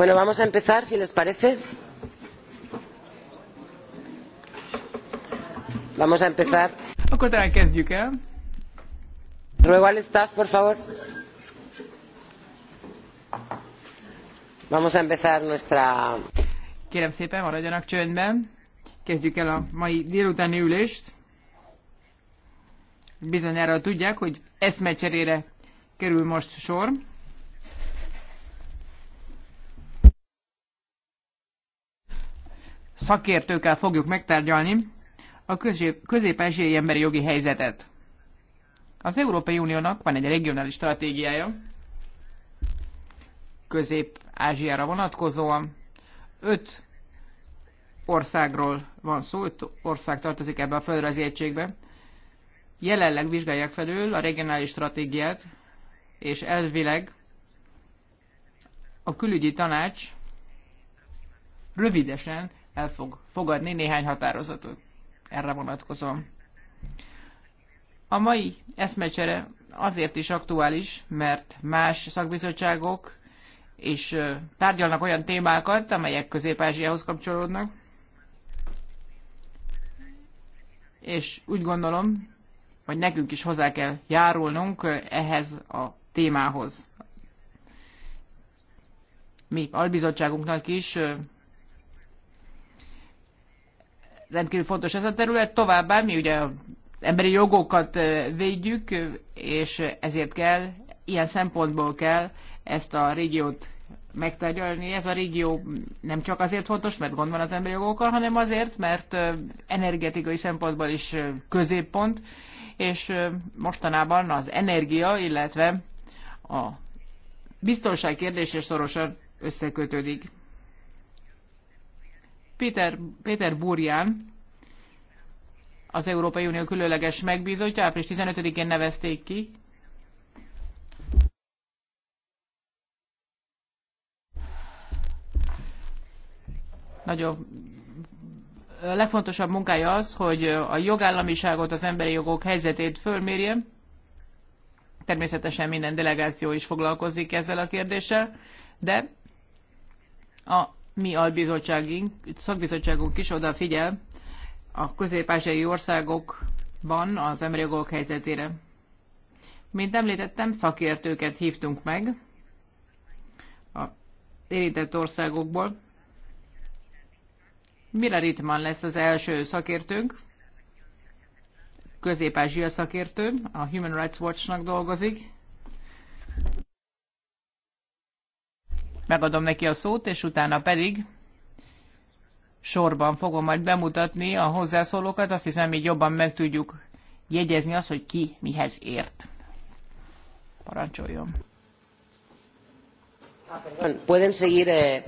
Bueno, vamos a empezar, si les parece. Vamos a empezar. Akkor talán kezdjük el. Ruego al staff, por favor. Vamos a empezar nuestra... Kérem szépen, maradjanak csöndben. Kezdjük el a mai délutáni ülést. Bizonyára tudják, hogy eszmecserére kerül most sor. szakértőkkel fogjuk megtárgyalni a közép-ázsiai emberi jogi helyzetet. Az Európai Uniónak van egy regionális stratégiája, Közép-Ázsiára vonatkozóan. Öt országról van szó, öt ország tartozik ebbe a földrajzi egységbe. Jelenleg vizsgálják felül a regionális stratégiát, és elvileg a külügyi tanács rövidesen el fog fogadni néhány határozatot erre vonatkozom. A mai eszmecsere azért is aktuális, mert más szakbizottságok és tárgyalnak olyan témákat, amelyek Közép-Ázsiához kapcsolódnak. És úgy gondolom, hogy nekünk is hozzá kell járulnunk ehhez a témához. Mi albizottságunknak is rendkívül fontos ez a terület. Továbbá mi ugye az emberi jogokat védjük, és ezért kell, ilyen szempontból kell ezt a régiót megtárgyalni. Ez a régió nem csak azért fontos, mert gond van az emberi jogokkal, hanem azért, mert energetikai szempontból is középpont, és mostanában az energia, illetve a biztonság kérdése szorosan összekötődik. Péter, Péter Burján, az Európai Unió különleges megbízottja, április 15-én nevezték ki. Nagyon a legfontosabb munkája az, hogy a jogállamiságot, az emberi jogok helyzetét fölmérje. Természetesen minden delegáció is foglalkozik ezzel a kérdéssel, de a mi albizottságunk, szakbizottságunk is odafigyel a közép országokban az emberi jogok helyzetére. Mint említettem, szakértőket hívtunk meg a érintett országokból. Mire Ritman lesz az első szakértőnk? Közép-ázsia szakértő, a Human Rights Watch-nak dolgozik megadom neki a szót, és utána pedig sorban fogom majd bemutatni a hozzászólókat, azt hiszem így jobban meg tudjuk jegyezni azt, hogy ki mihez ért. Parancsoljon. Eh,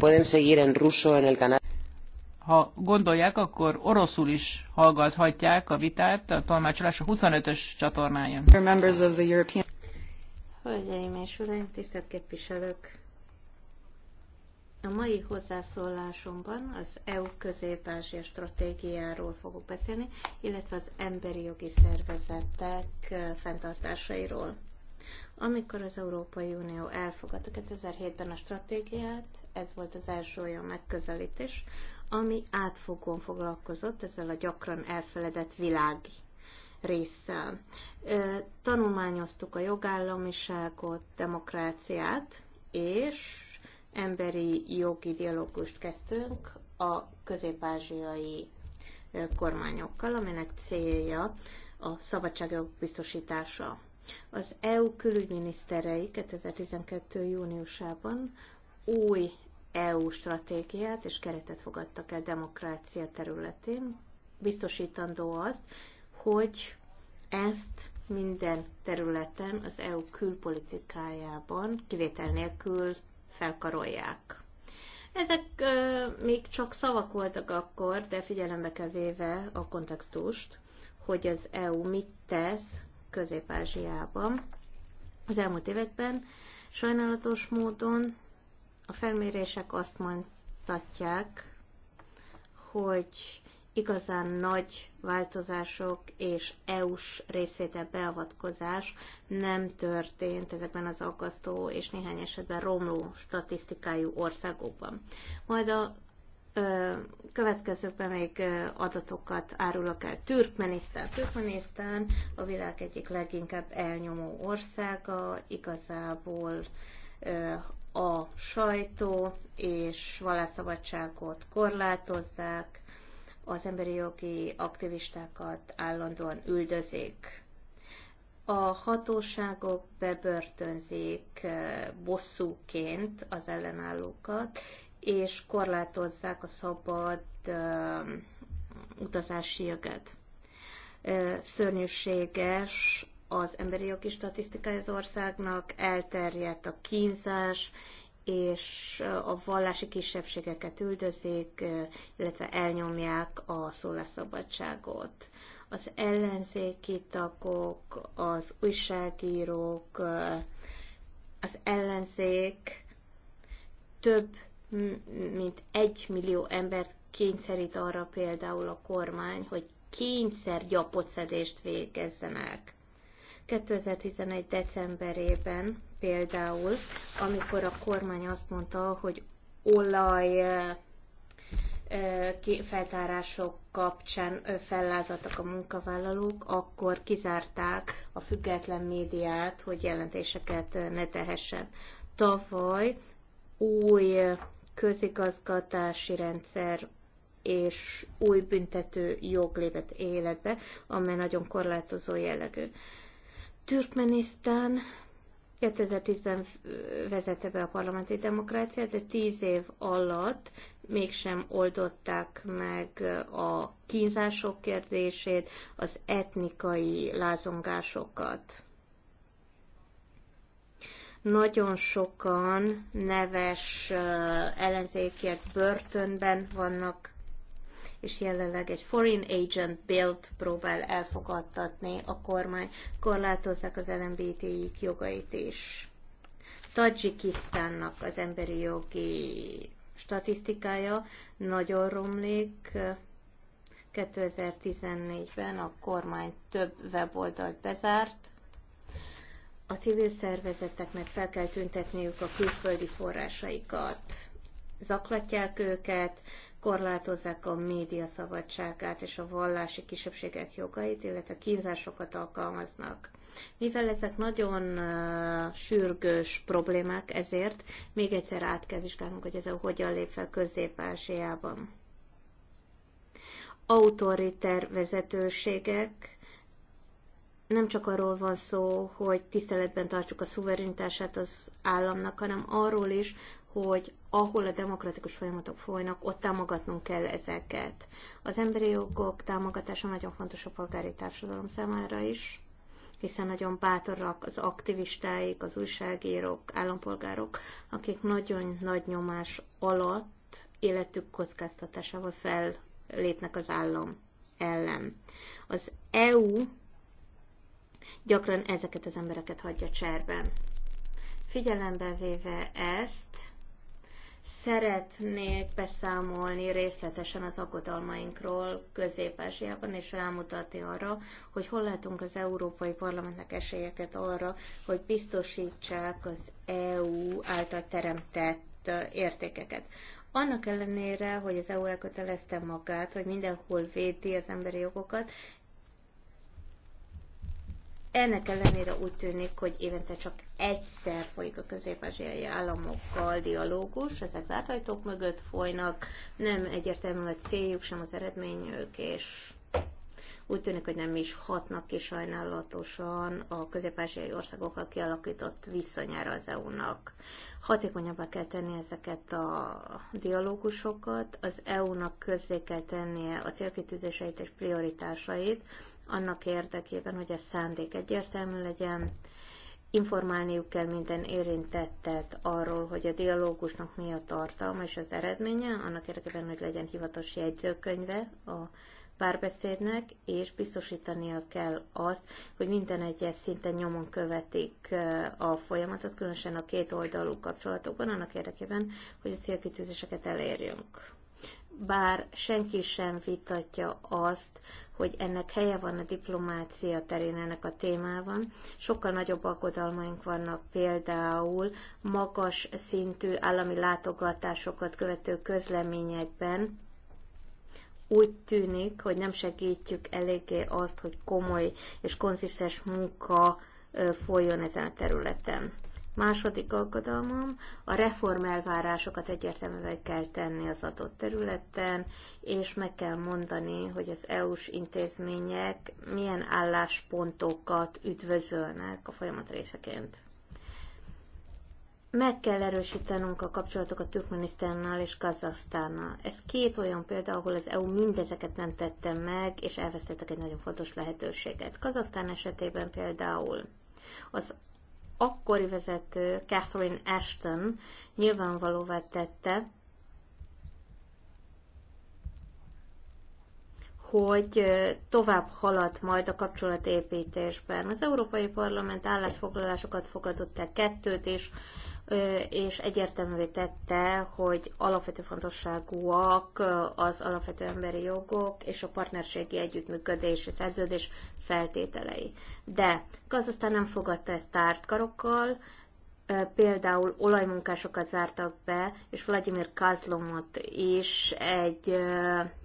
ha gondolják, akkor oroszul is hallgathatják a vitát a tolmácsolás a 25-ös csatornáján. Hölgyeim és uraim, tisztelt képviselők! A mai hozzászólásomban az EU közép-ázsia stratégiáról fogok beszélni, illetve az emberi jogi szervezetek fenntartásairól. Amikor az Európai Unió elfogadta 2007-ben a stratégiát, ez volt az első olyan megközelítés, ami átfogóan foglalkozott ezzel a gyakran elfeledett világi résszel. Tanulmányoztuk a jogállamiságot, demokráciát, és emberi jogi dialógust kezdtünk a közép-ázsiai kormányokkal, aminek célja a szabadságjog biztosítása. Az EU külügyminiszterei 2012. júniusában új EU stratégiát és keretet fogadtak el demokrácia területén, biztosítandó azt, hogy ezt minden területen az EU külpolitikájában kivétel nélkül felkarolják. Ezek ö, még csak szavak voltak akkor, de figyelembe kell véve a kontextust, hogy az EU mit tesz Közép-Ázsiában. Az elmúlt években sajnálatos módon a felmérések azt mondtatják, hogy igazán nagy változások és EU-s részéte beavatkozás nem történt ezekben az aggasztó és néhány esetben romló statisztikájú országokban. Majd a ö, következőkben még adatokat árulok el. Türkmenisztán. Türkmenisztán a világ egyik leginkább elnyomó országa, igazából ö, a sajtó és vallásszabadságot korlátozzák, az emberi jogi aktivistákat állandóan üldözik. A hatóságok bebörtönzik eh, bosszúként az ellenállókat, és korlátozzák a szabad eh, utazási jogát. Eh, szörnyűséges az emberi jogi statisztikája az országnak, elterjedt a kínzás, és a vallási kisebbségeket üldözik, illetve elnyomják a szólásszabadságot. Az ellenzéki tagok, az újságírók, az ellenzék több mint egy millió ember kényszerít arra például a kormány, hogy kényszer gyapotszedést végezzenek. 2011. decemberében például, amikor a kormány azt mondta, hogy olaj feltárások kapcsán fellázadtak a munkavállalók, akkor kizárták a független médiát, hogy jelentéseket ne tehessen. Tavaly új közigazgatási rendszer és új büntető jog lépett életbe, amely nagyon korlátozó jellegű. Türkmenisztán 2010-ben vezette be a parlamenti demokráciát, de tíz év alatt mégsem oldották meg a kínzások kérdését, az etnikai lázongásokat. Nagyon sokan neves ellenzékiek börtönben vannak, és jelenleg egy Foreign Agent Bill próbál elfogadtatni a kormány, korlátozzák az LMBTI jogait is. Tajikisztánnak az emberi jogi statisztikája nagyon romlik. 2014-ben a kormány több weboldalt bezárt, a civil szervezeteknek fel kell tüntetniük a külföldi forrásaikat. Zaklatják őket, korlátozzák a média szabadságát és a vallási kisebbségek jogait, illetve kínzásokat alkalmaznak. Mivel ezek nagyon uh, sürgős problémák, ezért még egyszer át kell vizsgálnunk, hogy ez a hogyan lép fel Közép-Ázsiában. Autoriter vezetőségek, nem csak arról van szó, hogy tiszteletben tartsuk a szuverenitását az államnak, hanem arról is, hogy ahol a demokratikus folyamatok folynak, ott támogatnunk kell ezeket. Az emberi jogok támogatása nagyon fontos a polgári társadalom számára is, hiszen nagyon bátorak az aktivistáik, az újságírók, állampolgárok, akik nagyon nagy nyomás alatt életük kockáztatásával fellépnek az állam ellen. Az EU gyakran ezeket az embereket hagyja cserben. Figyelembe véve ezt, Szeretnék beszámolni részletesen az aggodalmainkról Közép-Ázsiában, és rámutatni arra, hogy hol látunk az Európai Parlamentnek esélyeket arra, hogy biztosítsák az EU által teremtett értékeket. Annak ellenére, hogy az EU elkötelezte magát, hogy mindenhol védi az emberi jogokat, ennek ellenére úgy tűnik, hogy évente csak egyszer folyik a közép-ázsiai államokkal dialógus, ezek zátajtók mögött folynak, nem egyértelmű a céljuk, sem az eredményük, és úgy tűnik, hogy nem is hatnak ki sajnálatosan a közép-ázsiai országokkal kialakított viszonyára az EU-nak. Hatékonyabbá kell tenni ezeket a dialógusokat, az EU-nak közzé kell tennie a célkitűzéseit és prioritásait, annak érdekében, hogy a szándék egyértelmű legyen, informálniuk kell minden érintettet arról, hogy a dialógusnak mi a tartalma és az eredménye, annak érdekében, hogy legyen hivatalos jegyzőkönyve a párbeszédnek, és biztosítania kell azt, hogy minden egyes szinten nyomon követik a folyamatot, különösen a két oldalú kapcsolatokban, annak érdekében, hogy a célkitűzéseket elérjünk bár senki sem vitatja azt, hogy ennek helye van a diplomácia terén ennek a témában. Sokkal nagyobb aggodalmaink vannak például magas szintű állami látogatásokat követő közleményekben. Úgy tűnik, hogy nem segítjük eléggé azt, hogy komoly és konzisztens munka folyjon ezen a területen. Második aggodalmam, a reform elvárásokat egyértelműen kell tenni az adott területen, és meg kell mondani, hogy az EU-s intézmények milyen álláspontokat üdvözölnek a folyamat részeként. Meg kell erősítenünk a kapcsolatokat Türkmenisztánnal és Kazasztánnal. Ez két olyan példa, ahol az EU mindezeket nem tette meg, és elvesztettek egy nagyon fontos lehetőséget. Kazasztán esetében például az akkori vezető Catherine Ashton nyilvánvalóvá tette, hogy tovább halad majd a kapcsolatépítésben. Az Európai Parlament állásfoglalásokat fogadott el kettőt is, és egyértelművé tette, hogy alapvető fontosságúak az alapvető emberi jogok és a partnerségi együttműködés és szerződés feltételei. De az aztán nem fogadta ezt tárt karokkal, például olajmunkásokat zártak be, és Vladimir Kazlomot is egy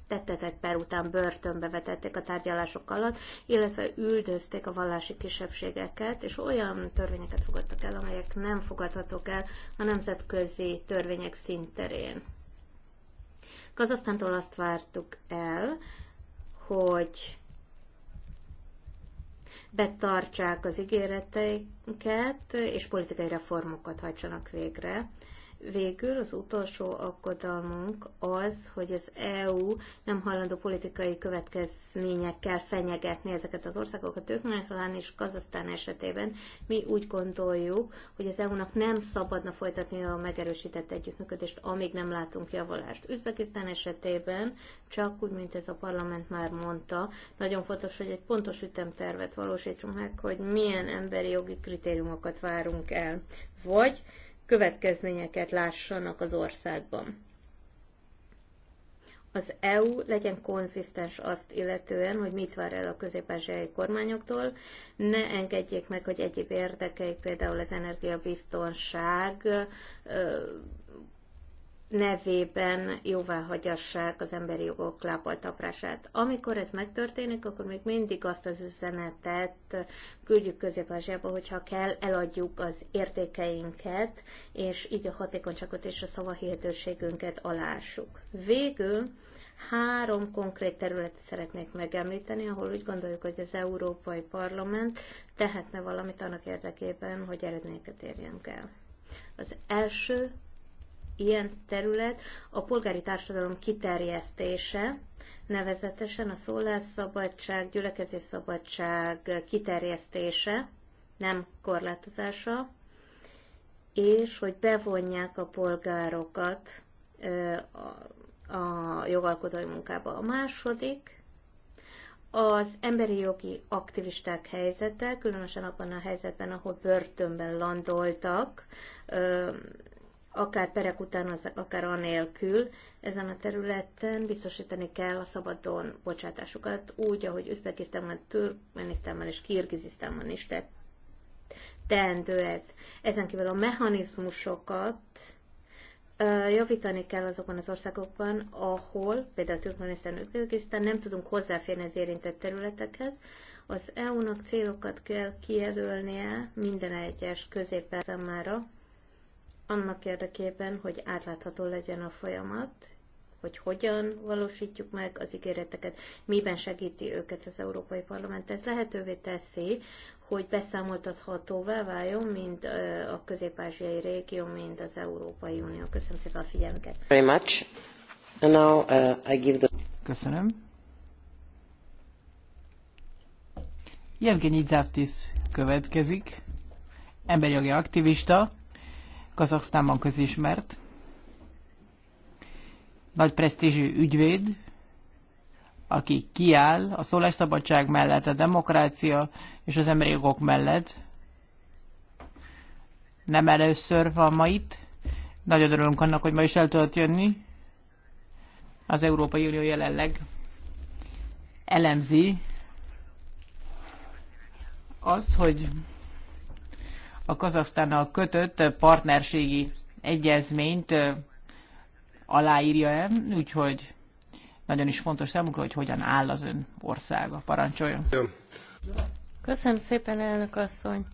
tettetek per után börtönbe vetették a tárgyalások alatt, illetve üldözték a vallási kisebbségeket, és olyan törvényeket fogadtak el, amelyek nem fogadhatók el a nemzetközi törvények szinterén. Kazasztántól azt vártuk el, hogy betartsák az ígéreteiket, és politikai reformokat hajtsanak végre, Végül az utolsó aggodalmunk az, hogy az EU nem hajlandó politikai következményekkel fenyegetni ezeket az országokat, Türkmenisztán és Kazasztán esetében. Mi úgy gondoljuk, hogy az EU-nak nem szabadna folytatni a megerősített együttműködést, amíg nem látunk javulást. Üzbekisztán esetében csak úgy, mint ez a parlament már mondta, nagyon fontos, hogy egy pontos ütemtervet valósítsunk meg, hogy milyen emberi jogi kritériumokat várunk el. Vagy következményeket lássanak az országban. Az EU legyen konzisztens azt illetően, hogy mit vár el a közép kormányoktól, ne engedjék meg, hogy egyéb érdekeik, például az energiabiztonság nevében jóvá hagyassák az emberi jogok lábaltaprását. Amikor ez megtörténik, akkor még mindig azt az üzenetet küldjük közép hogyha kell, eladjuk az értékeinket, és így a hatékonyságot és a szavahihetőségünket alássuk. Végül három konkrét területet szeretnék megemlíteni, ahol úgy gondoljuk, hogy az Európai Parlament tehetne valamit annak érdekében, hogy eredményeket érjünk el. Az első ilyen terület a polgári társadalom kiterjesztése, nevezetesen a szólásszabadság, gyülekezés szabadság kiterjesztése, nem korlátozása, és hogy bevonják a polgárokat a jogalkotói munkába. A második az emberi jogi aktivisták helyzete, különösen abban a helyzetben, ahol börtönben landoltak akár perek után, akár anélkül ezen a területen biztosítani kell a szabadon bocsátásukat, úgy, ahogy Üzbekisztánban, Türkmenisztánban és Kirgizisztánban is tett teendő ez. Ezen kívül a mechanizmusokat javítani kell azokban az országokban, ahol például Türkmenisztán, Üzbekisztán nem tudunk hozzáférni az érintett területekhez. Az EU-nak célokat kell kijelölnie minden egyes középen számára, annak érdekében, hogy átlátható legyen a folyamat, hogy hogyan valósítjuk meg az ígéreteket, miben segíti őket az Európai Parlament. Ez lehetővé teszi, hogy beszámoltathatóvá váljon mind a közép-ázsiai régió, mind az Európai Unió. Köszönöm szépen a figyelmüket. Very much. And now, uh, I give the... Köszönöm. Jevgenyi Zavtis következik, emberjogi aktivista, Kazaksztánban közismert, nagy presztízsű ügyvéd, aki kiáll a szólásszabadság mellett, a demokrácia és az emberi jogok mellett. Nem először van ma itt. Nagyon örülünk annak, hogy ma is el tudott jönni. Az Európai Unió jelenleg elemzi azt, hogy a Kazasztánnal kötött partnerségi egyezményt aláírja-e, úgyhogy nagyon is fontos számunkra, hogy hogyan áll az ön országa. Parancsoljon! Köszönöm szépen, elnök asszony!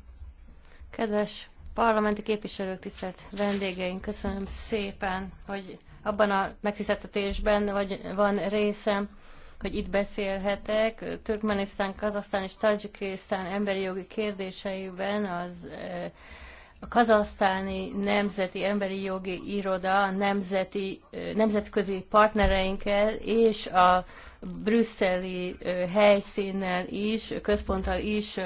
Kedves parlamenti képviselők, tisztelt vendégeink, köszönöm szépen, hogy abban a megtiszteltetésben vagy van részem, hogy itt beszélhetek. Türkmenisztán, Kazasztán és Tajikisztán emberi jogi kérdéseiben az eh, a kazasztáni Nemzeti Emberi Jogi Iroda nemzeti, eh, nemzetközi partnereinkkel és a brüsszeli helyszínnel is, központtal is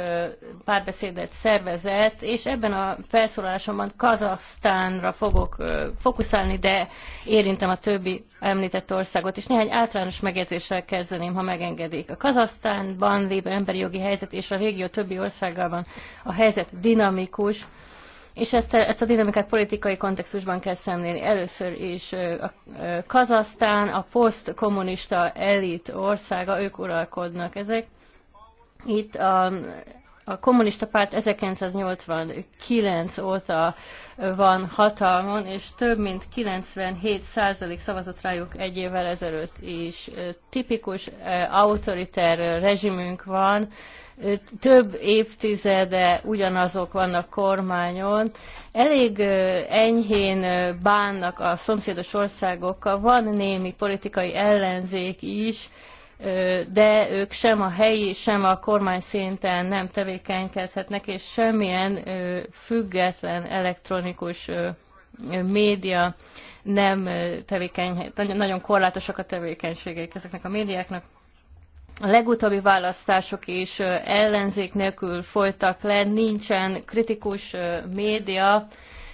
párbeszédet szervezett, és ebben a felszólalásomban Kazasztánra fogok fokuszálni, de érintem a többi említett országot, és néhány általános megjegyzéssel kezdeném, ha megengedik. A Kazasztánban lévő emberi jogi helyzet és a régió többi országában a helyzet dinamikus, és ezt, a ezt a dinamikát politikai kontextusban kell szemlélni. Először is a Kazasztán, a posztkommunista elit országa, ők uralkodnak ezek. Itt a a kommunista párt 1989 óta van hatalmon, és több mint 97% szavazott rájuk egy évvel ezelőtt is. Tipikus autoriter rezsimünk van, több évtizede ugyanazok vannak kormányon. Elég enyhén bánnak a szomszédos országokkal, van némi politikai ellenzék is, de ők sem a helyi, sem a kormány szinten nem tevékenykedhetnek, és semmilyen független elektronikus média nem tevékeny, nagyon korlátosak a tevékenységeik ezeknek a médiáknak. A legutóbbi választások is ellenzék nélkül folytak le, nincsen kritikus média,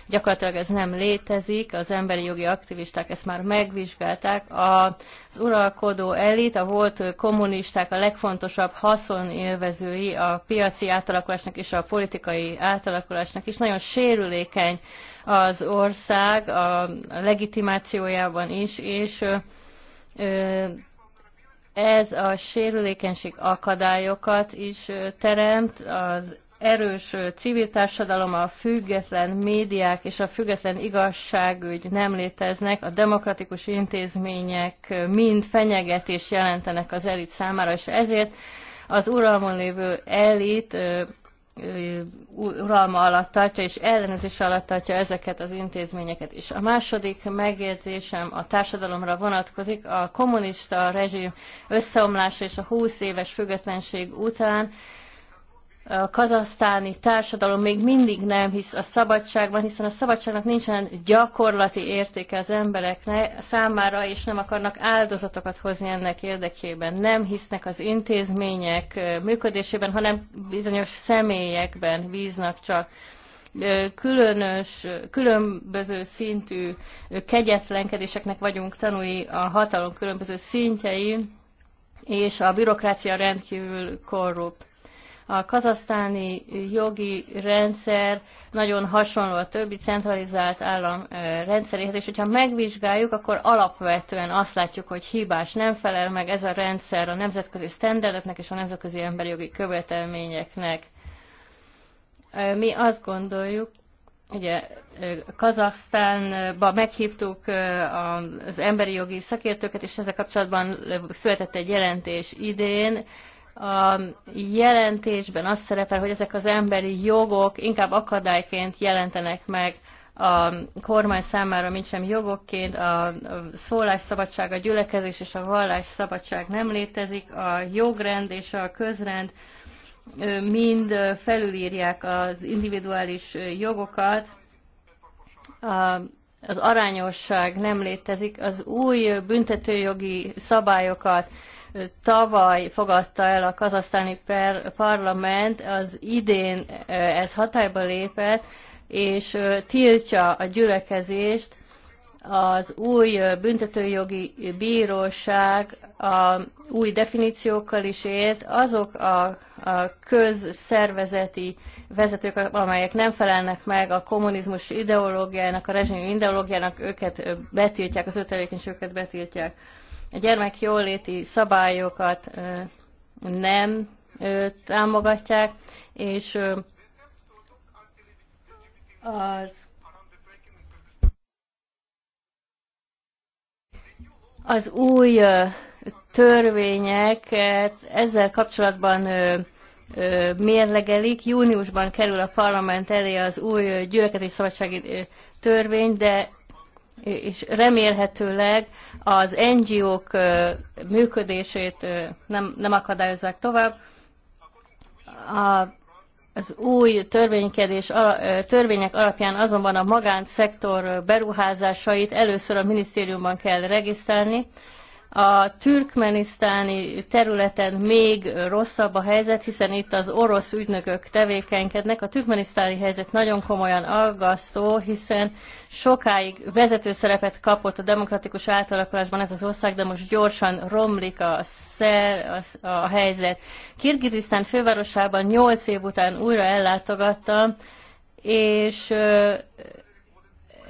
Gyakorlatilag ez nem létezik, az emberi jogi aktivisták ezt már megvizsgálták. Az uralkodó elit, a volt kommunisták a legfontosabb haszonélvezői a piaci átalakulásnak és a politikai átalakulásnak is. Nagyon sérülékeny az ország a legitimációjában is, és ez a sérülékenység akadályokat is teremt az erős civil társadalom, a független médiák és a független igazságügy nem léteznek, a demokratikus intézmények mind fenyegetés jelentenek az elit számára, és ezért az uralmon lévő elit uralma alatt tartja és ellenezés alatt tartja ezeket az intézményeket is. A második megjegyzésem a társadalomra vonatkozik. A kommunista rezsim összeomlása és a 20 éves függetlenség után a kazasztáni társadalom még mindig nem hisz a szabadságban, hiszen a szabadságnak nincsen gyakorlati értéke az emberek számára, és nem akarnak áldozatokat hozni ennek érdekében. Nem hisznek az intézmények működésében, hanem bizonyos személyekben bíznak csak különös, különböző szintű kegyetlenkedéseknek vagyunk tanulni a hatalom különböző szintjei, és a bürokrácia rendkívül korrupt a kazasztáni jogi rendszer nagyon hasonló a többi centralizált állam rendszeréhez, és hogyha megvizsgáljuk, akkor alapvetően azt látjuk, hogy hibás nem felel meg ez a rendszer a nemzetközi sztenderdeknek és a nemzetközi emberi jogi követelményeknek. Mi azt gondoljuk, ugye Kazaksztánba meghívtuk az emberi jogi szakértőket, és ezzel kapcsolatban született egy jelentés idén a jelentésben az szerepel, hogy ezek az emberi jogok inkább akadályként jelentenek meg a kormány számára, mint sem jogokként, a szólásszabadság, a gyülekezés és a vallásszabadság nem létezik, a jogrend és a közrend mind felülírják az individuális jogokat, az arányosság nem létezik, az új büntetőjogi szabályokat tavaly fogadta el a kazasztáni parlament, az idén ez hatályba lépett, és tiltja a gyülekezést, az új büntetőjogi bíróság a új definíciókkal is élt, azok a, a közszervezeti vezetők, amelyek nem felelnek meg a kommunizmus ideológiának, a rezsim ideológiának, őket betiltják, az ő tevékenységüket betiltják a gyermekjóléti szabályokat nem támogatják, és az az új törvényeket ezzel kapcsolatban mérlegelik. Júniusban kerül a parlament elé az új szabadsági törvény, de és remélhetőleg az NGO-k működését nem, nem akadályozzák tovább. A, az új törvénykedés, törvények alapján azonban a magánszektor beruházásait először a minisztériumban kell regisztrálni, a türkmenisztáni területen még rosszabb a helyzet, hiszen itt az orosz ügynökök tevékenykednek. A türkmenisztáni helyzet nagyon komolyan aggasztó, hiszen sokáig vezető szerepet kapott a demokratikus átalakulásban ez az ország, de most gyorsan romlik a, szer, a, a helyzet. Kirgizisztán fővárosában 8 év után újra ellátogattam, és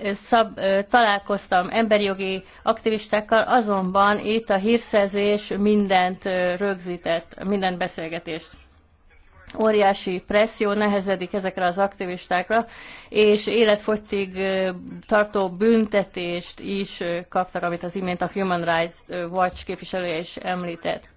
szab, találkoztam emberi jogi aktivistákkal, azonban itt a hírszerzés mindent rögzített, minden beszélgetést. Óriási presszió nehezedik ezekre az aktivistákra, és életfogytig tartó büntetést is kaptak, amit az imént a Human Rights Watch képviselője is említett.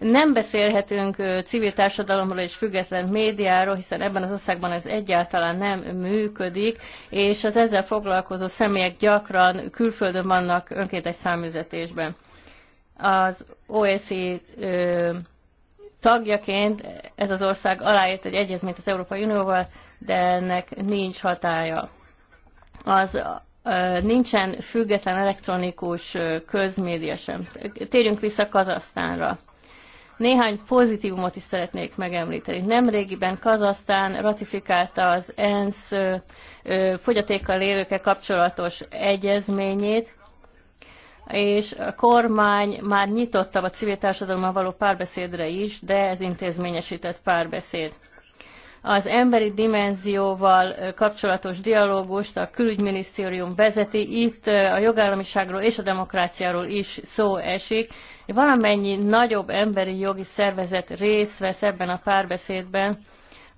Nem beszélhetünk civil társadalomról és független médiáról, hiszen ebben az országban ez egyáltalán nem működik, és az ezzel foglalkozó személyek gyakran külföldön vannak önkéntes számüzetésben. Az OSZI e, tagjaként ez az ország aláírt egy egyezményt az Európai Unióval, de ennek nincs hatája. Az nincsen független elektronikus közmédia sem. Térjünk vissza Kazasztánra. Néhány pozitívumot is szeretnék megemlíteni. Nemrégiben Kazasztán ratifikálta az ENSZ fogyatékkal élőkkel kapcsolatos egyezményét, és a kormány már nyitottabb a civil társadalommal való párbeszédre is, de ez intézményesített párbeszéd. Az emberi dimenzióval kapcsolatos dialógust a külügyminisztérium vezeti, itt a jogállamiságról és a demokráciáról is szó esik, valamennyi nagyobb emberi jogi szervezet részt vesz ebben a párbeszédben,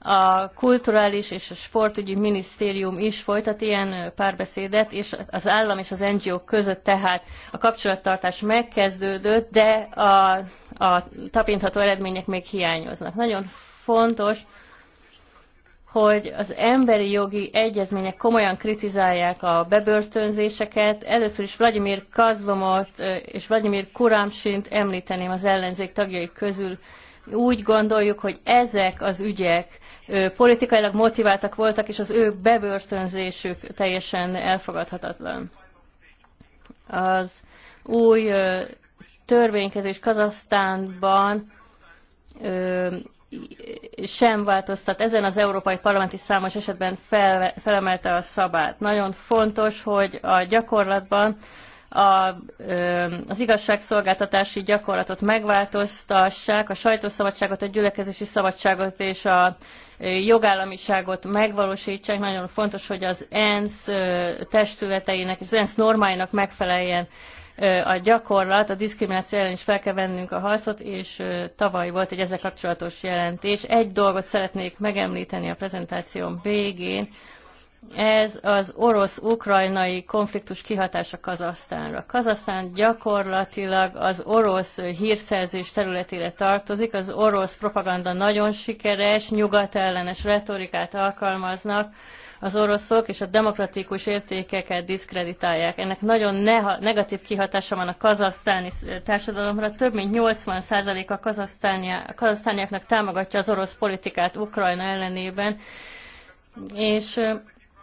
a kulturális és a sportügyi minisztérium is folytat ilyen párbeszédet, és az állam és az NGO között tehát a kapcsolattartás megkezdődött, de a, a tapintható eredmények még hiányoznak. Nagyon fontos, hogy az emberi jogi egyezmények komolyan kritizálják a bebörtönzéseket. Először is Vladimir Kazlomot és Vladimir Kuramsint említeném az ellenzék tagjai közül. Úgy gondoljuk, hogy ezek az ügyek politikailag motiváltak voltak, és az ő bebörtönzésük teljesen elfogadhatatlan. Az új törvénykezés Kazasztánban sem változtat. Ezen az Európai parlamenti számos esetben fel, felemelte a szabát. Nagyon fontos, hogy a gyakorlatban a, az igazságszolgáltatási gyakorlatot megváltoztassák, a sajtószabadságot, a gyülekezési szabadságot és a jogállamiságot megvalósítsák. Nagyon fontos, hogy az ENSZ testületeinek és az ENSZ normáinak megfeleljen a gyakorlat, a diszkrimináció ellen is fel kell vennünk a harcot, és tavaly volt egy ezzel kapcsolatos jelentés. Egy dolgot szeretnék megemlíteni a prezentációm végén, ez az orosz-ukrajnai konfliktus kihatása Kazasztánra. Kazasztán gyakorlatilag az orosz hírszerzés területére tartozik, az orosz propaganda nagyon sikeres, nyugatellenes retorikát alkalmaznak, az oroszok, és a demokratikus értékeket diszkreditálják. Ennek nagyon negatív kihatása van a kazasztáni társadalomra. Több mint 80% a kazasztániaknak támogatja az orosz politikát Ukrajna ellenében, és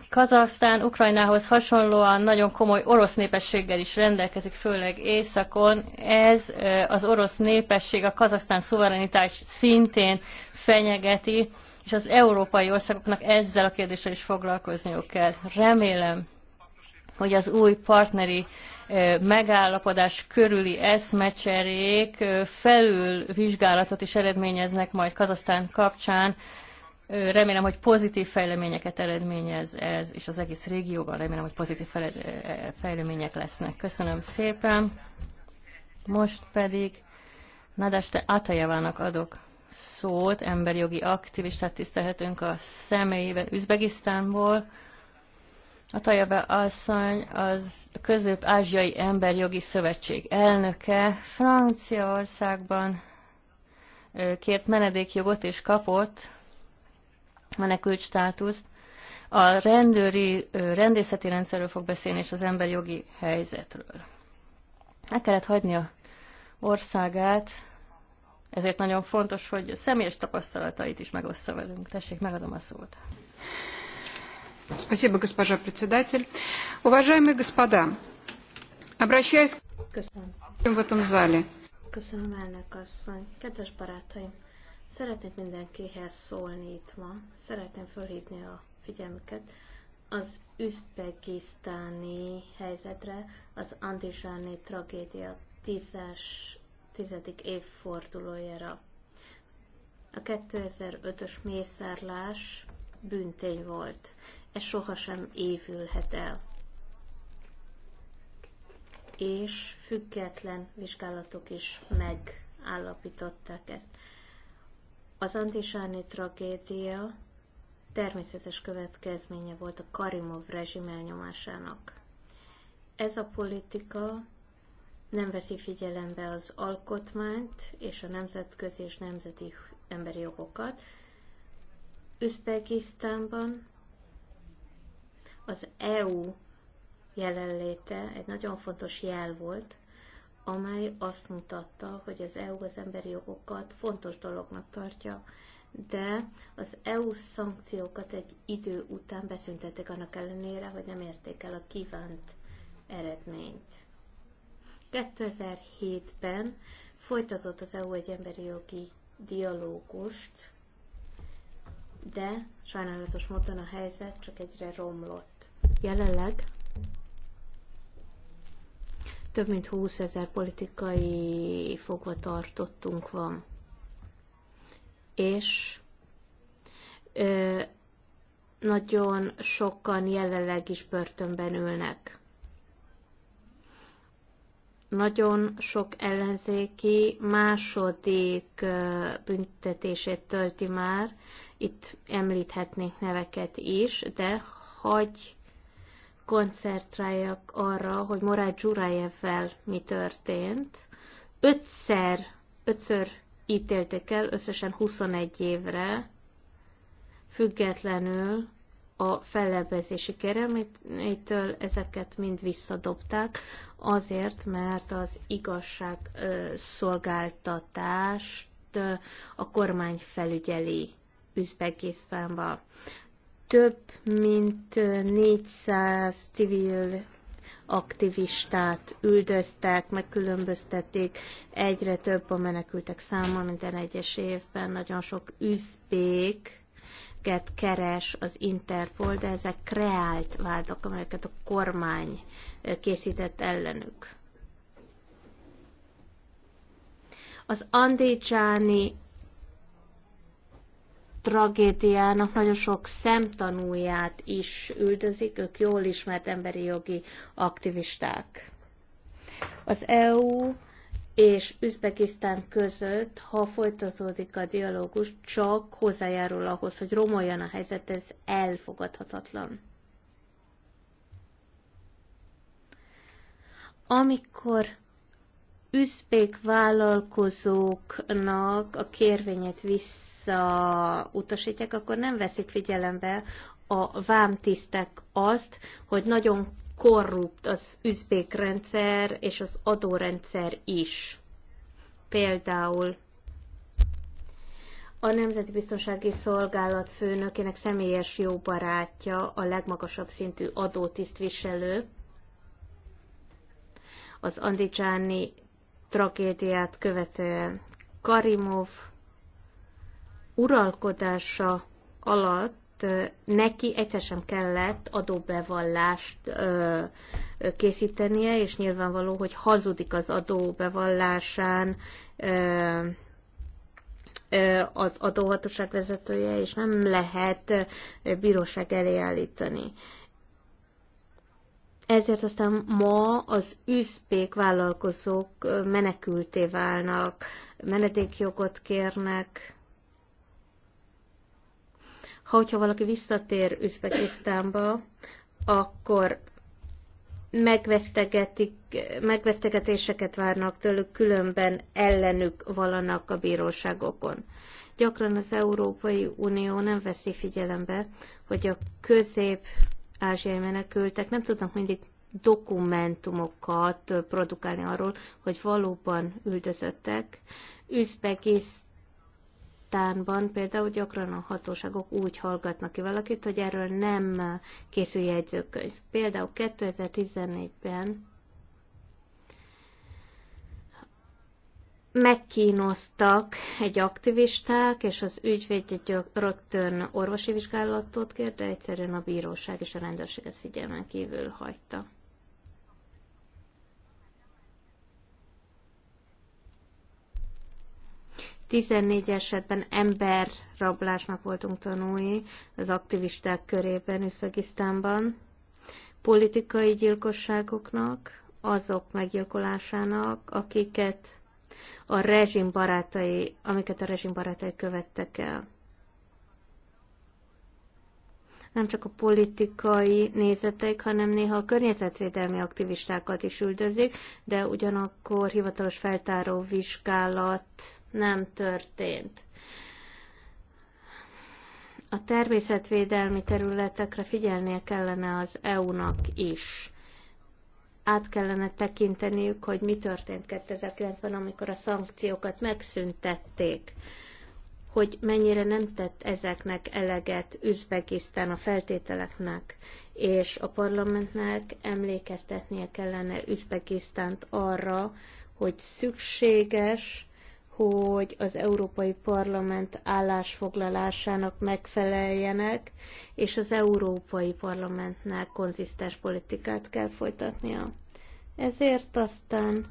Kazasztán Ukrajnához hasonlóan nagyon komoly orosz népességgel is rendelkezik, főleg északon. Ez az orosz népesség a kazasztán szuverenitás szintén fenyegeti, és az európai országoknak ezzel a kérdéssel is foglalkozniuk kell. Remélem, hogy az új partneri megállapodás körüli eszmecserék vizsgálatot is eredményeznek majd Kazasztán kapcsán. Remélem, hogy pozitív fejleményeket eredményez ez, és az egész régióban remélem, hogy pozitív fejlemények lesznek. Köszönöm szépen. Most pedig Nadeste Atajevának adok szót, emberi jogi aktivistát tisztelhetünk a személyével Üzbegisztánból. A Tajabe asszony az Közép-Ázsiai Emberjogi Szövetség elnöke. Franciaországban kért menedékjogot és kapott menekült státuszt. A rendőri, rendészeti rendszerről fog beszélni, és az emberjogi helyzetről. El kellett a országát, ezért nagyon fontos, hogy személyes tapasztalatait is megossza velünk. Tessék, megadom a szót. Спасибо, госпожа председатель. Уважаемые господа, обращаюсь к вам в этом зале. Köszönöm, elnök asszony. Kedves barátaim, szeretnék mindenkihez szólni itt ma. Szeretném fölhívni a figyelmüket az üzbegisztáni helyzetre, az Andizsáni tragédia tízes tizedik évfordulójára. A 2005-ös mészárlás bűntény volt. Ez sohasem évülhet el. És független vizsgálatok is megállapították ezt. Az antisáni tragédia természetes következménye volt a Karimov rezsim elnyomásának. Ez a politika nem veszi figyelembe az alkotmányt és a nemzetközi és nemzeti emberi jogokat. Üzbegisztánban az EU jelenléte egy nagyon fontos jel volt, amely azt mutatta, hogy az EU az emberi jogokat fontos dolognak tartja, de az EU szankciókat egy idő után beszüntették annak ellenére, hogy nem érték el a kívánt eredményt. 2007-ben folytatott az EU egy emberi jogi dialógust, de sajnálatos módon a helyzet csak egyre romlott. Jelenleg több mint 20 ezer politikai fogvatartottunk van. És ö, nagyon sokan jelenleg is börtönben ülnek nagyon sok ellenzéki második büntetését tölti már, itt említhetnék neveket is, de hagy koncentráljak arra, hogy Morád Zsurájevvel mi történt. Ötszer, ötször ítélték el, összesen 21 évre, függetlenül a fellebbezési kereméttől ezeket mind visszadobták, azért, mert az igazság szolgáltatást a kormány felügyeli Üzbegisztánban. Több mint 400 civil aktivistát üldöztek, megkülönböztették. Egyre több a menekültek száma minden egyes évben, nagyon sok üzbék amiket keres az Interpol, de ezek kreált vádak, amelyeket a kormány készített ellenük. Az andécsáni tragédiának nagyon sok szemtanúját is üldözik, ők jól ismert emberi jogi aktivisták. Az EU és Üzbekisztán között, ha folytatódik a dialógus, csak hozzájárul ahhoz, hogy romoljon a helyzet, ez elfogadhatatlan. Amikor üzbék vállalkozóknak a kérvényet visszautasítják, akkor nem veszik figyelembe a vámtisztek azt, hogy nagyon korrupt az üzbék rendszer és az adórendszer is. Például a Nemzeti Biztonsági Szolgálat főnökének személyes jó barátja, a legmagasabb szintű adótisztviselő, az Andicsáni tragédiát követően Karimov uralkodása alatt neki egyszer sem kellett adóbevallást készítenie, és nyilvánvaló, hogy hazudik az adóbevallásán az adóhatóság vezetője, és nem lehet bíróság elé állítani. Ezért aztán ma az üszpék vállalkozók menekülté válnak, menedékjogot kérnek, ha hogyha valaki visszatér Üzbekisztánba, akkor megvesztegetik, megvesztegetéseket várnak tőlük, különben ellenük valanak a bíróságokon. Gyakran az Európai Unió nem veszi figyelembe, hogy a közép-ázsiai menekültek nem tudnak mindig dokumentumokat produkálni arról, hogy valóban üldözöttek. Üzbegiszt Pakisztánban például gyakran a hatóságok úgy hallgatnak ki valakit, hogy erről nem készül jegyzőkönyv. Például 2014-ben megkínoztak egy aktivisták, és az ügyvéd rögtön orvosi vizsgálatot kért, de egyszerűen a bíróság és a rendőrség ezt figyelmen kívül hagyta. 14 esetben emberrablásnak voltunk tanulni az aktivisták körében Üzbegisztánban, politikai gyilkosságoknak, azok meggyilkolásának, akiket a rezsim barátai, amiket a rezsim barátai követtek el nem csak a politikai nézetek, hanem néha a környezetvédelmi aktivistákat is üldözik, de ugyanakkor hivatalos feltáró vizsgálat nem történt. A természetvédelmi területekre figyelnie kellene az EU-nak is át kellene tekinteniük, hogy mi történt 2009-ben, amikor a szankciókat megszüntették hogy mennyire nem tett ezeknek eleget Üzbegisztán a feltételeknek, és a parlamentnek emlékeztetnie kellene Üzbegisztánt arra, hogy szükséges, hogy az Európai Parlament állásfoglalásának megfeleljenek, és az Európai Parlamentnek konzisztens politikát kell folytatnia. Ezért aztán,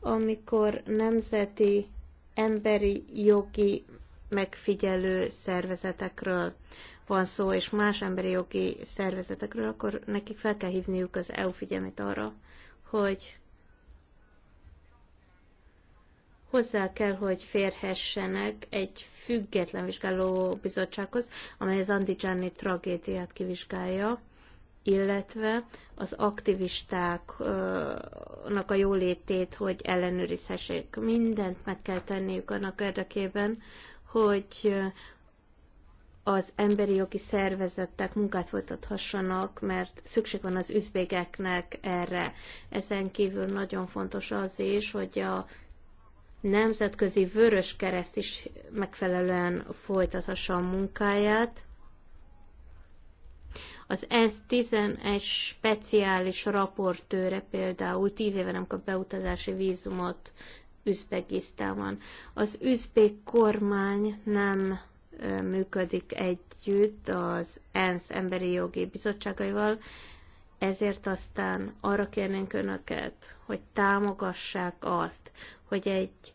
amikor nemzeti emberi jogi megfigyelő szervezetekről van szó, és más emberi jogi szervezetekről, akkor nekik fel kell hívniuk az EU figyelmét arra, hogy hozzá kell, hogy férhessenek egy független vizsgáló bizottsághoz, amely az Andijáni tragédiát kivizsgálja, illetve az aktivistáknak a jólétét, hogy ellenőrizhessék. Mindent meg kell tenniük annak érdekében, hogy az emberi jogi szervezetek munkát folytathassanak, mert szükség van az üzbégeknek erre. Ezen kívül nagyon fontos az is, hogy a nemzetközi vörös kereszt is megfelelően folytathassa a munkáját. Az ENSZ 11 speciális raportőre például 10 éve nem kap beutazási vízumot Üzbegisztánban. Az üzbék kormány nem működik együtt az ENSZ emberi jogi bizottságaival, ezért aztán arra kérnénk önöket, hogy támogassák azt, hogy egy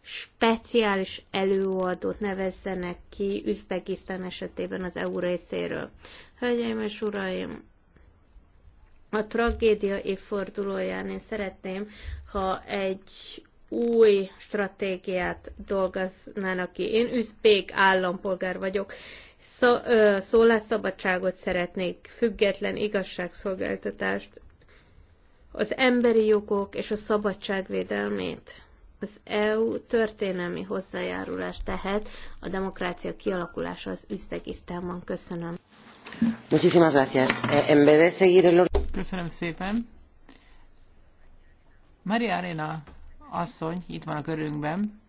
speciális előadót nevezzenek ki Üzbegisztán esetében az EU részéről. Hölgyeim és uraim, a tragédia évfordulóján én szeretném, ha egy új stratégiát dolgoznának ki. Én üzbék állampolgár vagyok, Szó, ö, szólásszabadságot szeretnék, független igazságszolgáltatást, az emberi jogok és a szabadságvédelmét. Az EU történelmi hozzájárulást tehet a demokrácia kialakulása az Üzbegisztánban. Köszönöm. Muchísimas gracias. Eh, en vez de seguir el Köszönöm szépen. Maria Arena asszony itt van a körünkben,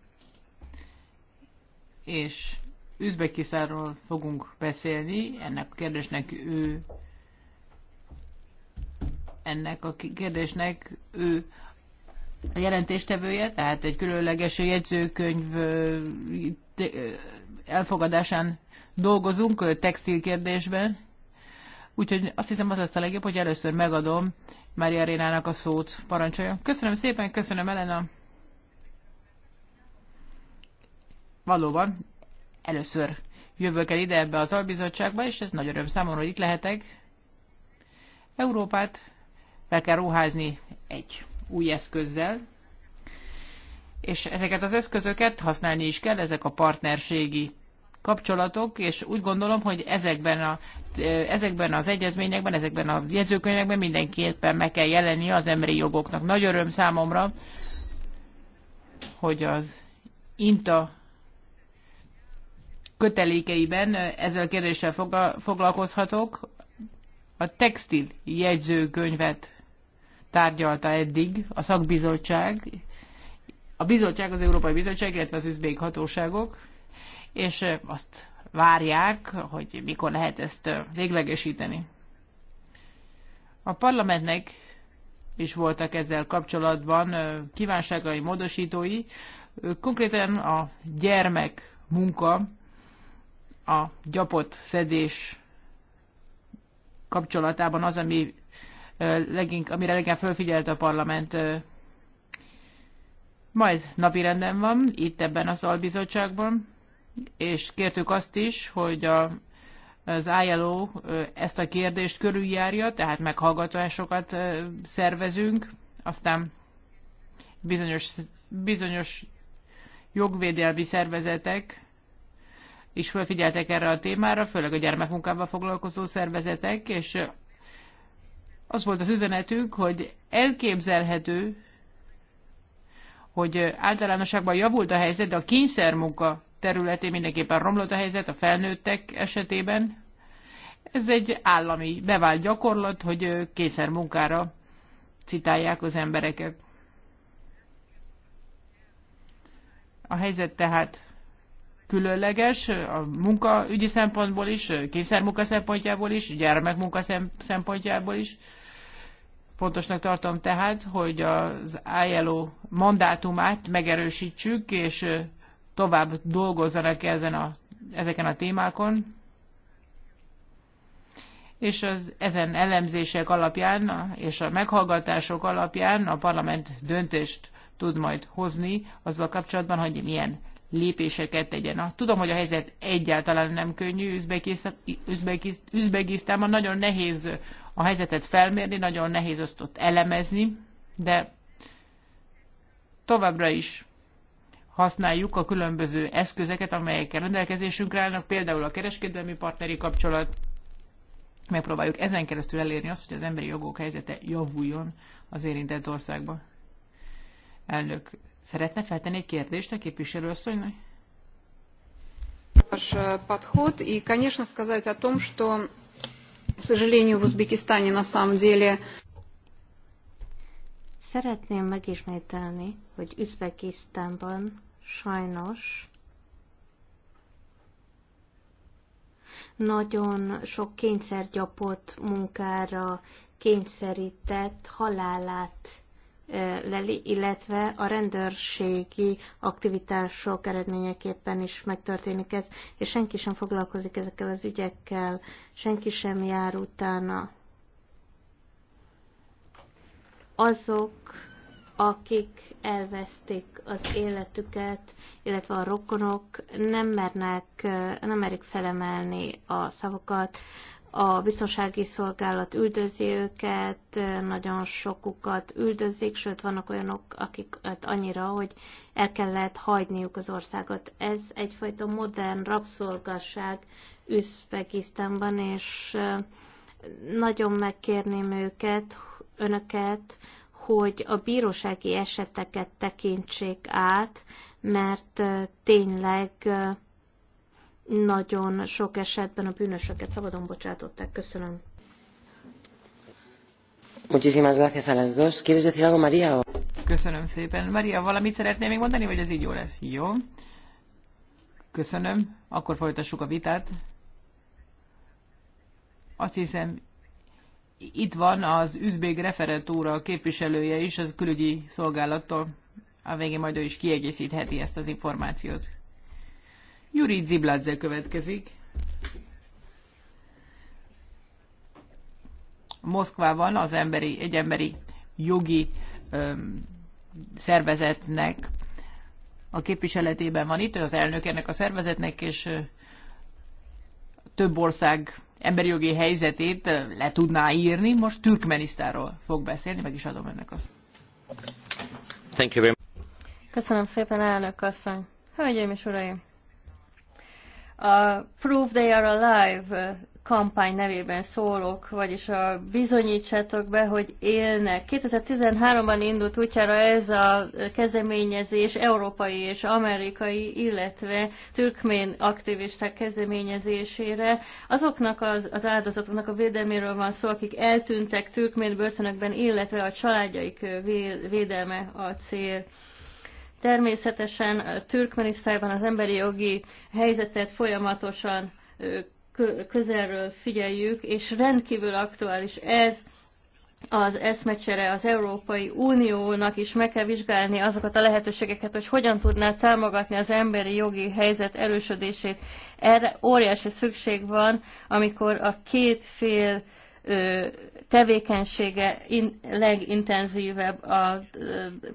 és Üzbekiszáról fogunk beszélni, ennek a kérdésnek ő ennek a kérdésnek ő a jelentéstevője, tehát egy különleges jegyzőkönyv elfogadásán dolgozunk textil kérdésben. Úgyhogy azt hiszem az lesz a legjobb, hogy először megadom Mária Rénának a szót. Parancsoljon. Köszönöm szépen, köszönöm Elena. Valóban, először jövök el ide ebbe az albizottságba, és ez nagy öröm számomra, hogy itt lehetek. Európát fel kell ruházni egy új eszközzel, és ezeket az eszközöket használni is kell, ezek a partnerségi kapcsolatok, és úgy gondolom, hogy ezekben, a, ezekben az egyezményekben, ezekben a jegyzőkönyvekben mindenképpen meg kell jelenni az emberi jogoknak. Nagy öröm számomra, hogy az INTA kötelékeiben ezzel a kérdéssel foglalkozhatok. A textil jegyzőkönyvet tárgyalta eddig a szakbizottság, a bizottság, az Európai Bizottság, illetve az üzbék hatóságok és azt várják, hogy mikor lehet ezt véglegesíteni. A parlamentnek is voltak ezzel kapcsolatban kívánságai, módosítói, konkrétan a gyermek munka, a gyapot szedés kapcsolatában az, ami legink, amire leginkább felfigyelt a parlament. Ma ez napirenden van, itt ebben az albizottságban és kértük azt is, hogy a, az ILO ezt a kérdést körüljárja, tehát meghallgatásokat szervezünk, aztán bizonyos, bizonyos jogvédelmi szervezetek is felfigyeltek erre a témára, főleg a gyermekmunkával foglalkozó szervezetek, és az volt az üzenetünk, hogy elképzelhető, hogy általánosságban javult a helyzet, de a kényszermunka területén mindenképpen romlott a helyzet a felnőttek esetében. Ez egy állami bevált gyakorlat, hogy kényszer munkára citálják az embereket. A helyzet tehát különleges, a munkaügyi szempontból is, kényszermunka szempontjából is, gyermekmunka szempontjából is. Fontosnak tartom tehát, hogy az ILO mandátumát megerősítsük, és tovább dolgozzanak ezen a, ezeken a témákon, és az ezen elemzések alapján és a meghallgatások alapján a parlament döntést tud majd hozni azzal kapcsolatban, hogy milyen lépéseket tegyen. Na, tudom, hogy a helyzet egyáltalán nem könnyű Üzbegisztánban, nagyon nehéz a helyzetet felmérni, nagyon nehéz azt ott elemezni, de továbbra is használjuk a különböző eszközeket, amelyek rendelkezésünkre állnak, például a kereskedelmi partneri kapcsolat, megpróbáljuk ezen keresztül elérni azt, hogy az emberi jogok helyzete javuljon az érintett országban. Elnök, szeretne feltenni egy kérdést a képviselőasszonynak? ваш э, подход и, конечно, сказать о том, что, к сожалению, в Узбекистане на самом деле Szeretném megismételni, hogy Üzbekisztánban sajnos nagyon sok kényszergyapott munkára kényszerített halálát leli, illetve a rendőrségi aktivitások eredményeképpen is megtörténik ez, és senki sem foglalkozik ezekkel az ügyekkel, senki sem jár utána. Azok akik elvesztik az életüket, illetve a rokonok nem mernek, nem merik felemelni a szavakat, a biztonsági szolgálat üldözi őket, nagyon sokukat üldözik, sőt vannak olyanok, akiket hát annyira, hogy el kellett hagyniuk az országot. Ez egyfajta modern rabszolgasság Üzbegisztánban, és nagyon megkérném őket, önöket, hogy a bírósági eseteket tekintsék át, mert tényleg nagyon sok esetben a bűnösöket szabadon bocsátották. Köszönöm. Muchísimas gracias a las dos. ¿Quieres decir algo, María? Köszönöm szépen. Maria, valamit szeretnél még mondani, vagy ez így jó lesz? Jó. Köszönöm. Akkor folytassuk a vitát. Azt hiszem, itt van az üzbég referentúra képviselője is, az külügyi szolgálattól. A végén majd ő is kiegészítheti ezt az információt. Juri Zibladze következik. Moszkvában az emberi, egy emberi jogi öm, szervezetnek a képviseletében van itt, az elnök ennek a szervezetnek, és több ország emberi jogi helyzetét le tudná írni. Most Türkmenisztáról fog beszélni, meg is adom ennek azt. Thank you very much. Köszönöm szépen, elnök asszony. Hölgyeim és uraim! A Prove They Are Alive kampány nevében szólok, vagyis a bizonyítsátok be, hogy élnek. 2013-ban indult útjára ez a kezdeményezés európai és amerikai, illetve türkmén aktivisták kezdeményezésére. Azoknak az, az áldozatoknak a védelméről van szó, akik eltűntek türkmén börtönökben, illetve a családjaik védelme a cél. Természetesen Türkmenisztánban az emberi jogi helyzetet folyamatosan közelről figyeljük, és rendkívül aktuális ez az eszmecsere az Európai Uniónak is meg kell vizsgálni azokat a lehetőségeket, hogy hogyan tudná támogatni az emberi jogi helyzet erősödését. Erre óriási szükség van, amikor a két fél tevékenysége legintenzívebb a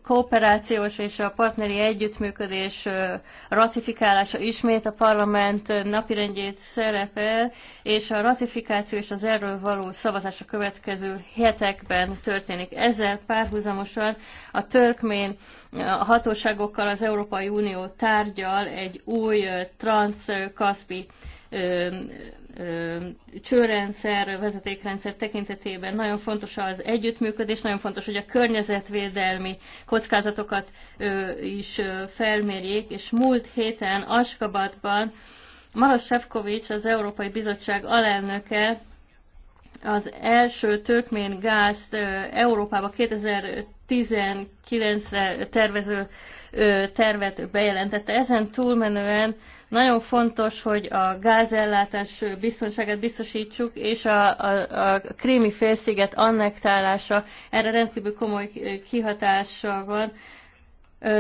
kooperációs és a partneri együttműködés ratifikálása ismét a parlament napirendjét szerepel, és a ratifikáció és az erről való szavazás a következő hetekben történik. Ezzel párhuzamosan a törkmén hatóságokkal az Európai Unió tárgyal egy új transz-kaszpi csőrendszer, vezetékrendszer tekintetében nagyon fontos az együttműködés, nagyon fontos, hogy a környezetvédelmi kockázatokat is felmérjék, és múlt héten Askabadban Maros Sefkovics, az Európai Bizottság alelnöke az első törkmén gázt Európába 2019-re tervező tervet bejelentette. Ezen túlmenően nagyon fontos, hogy a gázellátás biztonságát biztosítsuk, és a, a, a krími félsziget annektálása erre rendkívül komoly kihatása van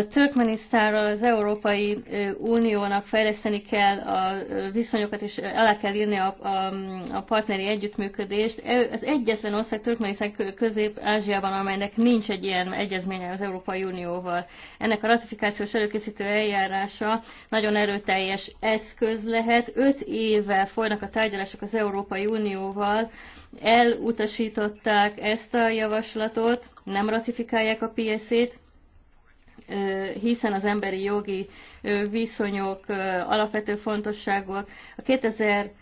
Törkmenisztánról az Európai Uniónak fejleszteni kell a viszonyokat, és alá kell írni a, a, a partneri együttműködést. Ez egyetlen ország Türkmenisztán közép-Ázsiában, amelynek nincs egy ilyen egyezménye az Európai Unióval. Ennek a ratifikációs előkészítő eljárása nagyon erőteljes eszköz lehet. Öt éve folynak a tárgyalások az Európai Unióval, elutasították ezt a javaslatot, nem ratifikálják a PSZ-t, hiszen az emberi jogi viszonyok alapvető fontosságúak. A 2006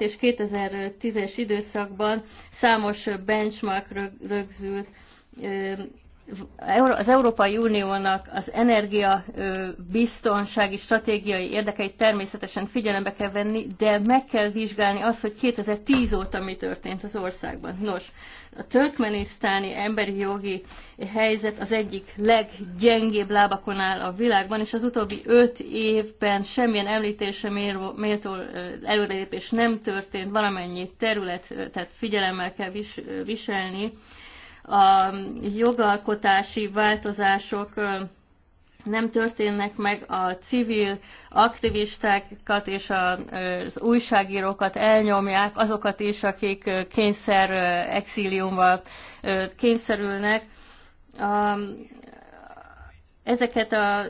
és 2010-es időszakban számos benchmark rögzült az Európai Uniónak az energia stratégiai érdekeit természetesen figyelembe kell venni, de meg kell vizsgálni azt, hogy 2010 óta mi történt az országban. Nos, a törkmenisztáni emberi jogi helyzet az egyik leggyengébb lábakon áll a világban, és az utóbbi öt évben semmilyen említése méltó előrelépés nem történt, valamennyi területet figyelemmel kell viselni a jogalkotási változások nem történnek meg, a civil aktivistákat és az újságírókat elnyomják, azokat is, akik kényszer exíliumval kényszerülnek. Ezeket a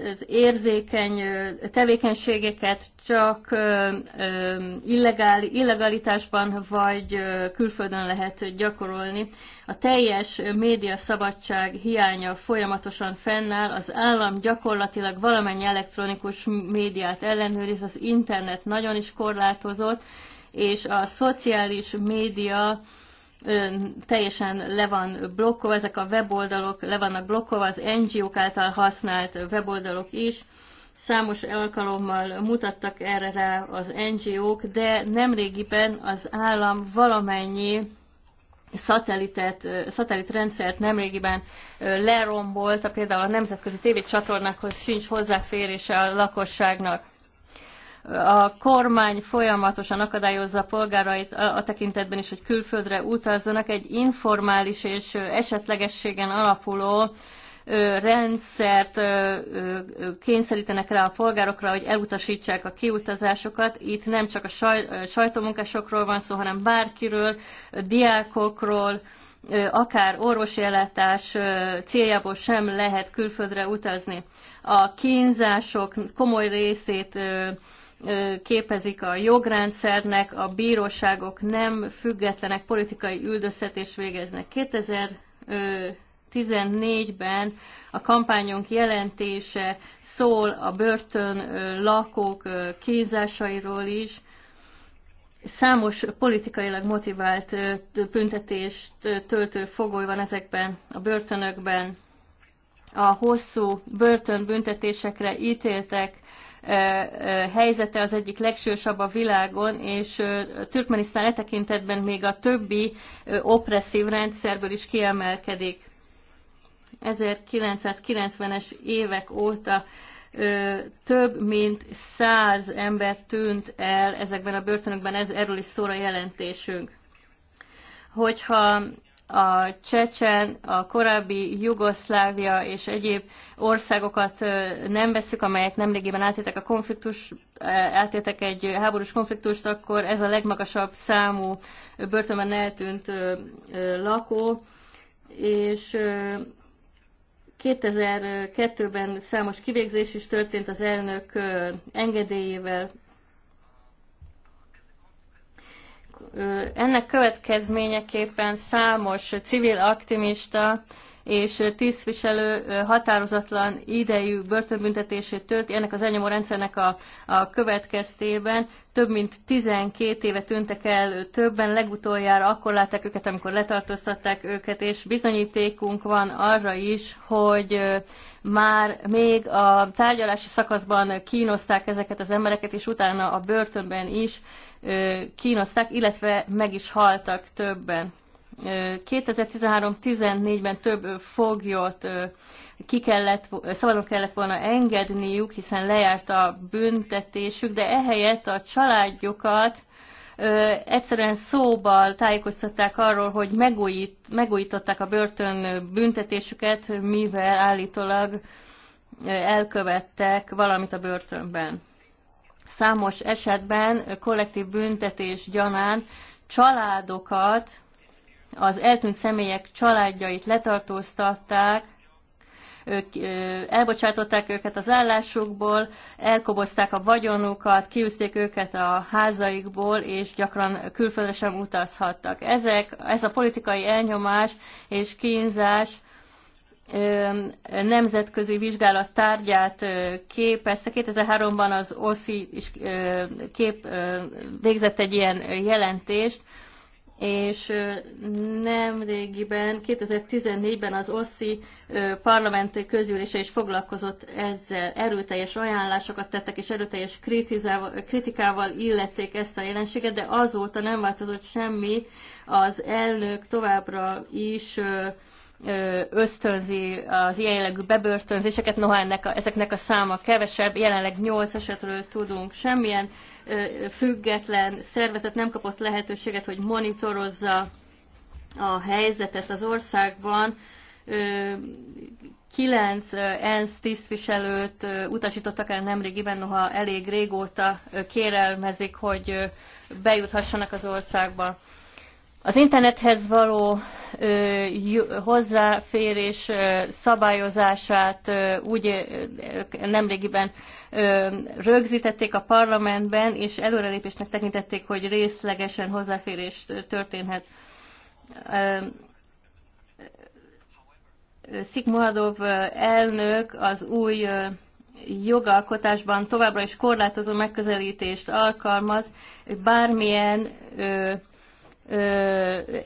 az érzékeny tevékenységeket csak illegál, illegalitásban vagy külföldön lehet gyakorolni. A teljes média szabadság hiánya folyamatosan fennáll, az állam gyakorlatilag valamennyi elektronikus médiát ellenőriz, az internet nagyon is korlátozott, és a szociális média teljesen le van blokkolva, ezek a weboldalok le vannak blokkolva, az NGO-k által használt weboldalok is. Számos alkalommal mutattak erre rá az NGO-k, de nemrégiben az állam valamennyi szatellitet, szatellitrendszert nemrégiben lerombolta, például a nemzetközi tévécsatornákhoz sincs hozzáférése a lakosságnak. A kormány folyamatosan akadályozza a polgárait a tekintetben is, hogy külföldre utazzanak. Egy informális és esetlegességen alapuló rendszert kényszerítenek rá a polgárokra, hogy elutasítsák a kiutazásokat. Itt nem csak a sajtómunkásokról van szó, hanem bárkiről, diákokról, akár orvosi ellátás céljából sem lehet külföldre utazni. A kínzások komoly részét képezik a jogrendszernek, a bíróságok nem függetlenek, politikai üldöztetést végeznek. 2014-ben a kampányunk jelentése szól a börtön lakók kínzásairól is, Számos politikailag motivált büntetést töltő fogoly van ezekben a börtönökben. A hosszú börtönbüntetésekre ítéltek E, e, helyzete az egyik legsősabb a világon, és Türkmenisztán e tekintetben még a többi opresszív rendszerből is kiemelkedik. 1990-es évek óta több mint száz ember tűnt el ezekben a börtönökben, ez, erről is szóra jelentésünk. Hogyha a Csecsen, a korábbi Jugoszlávia és egyéb országokat nem veszük, amelyek nemrégiben átéltek a konfliktus, átéltek egy háborús konfliktust, akkor ez a legmagasabb számú börtönben eltűnt lakó, és 2002-ben számos kivégzés is történt az elnök engedélyével ennek következményeképpen számos civil aktivista és tisztviselő határozatlan idejű börtönbüntetését tölt, ennek az elnyomó rendszernek a, a következtében több mint 12 éve tűntek el többen, legutoljára akkor látták őket, amikor letartóztatták őket, és bizonyítékunk van arra is, hogy már még a tárgyalási szakaszban kínozták ezeket az embereket, és utána a börtönben is kínozták, illetve meg is haltak többen. 2013-14-ben több foglyot ki kellett, szabadon kellett volna engedniük, hiszen lejárt a büntetésük, de ehelyett a családjukat egyszerűen szóval tájékoztatták arról, hogy megújít, megújították a börtön büntetésüket, mivel állítólag elkövettek valamit a börtönben. Számos esetben kollektív büntetés gyanán családokat, az eltűnt személyek családjait letartóztatták, ők elbocsátották őket az állásukból, elkobozták a vagyonukat, kiűzték őket a házaikból, és gyakran külföldre sem utazhattak. Ezek, ez a politikai elnyomás és kínzás nemzetközi vizsgálat tárgyát képezte. 2003-ban az OSZI is kép, végzett egy ilyen jelentést, és nemrégiben, 2014-ben az OSZI parlamenti közgyűlése is foglalkozott ezzel. Erőteljes ajánlásokat tettek, és erőteljes kritikával illették ezt a jelenséget, de azóta nem változott semmi. Az elnök továbbra is ösztönzi az ilyen jellegű bebörtönzéseket, noha ennek a, ezeknek a száma kevesebb, jelenleg 8 esetről tudunk. Semmilyen független szervezet nem kapott lehetőséget, hogy monitorozza a helyzetet az országban. Kilenc ENSZ tisztviselőt utasítottak el nemrégiben, noha elég régóta kérelmezik, hogy bejuthassanak az országba. Az internethez való hozzáférés szabályozását úgy nemrégiben rögzítették a parlamentben, és előrelépésnek tekintették, hogy részlegesen hozzáférés történhet. Szigmuadov elnök az új jogalkotásban továbbra is korlátozó megközelítést alkalmaz, bármilyen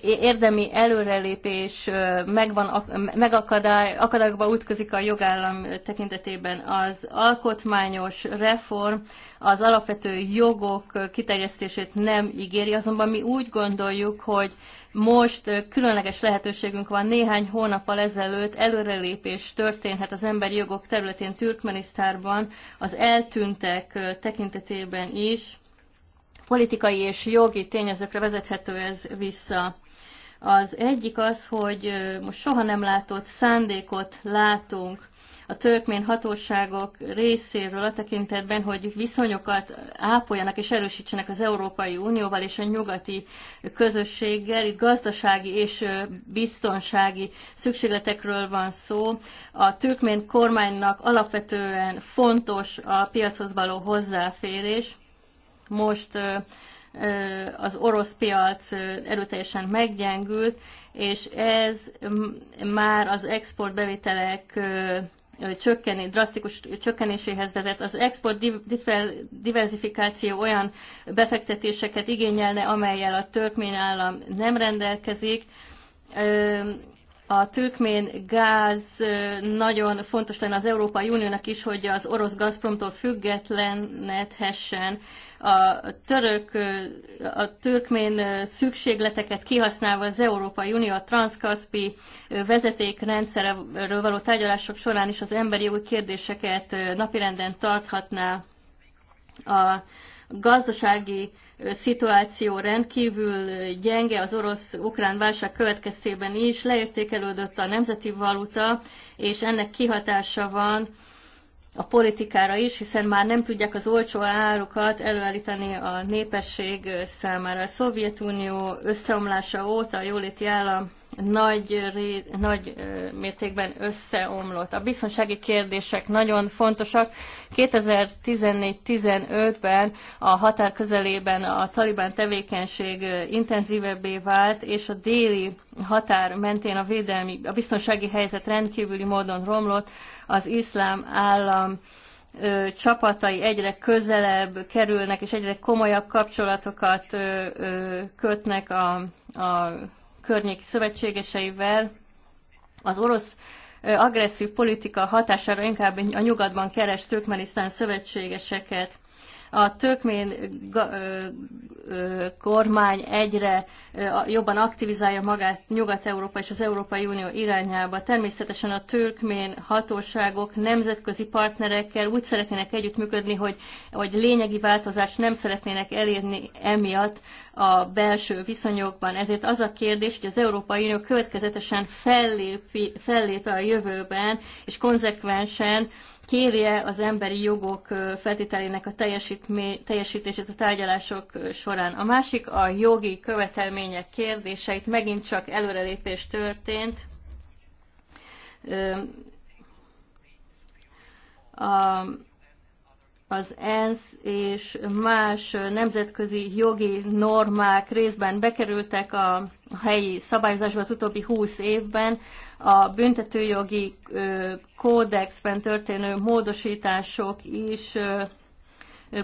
érdemi előrelépés megvan, megakadály, akadályokba útközik a jogállam tekintetében. Az alkotmányos reform az alapvető jogok kiterjesztését nem ígéri, azonban mi úgy gondoljuk, hogy most különleges lehetőségünk van. Néhány hónappal ezelőtt előrelépés történhet az emberi jogok területén Türkmenisztárban, az eltűntek tekintetében is politikai és jogi tényezőkre vezethető ez vissza. Az egyik az, hogy most soha nem látott szándékot látunk a törkmén hatóságok részéről a tekintetben, hogy viszonyokat ápoljanak és erősítsenek az Európai Unióval és a nyugati közösséggel. Itt gazdasági és biztonsági szükségletekről van szó. A türkmén kormánynak alapvetően fontos a piachoz való hozzáférés most az orosz piac erőteljesen meggyengült, és ez már az exportbevitelek csökkeni drasztikus csökkenéséhez vezet. Az export diversifikáció olyan befektetéseket igényelne, amelyel a törkmén állam nem rendelkezik. A türkmén gáz nagyon fontos lenne az Európai Uniónak is, hogy az orosz Gazpromtól függetlenedhessen a török, a türkmén szükségleteket kihasználva az Európai Unió a transzkaszpi vezetékrendszerről való tárgyalások során is az emberi jogi kérdéseket napirenden tarthatná a gazdasági szituáció rendkívül gyenge, az orosz-ukrán válság következtében is leértékelődött a nemzeti valuta, és ennek kihatása van a politikára is, hiszen már nem tudják az olcsó árukat előállítani a népesség számára. A Szovjetunió összeomlása óta a jóléti állam nagy, ré, nagy mértékben összeomlott. A biztonsági kérdések nagyon fontosak. 2014-15-ben a határ közelében a talibán tevékenység intenzívebbé vált, és a déli határ mentén a, védelmi, a biztonsági helyzet rendkívüli módon romlott. Az iszlám állam csapatai egyre közelebb kerülnek, és egyre komolyabb kapcsolatokat kötnek a, a környéki szövetségeseivel az orosz agresszív politika hatására inkább a nyugatban keres Türkmenisztán szövetségeseket. A tökmén kormány egyre jobban aktivizálja magát Nyugat-Európa és az Európai Unió irányába. Természetesen a tökmén hatóságok nemzetközi partnerekkel úgy szeretnének együttműködni, hogy, hogy lényegi változást nem szeretnének elérni emiatt a belső viszonyokban. Ezért az a kérdés, hogy az Európai Unió következetesen fellépi, fellép a jövőben, és konzekvensen kérje az emberi jogok feltételének a teljesítését a tárgyalások során. A másik a jogi követelmények kérdéseit megint csak előrelépés történt. A az ENSZ és más nemzetközi jogi normák részben bekerültek a helyi szabályozásba az utóbbi 20 évben. A büntetőjogi kódexben történő módosítások is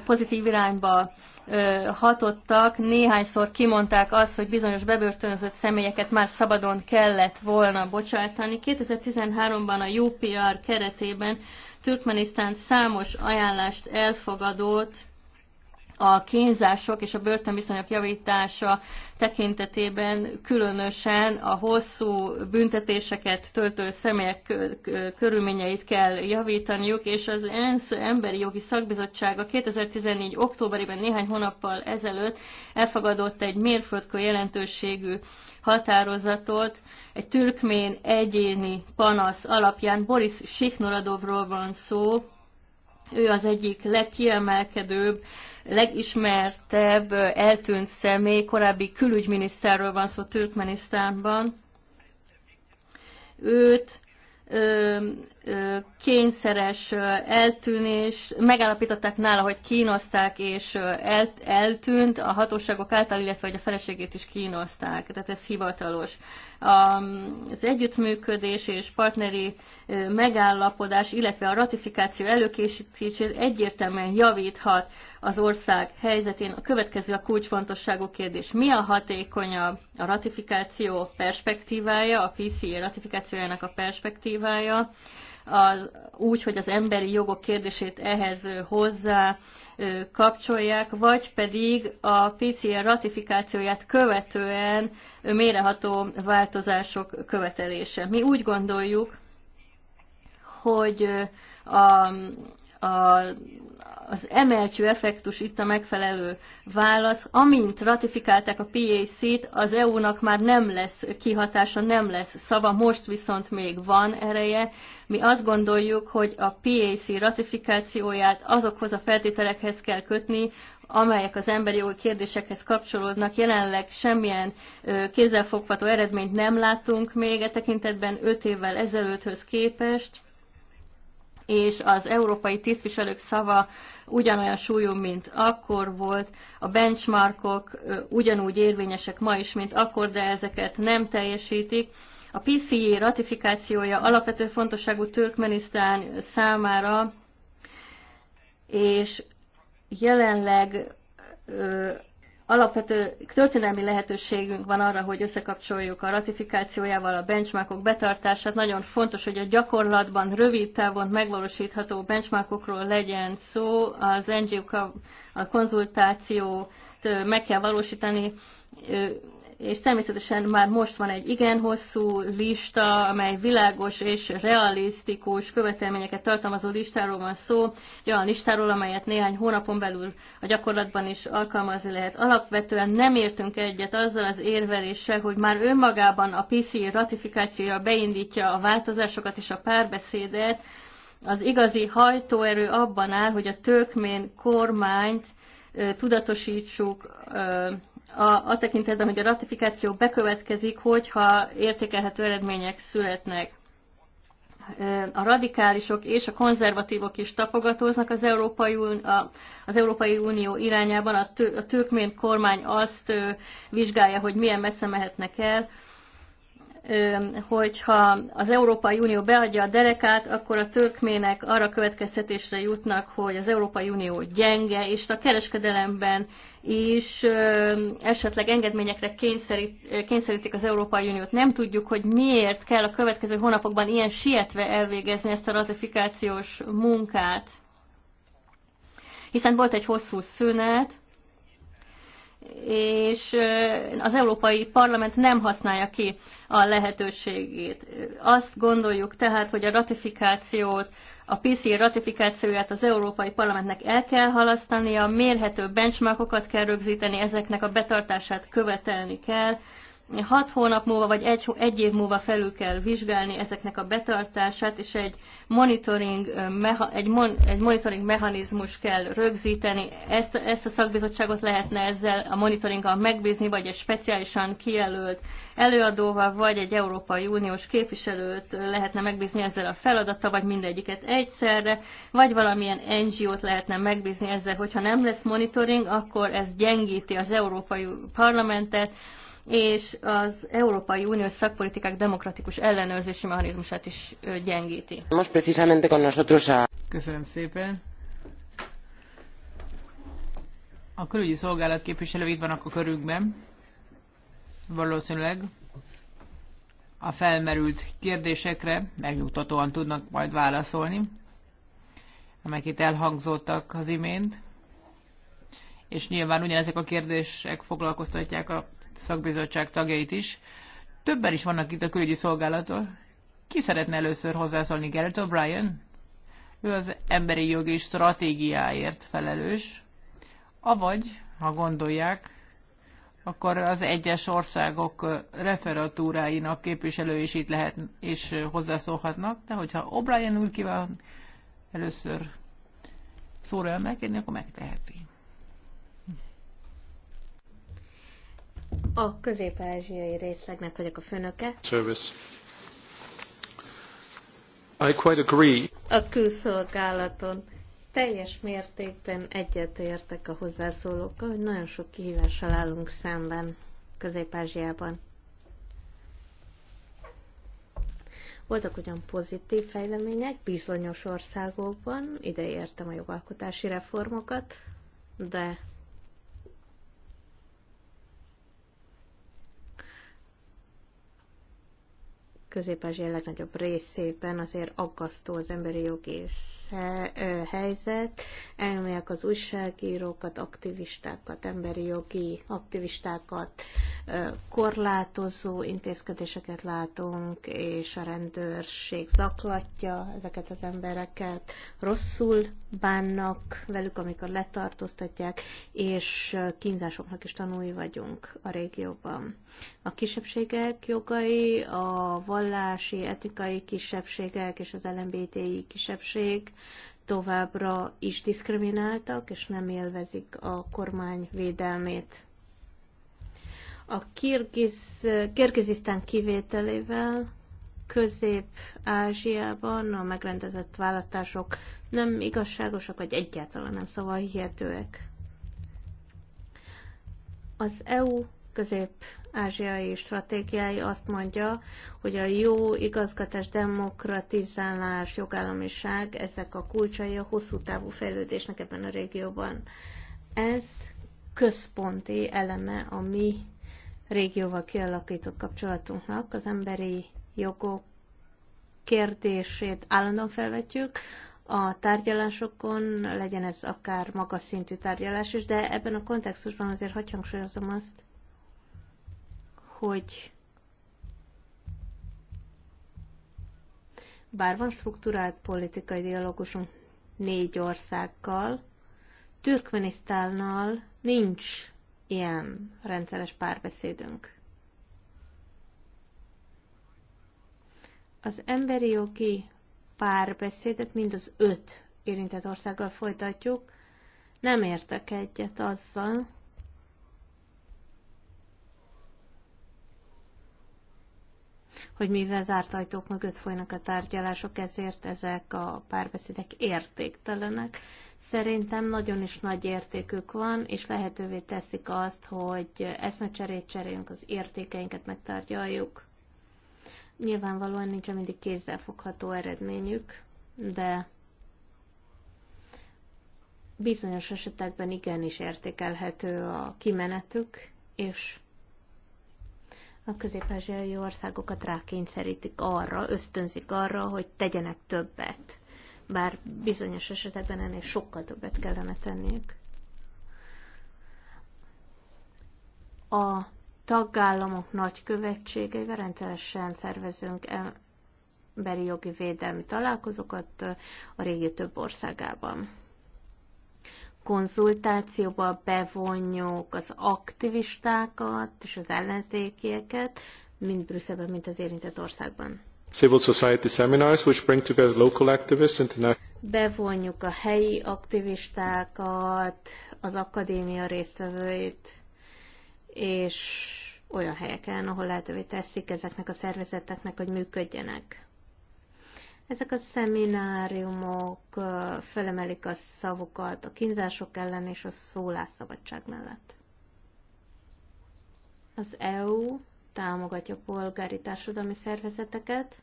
pozitív irányba hatottak. Néhányszor kimondták azt, hogy bizonyos bebörtönözött személyeket már szabadon kellett volna bocsátani. 2013-ban a UPR keretében Türkmenisztán számos ajánlást elfogadott a kínzások és a börtönviszonyok javítása tekintetében különösen a hosszú büntetéseket töltő személyek körülményeit kell javítaniuk, és az ENSZ Emberi Jogi Szakbizottsága 2014. októberében néhány hónappal ezelőtt elfogadott egy mérföldkő jelentőségű határozatot egy türkmén egyéni panasz alapján. Boris Siknoradovról van szó, ő az egyik legkiemelkedőbb legismertebb eltűnt személy, korábbi külügyminiszterről van szó Türkmenisztánban. Őt kényszeres eltűnés, megállapították nála, hogy kínozták és el, eltűnt a hatóságok által, illetve hogy a feleségét is kínozták, tehát ez hivatalos. Az együttműködés és partneri megállapodás, illetve a ratifikáció előkészítését egyértelműen javíthat az ország helyzetén. A következő a kulcsfontosságú kérdés. Mi a hatékonyabb a ratifikáció perspektívája, a PCA ratifikációjának a perspektívája? az, úgy, hogy az emberi jogok kérdését ehhez hozzá kapcsolják, vagy pedig a PCR ratifikációját követően méreható változások követelése. Mi úgy gondoljuk, hogy a, a, az emeltyű effektus itt a megfelelő válasz. Amint ratifikálták a PAC-t, az EU-nak már nem lesz kihatása, nem lesz szava, most viszont még van ereje. Mi azt gondoljuk, hogy a PAC ratifikációját azokhoz a feltételekhez kell kötni, amelyek az emberi jogi kérdésekhez kapcsolódnak. Jelenleg semmilyen kézzelfogható eredményt nem látunk még e tekintetben 5 évvel ezelőtthöz képest és az európai tisztviselők szava ugyanolyan súlyú, mint akkor volt, a benchmarkok ugyanúgy érvényesek ma is, mint akkor, de ezeket nem teljesítik. A PCA e ratifikációja alapvető fontosságú Türkmenisztán számára, és jelenleg alapvető történelmi lehetőségünk van arra, hogy összekapcsoljuk a ratifikációjával a benchmarkok betartását. Nagyon fontos, hogy a gyakorlatban rövid távon megvalósítható benchmarkokról legyen szó. Az NGO a konzultációt meg kell valósítani és természetesen már most van egy igen hosszú lista, amely világos és realisztikus követelményeket tartalmazó listáról van szó, egy olyan listáról, amelyet néhány hónapon belül a gyakorlatban is alkalmazni lehet. Alapvetően nem értünk egyet azzal az érveléssel, hogy már önmagában a PC ratifikációja beindítja a változásokat és a párbeszédet, az igazi hajtóerő abban áll, hogy a tökmén kormányt tudatosítsuk a, a tekintetben, hogy a ratifikáció bekövetkezik, hogyha értékelhető eredmények születnek. A radikálisok és a konzervatívok is tapogatóznak az Európai, az Európai Unió irányában. A, tő, a türkmén kormány azt vizsgálja, hogy milyen messze mehetnek el hogyha az Európai Unió beadja a derekát, akkor a törkmének arra következtetésre jutnak, hogy az Európai Unió gyenge, és a kereskedelemben is esetleg engedményekre kényszerít, kényszerítik az Európai Uniót. Nem tudjuk, hogy miért kell a következő hónapokban ilyen sietve elvégezni ezt a ratifikációs munkát. Hiszen volt egy hosszú szünet, és az Európai Parlament nem használja ki a lehetőségét. Azt gondoljuk tehát, hogy a ratifikációt, a PC ratifikációját az Európai Parlamentnek el kell halasztania, mérhető benchmarkokat kell rögzíteni, ezeknek a betartását követelni kell, hat hónap múlva vagy egy, egy év múlva felül kell vizsgálni ezeknek a betartását, és egy monitoring, meha, egy, mon, egy monitoring mechanizmus kell rögzíteni. Ezt, ezt a szakbizottságot lehetne ezzel a monitoringgal megbízni, vagy egy speciálisan kijelölt előadóval, vagy egy Európai Uniós képviselőt lehetne megbízni ezzel a feladattal, vagy mindegyiket egyszerre, vagy valamilyen NGO-t lehetne megbízni ezzel, hogyha nem lesz monitoring, akkor ez gyengíti az Európai Parlamentet, és az Európai Unió szakpolitikák demokratikus ellenőrzési mechanizmusát is gyengíti. Most precisamente con nosotros a... Köszönöm szépen. A külügyi szolgálat képviselő itt vannak a körünkben. Valószínűleg a felmerült kérdésekre megnyugtatóan tudnak majd válaszolni, amelyek itt elhangzottak az imént. És nyilván ugyanezek a kérdések foglalkoztatják a szakbizottság tagjait is. Többen is vannak itt a külügyi szolgálaton. Ki szeretne először hozzászólni, Gerrit O'Brien? Ő az emberi jogi stratégiáért felelős. Avagy, ha gondolják, akkor az egyes országok referatúráinak képviselő is itt lehet, és hozzászólhatnak, de hogyha O'Brien úr kíván először szóra elmelkedni, akkor megteheti. a közép-ázsiai részlegnek vagyok a főnöke. Service. I quite agree. A külszolgálaton teljes mértékben egyetértek a hozzászólókkal, hogy nagyon sok kihívással állunk szemben Közép-Ázsiában. Voltak ugyan pozitív fejlemények bizonyos országokban, ide értem a jogalkotási reformokat, de közép legnagyobb részében azért aggasztó az emberi jogi és E, helyzet, elmélek az újságírókat, aktivistákat, emberi jogi aktivistákat, korlátozó intézkedéseket látunk, és a rendőrség zaklatja ezeket az embereket, rosszul bánnak velük, amikor letartóztatják, és kínzásoknak is tanulni vagyunk a régióban. A kisebbségek jogai, a vallási, etikai kisebbségek és az LMBTI kisebbség továbbra is diszkrimináltak, és nem élvezik a kormány védelmét. A Kirgiz, Kirgizisztán kivételével Közép-Ázsiában a megrendezett választások nem igazságosak, vagy egyáltalán nem szóval hihetőek. Az EU közép-ázsiai stratégiái azt mondja, hogy a jó igazgatás, demokratizálás, jogállamiság, ezek a kulcsai a hosszú távú fejlődésnek ebben a régióban. Ez központi eleme a mi régióval kialakított kapcsolatunknak, az emberi jogok kérdését állandóan felvetjük, a tárgyalásokon, legyen ez akár magas szintű tárgyalás is, de ebben a kontextusban azért hagy hangsúlyozom azt, hogy bár van struktúrált politikai dialógusunk négy országgal, Türkmenisztánnal nincs ilyen rendszeres párbeszédünk. Az emberi jogi párbeszédet mind az öt érintett országgal folytatjuk. Nem értek egyet azzal, hogy mivel zárt ajtók mögött folynak a tárgyalások, ezért ezek a párbeszédek értéktelenek. Szerintem nagyon is nagy értékük van, és lehetővé teszik azt, hogy eszmecserét cseréljünk, az értékeinket megtárgyaljuk. Nyilvánvalóan nincs mindig kézzelfogható eredményük, de bizonyos esetekben igenis értékelhető a kimenetük, és a közép országokat rákényszerítik arra, ösztönzik arra, hogy tegyenek többet. Bár bizonyos esetekben ennél sokkal többet kellene tenniük. A tagállamok nagykövetségeivel rendszeresen szervezünk emberi jogi védelmi találkozókat a régi több országában konzultációba bevonjuk az aktivistákat és az ellenzékieket, mind Brüsszelben, mint az érintett országban. Civil society seminars, which bring together local activists and Bevonjuk a helyi aktivistákat, az akadémia résztvevőit, és olyan helyeken, ahol lehetővé teszik ezeknek a szervezeteknek, hogy működjenek. Ezek a szemináriumok felemelik a szavukat a kínzások ellen és a szólásszabadság mellett. Az EU támogatja polgári társadalmi szervezeteket,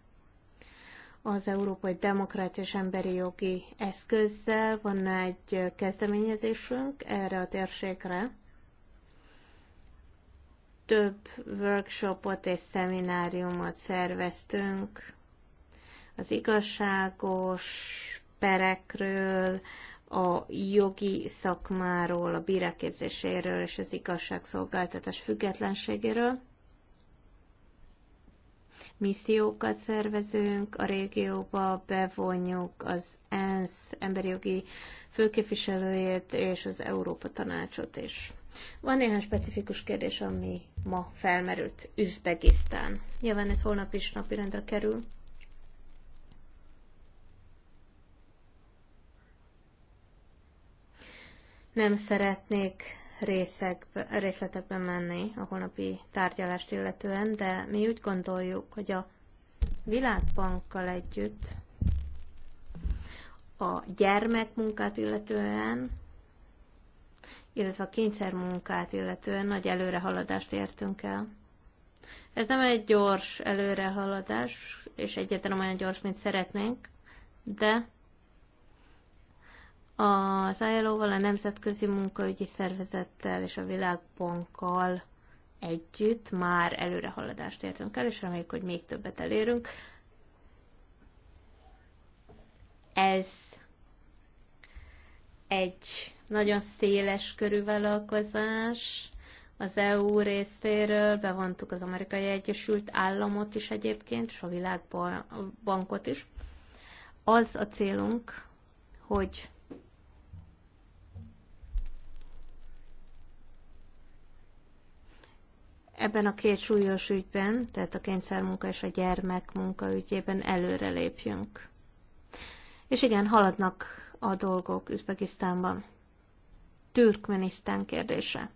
az Európai Demokrácia és Emberi Jogi Eszközzel van egy kezdeményezésünk erre a térségre. Több workshopot és szemináriumot szerveztünk az igazságos perekről, a jogi szakmáról, a bíráképzéséről és az igazságszolgáltatás függetlenségéről. Missziókat szervezünk a régióba, bevonjuk az ENSZ emberi jogi főképviselőjét és az Európa Tanácsot is. Van néhány specifikus kérdés, ami ma felmerült. Üzbegisztán. Nyilván ez holnap is napirendre kerül. Nem szeretnék részek, részletekbe menni a holnapi tárgyalást illetően, de mi úgy gondoljuk, hogy a Világbankkal együtt a gyermekmunkát illetően, illetve a kényszermunkát illetően nagy előrehaladást értünk el. Ez nem egy gyors előrehaladás, és egyetlen olyan gyors, mint szeretnénk, de az ILO-val, a Nemzetközi Munkaügyi Szervezettel és a Világbankkal együtt már előrehaladást értünk el, és reméljük, hogy még többet elérünk. Ez egy nagyon széles körű vállalkozás. Az EU részéről bevontuk az Amerikai Egyesült Államot is egyébként, és a Világbankot is. Az a célunk, hogy ebben a két súlyos ügyben, tehát a kényszermunka és a gyermekmunka ügyében előrelépjünk. És igen, haladnak a dolgok Üzbegisztánban. Türkmenisztán kérdése.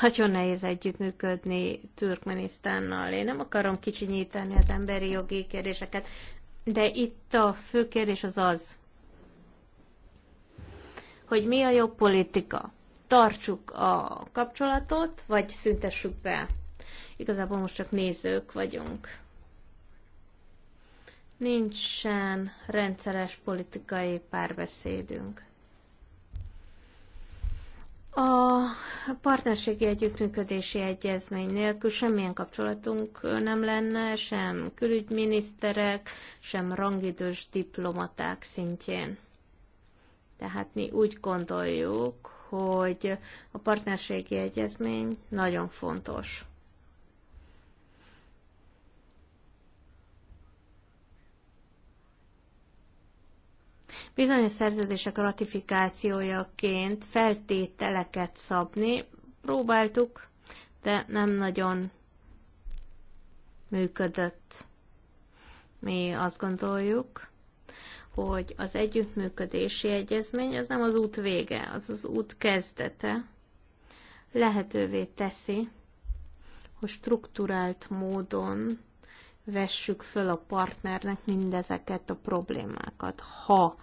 Nagyon nehéz együttműködni Türkmenisztánnal. Én nem akarom kicsinyíteni az emberi jogi kérdéseket, de itt a fő kérdés az az, hogy mi a jobb politika, tartsuk a kapcsolatot, vagy szüntessük be. Igazából most csak nézők vagyunk. Nincsen rendszeres politikai párbeszédünk. A partnerségi együttműködési egyezmény nélkül semmilyen kapcsolatunk nem lenne, sem külügyminiszterek, sem rangidős diplomaták szintjén. Tehát mi úgy gondoljuk, hogy a partnerségi egyezmény nagyon fontos. Bizonyos szerződések ratifikációjaként feltételeket szabni próbáltuk, de nem nagyon működött. Mi azt gondoljuk, hogy az együttműködési egyezmény az nem az út vége, az az út kezdete. Lehetővé teszi, hogy strukturált módon vessük föl a partnernek mindezeket a problémákat. Ha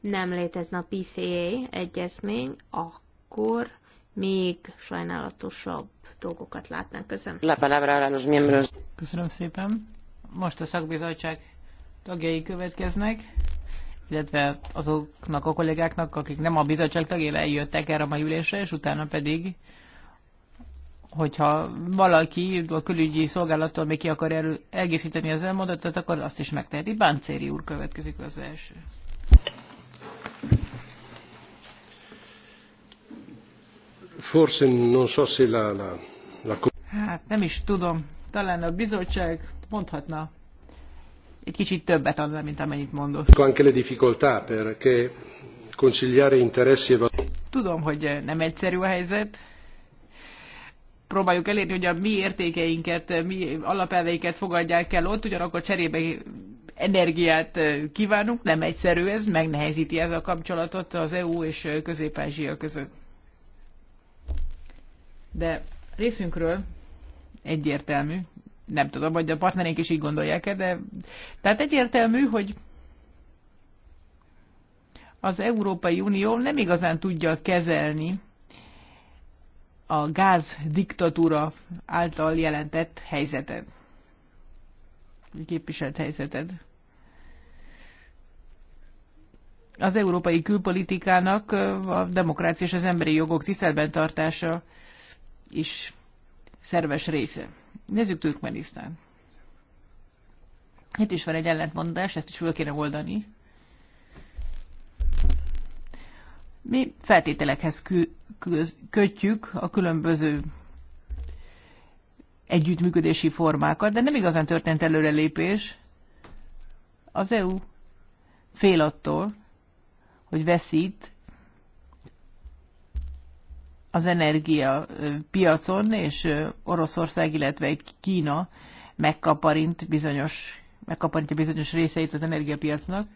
nem létezne a PCA egyezmény, akkor még sajnálatosabb dolgokat látnánk közön. Köszönöm szépen. Most a szakbizottság tagjai következnek illetve azoknak a kollégáknak, akik nem a bizottság tagjai eljöttek erre a mai ülésre, és utána pedig, hogyha valaki a külügyi szolgálattól még ki akar elő, egészíteni az elmondatot, akkor azt is megteheti. Báncéri úr következik az első. Forse non so se la, la... Hát nem is tudom, talán a bizottság mondhatna egy kicsit többet adna, mint amennyit mondott. E Tudom, hogy nem egyszerű a helyzet. Próbáljuk elérni, hogy a mi értékeinket, mi alapelveiket fogadják el ott, ugyanakkor cserébe energiát eh, kívánunk. Nem egyszerű ez, megnehezíti ez a kapcsolatot az EU és Közép-Ázsia között. De részünkről egyértelmű, nem tudom, vagy a partnerénk is így gondolják-e, de tehát egyértelmű, hogy az Európai Unió nem igazán tudja kezelni a gáz diktatúra által jelentett helyzetet, képviselt helyzetet. Az európai külpolitikának a demokrácia és az emberi jogok tiszteletben tartása is szerves része. Nézzük Türkmenisztán. Itt is van egy ellentmondás, ezt is föl kéne oldani. Mi feltételekhez kötjük a különböző együttműködési formákat, de nem igazán történt előrelépés. Az EU fél attól, hogy veszít az energia piacon, és Oroszország, illetve Kína megkaparint bizonyos, megkaparintja bizonyos részeit az energiapiacnak.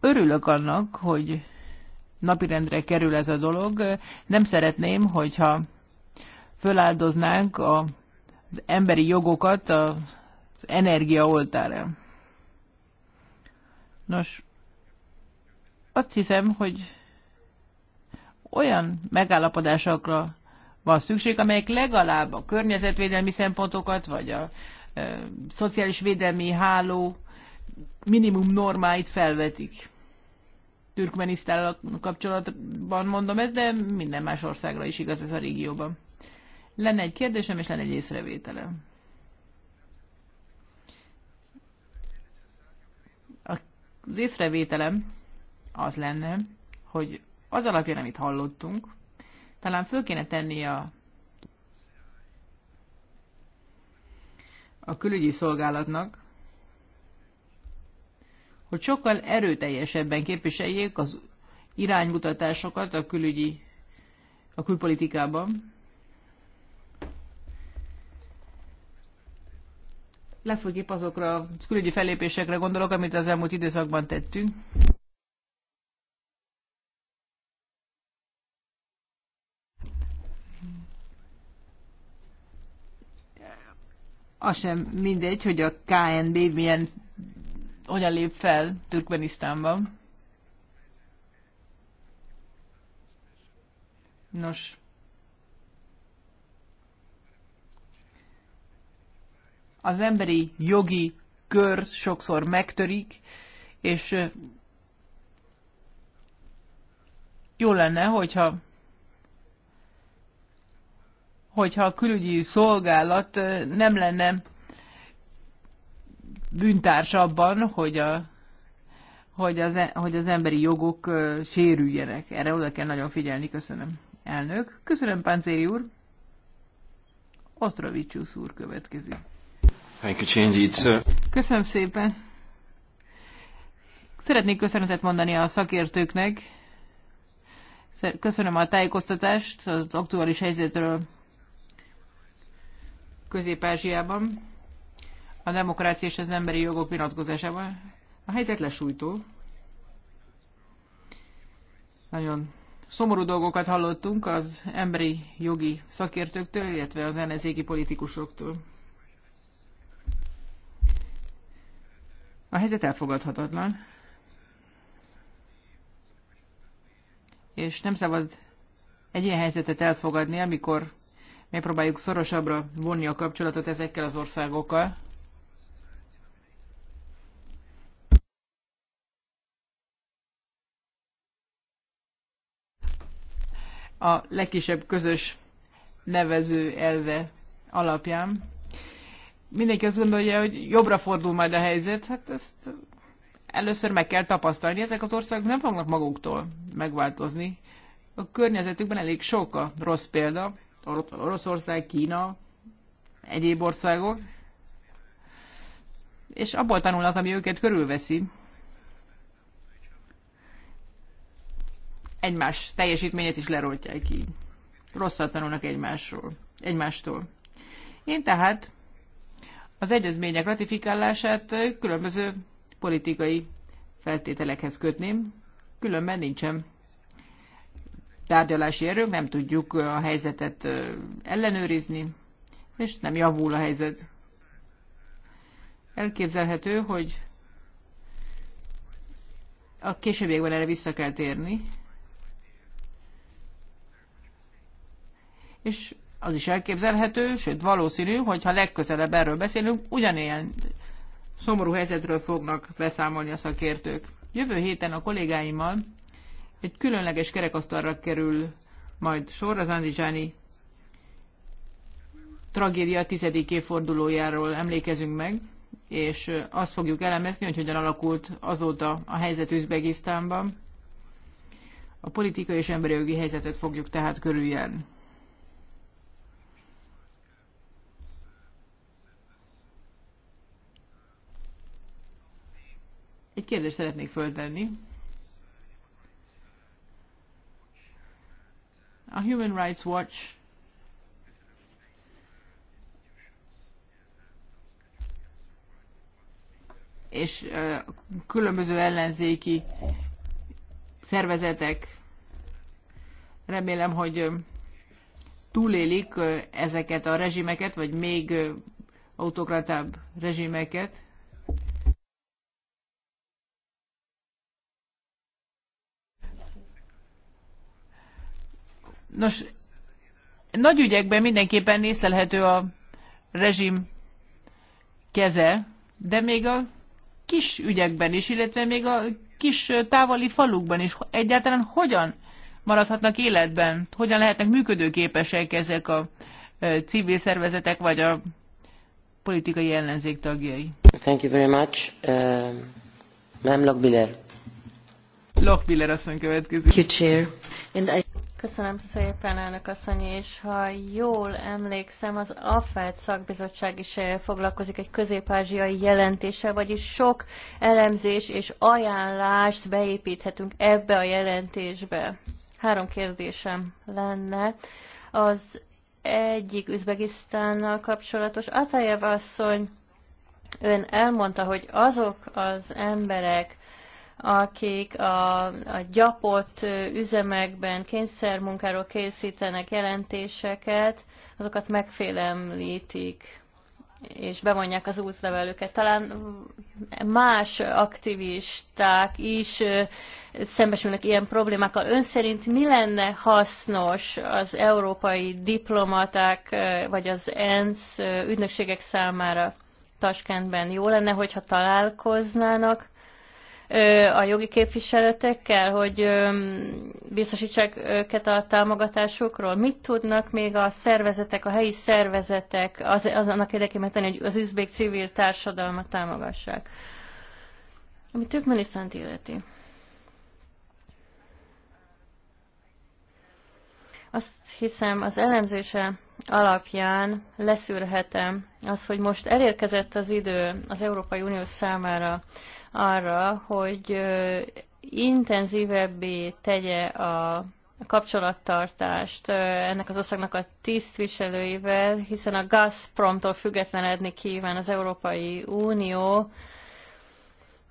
Örülök annak, hogy napirendre kerül ez a dolog. Nem szeretném, hogyha föláldoznánk az emberi jogokat az energia oltára. Nos, azt hiszem, hogy olyan megállapodásokra van szükség, amelyek legalább a környezetvédelmi szempontokat, vagy a e, szociális védelmi háló minimum normáit felvetik. Türkmenisztán kapcsolatban mondom ezt, de minden más országra is igaz ez a régióban. Lenne egy kérdésem, és lenne egy észrevételem. Az észrevételem az lenne, hogy az alapján, amit hallottunk, talán föl kéne tenni a, a külügyi szolgálatnak, hogy sokkal erőteljesebben képviseljék az iránymutatásokat a külügyi, a külpolitikában. Legfőképp azokra a külügyi fellépésekre gondolok, amit az elmúlt időszakban tettünk. az sem mindegy, hogy a KNB milyen, hogyan lép fel Türkmenisztánban. Nos. Az emberi jogi kör sokszor megtörik, és jó lenne, hogyha hogyha a külügyi szolgálat nem lenne bűntárs abban, hogy, a, hogy, az, e-, hogy az emberi jogok sérüljenek. Erre oda kell nagyon figyelni. Köszönöm, elnök. Köszönöm, Páncéri úr. Osztravicsius úr következik. Uh, köszönöm szépen. Szeretnék köszönetet mondani a szakértőknek. Köszönöm a tájékoztatást az aktuális helyzetről. Közép-Ázsiában, a demokrácia és az emberi jogok vonatkozásában. A helyzet lesújtó. Nagyon szomorú dolgokat hallottunk az emberi jogi szakértőktől, illetve az ellenzéki politikusoktól. A helyzet elfogadhatatlan, és nem szabad egy ilyen helyzetet elfogadni, amikor megpróbáljuk szorosabbra vonni a kapcsolatot ezekkel az országokkal. A legkisebb közös nevező elve alapján. Mindenki azt gondolja, hogy jobbra fordul majd a helyzet, hát ezt először meg kell tapasztalni. Ezek az országok nem fognak maguktól megváltozni. A környezetükben elég sok a rossz példa, Oroszország, Kína, egyéb országok, és abból tanulnak, ami őket körülveszi. Egymás teljesítményét is leroltják így. Rosszat tanulnak egymásról, egymástól. Én tehát az egyezmények ratifikálását különböző politikai feltételekhez kötném, különben nincsen tárgyalási erőnk, nem tudjuk a helyzetet ellenőrizni, és nem javul a helyzet. Elképzelhető, hogy a későbbiekben erre vissza kell térni, és az is elképzelhető, sőt valószínű, hogy ha legközelebb erről beszélünk, ugyanilyen szomorú helyzetről fognak beszámolni a szakértők. Jövő héten a kollégáimmal egy különleges kerekasztalra kerül majd sor az Andizsáni tragédia tizedik évfordulójáról emlékezünk meg, és azt fogjuk elemezni, hogy hogyan alakult azóta a helyzet Üzbegisztánban. A politikai és emberi jogi helyzetet fogjuk tehát körüljárni. Egy kérdést szeretnék föltenni. A Human Rights Watch és különböző ellenzéki szervezetek remélem, hogy túlélik ezeket a rezsimeket, vagy még autokratább rezsimeket. Nos, nagy ügyekben mindenképpen nézelhető a rezsim keze, de még a kis ügyekben is, illetve még a kis távoli falukban is egyáltalán hogyan maradhatnak életben, hogyan lehetnek működőképesek ezek a civil szervezetek vagy a politikai ellenzék tagjai. Thank you very much. Uh, um, Ma'am Lockbiller. Lockbiller asszony következik. Thank you, Chair. And I... Köszönöm szépen, elnök asszony, és ha jól emlékszem, az AFED szakbizottság is eh, foglalkozik egy közép-ázsiai jelentéssel, vagyis sok elemzés és ajánlást beépíthetünk ebbe a jelentésbe. Három kérdésem lenne. Az egyik Üzbegisztánnal kapcsolatos. Atajev asszony, ön elmondta, hogy azok az emberek, akik a, a gyapott üzemekben kényszermunkáról készítenek jelentéseket, azokat megfélemlítik és bevonják az útlevelüket. Talán más aktivisták is szembesülnek ilyen problémákkal. Ön szerint mi lenne hasznos az európai diplomaták vagy az ENSZ ügynökségek számára Taskentben? Jó lenne, hogyha találkoznának a jogi képviseletekkel, hogy biztosítsák őket a támogatásukról? Mit tudnak még a szervezetek, a helyi szervezetek az, az annak érdekében tenni, hogy az üzbék civil társadalmat támogassák? Ami Türkmenisztánt illeti. Azt hiszem, az elemzése alapján leszűrhetem az, hogy most elérkezett az idő az Európai Unió számára arra, hogy intenzívebbé tegye a kapcsolattartást ennek az országnak a tisztviselőivel, hiszen a Gazpromtól függetlenedni kíván az Európai Unió,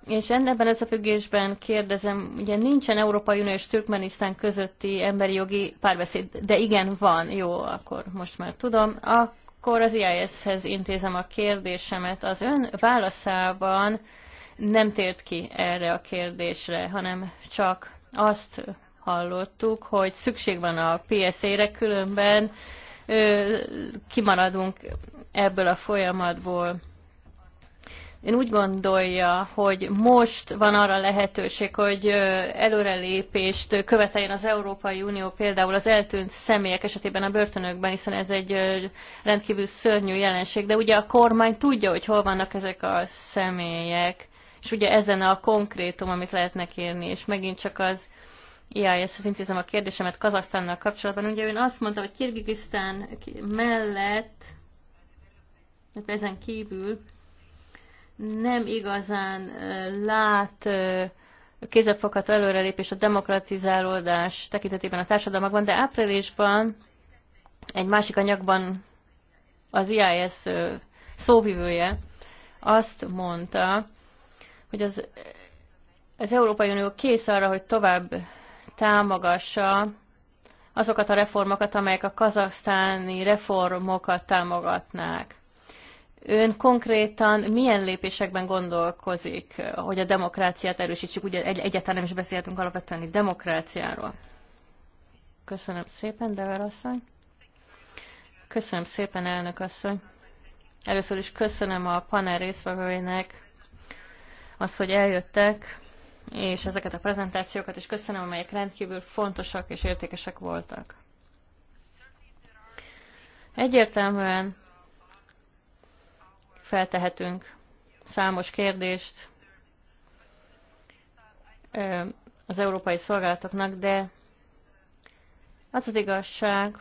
és ebben függésben kérdezem, ugye nincsen Európai Unió és Türkmenisztán közötti emberi jogi párbeszéd, de igen, van, jó, akkor most már tudom. Akkor az IIS-hez intézem a kérdésemet. Az ön válaszában nem tért ki erre a kérdésre, hanem csak azt hallottuk, hogy szükség van a PSZ-re, különben ö, kimaradunk ebből a folyamatból. Én úgy gondolja, hogy most van arra lehetőség, hogy előrelépést követeljen az Európai Unió például az eltűnt személyek esetében a börtönökben, hiszen ez egy rendkívül szörnyű jelenség, de ugye a kormány tudja, hogy hol vannak ezek a személyek és ugye ez lenne a konkrétum, amit lehetne kérni, és megint csak az e ezt az intézem a kérdésemet Kazaksztánnal kapcsolatban. Ugye ön azt mondta, hogy Kirgizisztán mellett, hát ezen kívül nem igazán lát kézzelfogható előrelépés a demokratizálódás tekintetében a társadalmakban, de áprilisban egy másik anyagban az e IIS szóvivője azt mondta, hogy az, az Európai Unió kész arra, hogy tovább támogassa azokat a reformokat, amelyek a kazaksztáni reformokat támogatnák. Ön konkrétan milyen lépésekben gondolkozik, hogy a demokráciát erősítsük? Ugye egy egyáltalán nem is beszéltünk alapvetően demokráciáról. Köszönöm szépen, Dever asszony. Köszönöm szépen, elnök asszony. Először is köszönöm a panel részvevőinek az, hogy eljöttek, és ezeket a prezentációkat is köszönöm, amelyek rendkívül fontosak és értékesek voltak. Egyértelműen feltehetünk számos kérdést az európai szolgálatoknak, de az az igazság,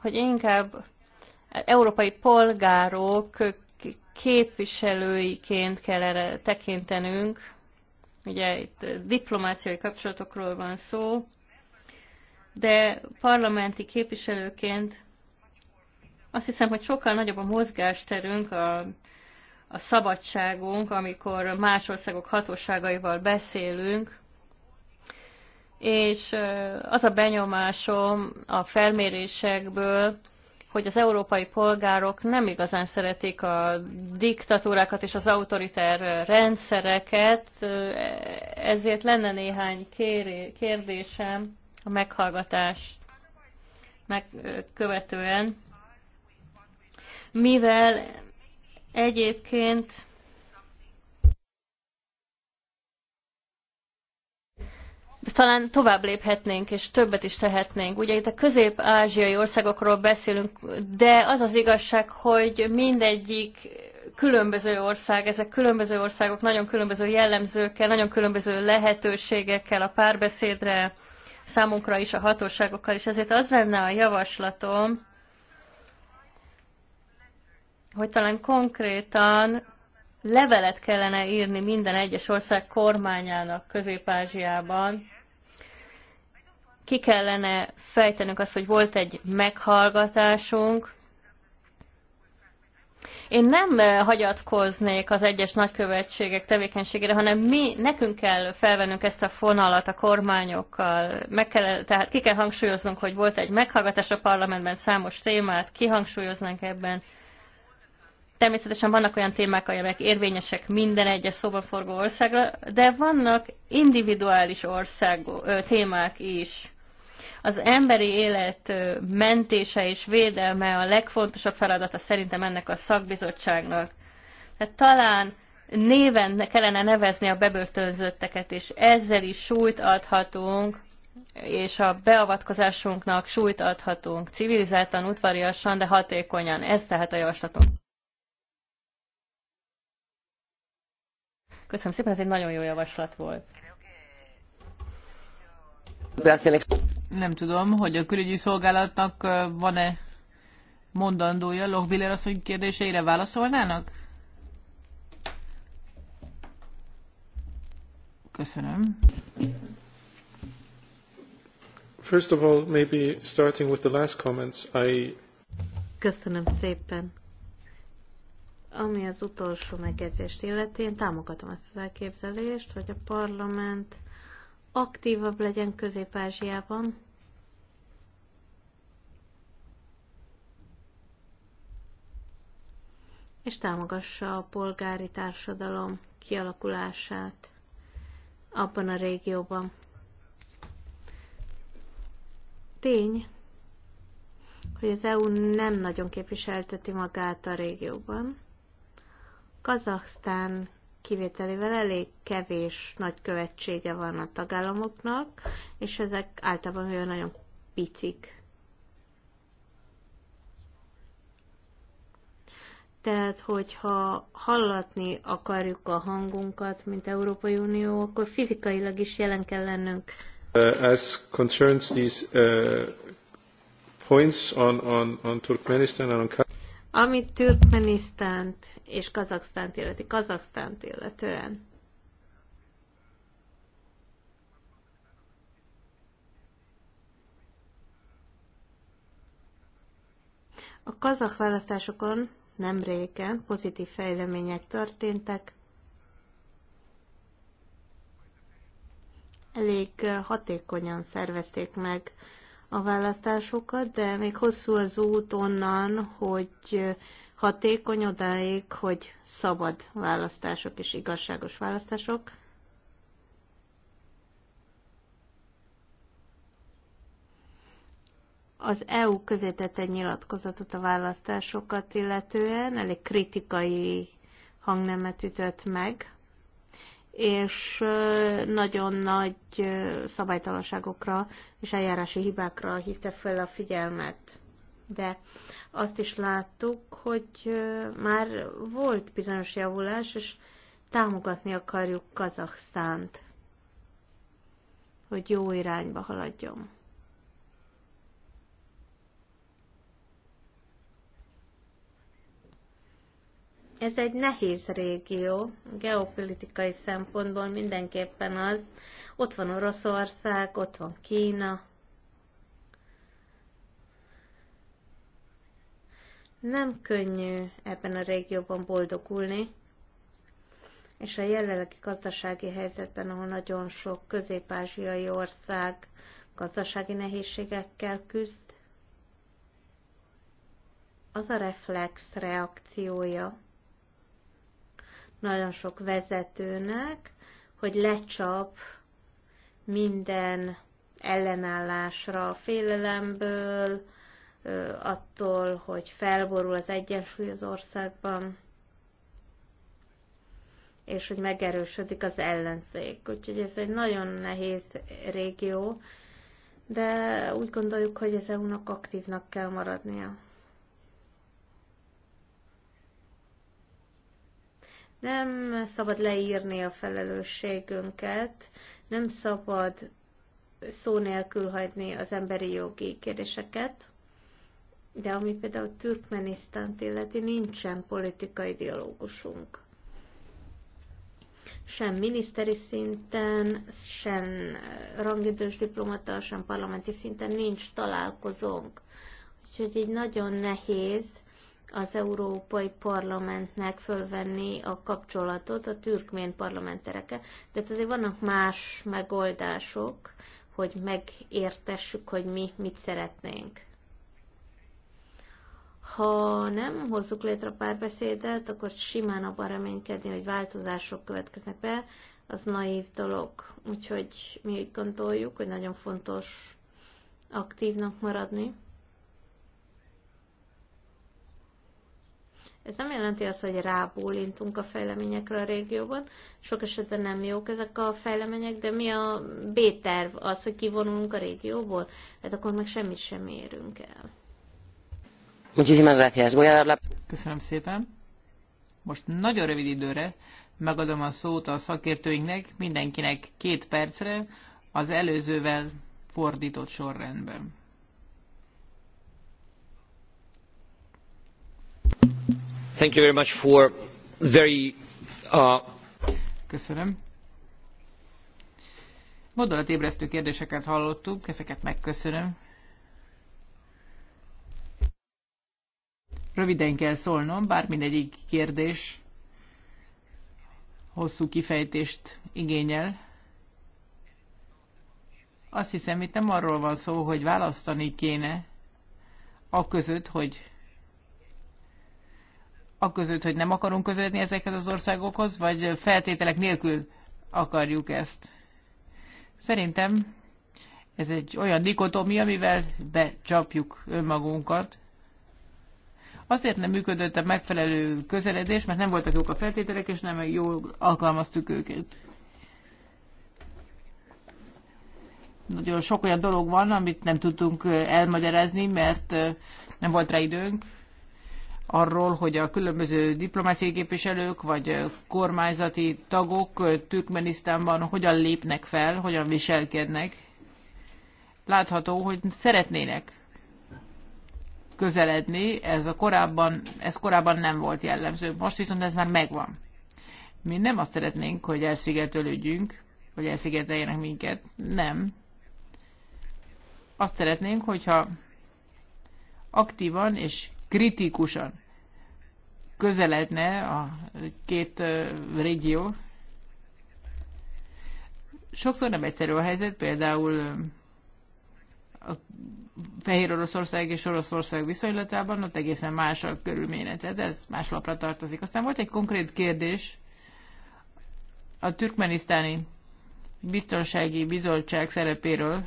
hogy inkább európai polgárok képviselőiként kell erre tekintenünk. Ugye itt diplomáciai kapcsolatokról van szó, de parlamenti képviselőként azt hiszem, hogy sokkal nagyobb a mozgásterünk, a, a szabadságunk, amikor más országok hatóságaival beszélünk, és az a benyomásom a felmérésekből, hogy az európai polgárok nem igazán szeretik a diktatúrákat és az autoriter rendszereket, ezért lenne néhány kérdésem a meghallgatás követően, mivel egyébként talán tovább léphetnénk, és többet is tehetnénk. Ugye itt a közép-ázsiai országokról beszélünk, de az az igazság, hogy mindegyik különböző ország, ezek különböző országok nagyon különböző jellemzőkkel, nagyon különböző lehetőségekkel a párbeszédre, számunkra is a hatóságokkal, és ezért az lenne a javaslatom, hogy talán konkrétan levelet kellene írni minden egyes ország kormányának Közép-Ázsiában. Ki kellene fejtenünk azt, hogy volt egy meghallgatásunk. Én nem eh, hagyatkoznék az egyes nagykövetségek tevékenységére, hanem mi, nekünk kell felvennünk ezt a fonalat a kormányokkal. Meg kell, tehát ki kell hangsúlyoznunk, hogy volt egy meghallgatás a parlamentben, számos témát kihangsúlyoznánk ebben Természetesen vannak olyan témák, amelyek érvényesek minden egyes szóban forgó országra, de vannak individuális országok, témák is. Az emberi élet mentése és védelme a legfontosabb feladata szerintem ennek a szakbizottságnak. Tehát talán néven kellene nevezni a bebörtönzötteket, és ezzel is súlyt adhatunk, és a beavatkozásunknak súlyt adhatunk civilizáltan, udvariasan, de hatékonyan. Ez tehát a javaslatunk. Köszönöm szépen, ez egy nagyon jó javaslat volt. Nem tudom, hogy a külügyi szolgálatnak van-e mondandója. Lochbiller asszony kérdéseire válaszolnának? Köszönöm. First of all, maybe starting with the last comments, I... Köszönöm szépen. Ami az utolsó megjegyzést illeti, én támogatom ezt az elképzelést, hogy a parlament aktívabb legyen Közép-Ázsiában, és támogassa a polgári társadalom kialakulását abban a régióban. Tény, hogy az EU nem nagyon képviselteti magát a régióban, Kazahsztán kivételével elég kevés nagy követsége van a tagállamoknak, és ezek általában olyan nagyon picik. Tehát, hogyha hallatni akarjuk a hangunkat, mint Európai Unió, akkor fizikailag is jelen kell lennünk. Uh, as concerns these uh, points on, on, on Turkmenistan and on amit Türkmenisztánt és Kazaksztánt illeti, Kazaksztánt illetően. A kazak választásokon nem régen pozitív fejlemények történtek. Elég hatékonyan szervezték meg a választásokat, de még hosszú az út onnan, hogy hatékony odáig, hogy szabad választások és igazságos választások. Az EU közé tett egy nyilatkozatot a választásokat illetően, elég kritikai hangnemet ütött meg, és nagyon nagy szabálytalanságokra és eljárási hibákra hívta fel a figyelmet. De azt is láttuk, hogy már volt bizonyos javulás, és támogatni akarjuk Kazahsztánt, hogy jó irányba haladjon. Ez egy nehéz régió, geopolitikai szempontból mindenképpen az. Ott van Oroszország, ott van Kína. Nem könnyű ebben a régióban boldogulni, és a jelenlegi gazdasági helyzetben, ahol nagyon sok közép-ázsiai ország gazdasági nehézségekkel küzd, az a reflex reakciója, nagyon sok vezetőnek, hogy lecsap minden ellenállásra a félelemből, attól, hogy felborul az egyensúly az országban, és hogy megerősödik az ellenzék. Úgyhogy ez egy nagyon nehéz régió, de úgy gondoljuk, hogy az EU-nak aktívnak kell maradnia. Nem szabad leírni a felelősségünket, nem szabad szó nélkül hagyni az emberi jogi kérdéseket, de ami például Türkmenisztánt illeti, nincsen politikai dialógusunk. Sem miniszteri szinten, sem rangidős diplomata, sem parlamenti szinten nincs találkozónk. Úgyhogy így nagyon nehéz az Európai Parlamentnek fölvenni a kapcsolatot a türkmén parlamenterekkel. de hát azért vannak más megoldások, hogy megértessük, hogy mi mit szeretnénk. Ha nem hozzuk létre a párbeszédet, akkor simán abban reménykedni, hogy változások következnek be, az naív dolog. Úgyhogy mi úgy gondoljuk, hogy nagyon fontos aktívnak maradni Ez nem jelenti azt, hogy rábólintunk a fejleményekre a régióban. Sok esetben nem jók ezek a fejlemények, de mi a B-terv? Az, hogy kivonulunk a régióból? Hát akkor meg semmit sem érünk el. Köszönöm szépen. Most nagyon rövid időre megadom a szót a szakértőinknek, mindenkinek két percre, az előzővel fordított sorrendben. Thank you very much for very, uh, Köszönöm. Gondolatébresztő kérdéseket hallottunk, ezeket megköszönöm. Röviden kell szólnom, bár mindegyik kérdés hosszú kifejtést igényel. Azt hiszem, itt nem arról van szó, hogy választani kéne, a között, hogy aközött, hogy nem akarunk közeledni ezekhez az országokhoz, vagy feltételek nélkül akarjuk ezt. Szerintem ez egy olyan dikotomia, amivel becsapjuk önmagunkat. Azért nem működött a megfelelő közeledés, mert nem voltak jók a feltételek, és nem jól alkalmaztuk őket. Nagyon sok olyan dolog van, amit nem tudtunk elmagyarázni, mert nem volt rá időnk, arról, hogy a különböző diplomáciai képviselők vagy kormányzati tagok Türkmenisztánban hogyan lépnek fel, hogyan viselkednek. Látható, hogy szeretnének közeledni, ez, a korábban, ez korábban nem volt jellemző. Most viszont ez már megvan. Mi nem azt szeretnénk, hogy elszigetelődjünk, hogy elszigeteljenek minket. Nem. Azt szeretnénk, hogyha aktívan és kritikusan közeledne a két régió. Sokszor nem egyszerű a helyzet, például a Fehér Oroszország és Oroszország viszonylatában, ott egészen más a De ez más lapra tartozik. Aztán volt egy konkrét kérdés, a türkmenisztáni biztonsági bizottság szerepéről,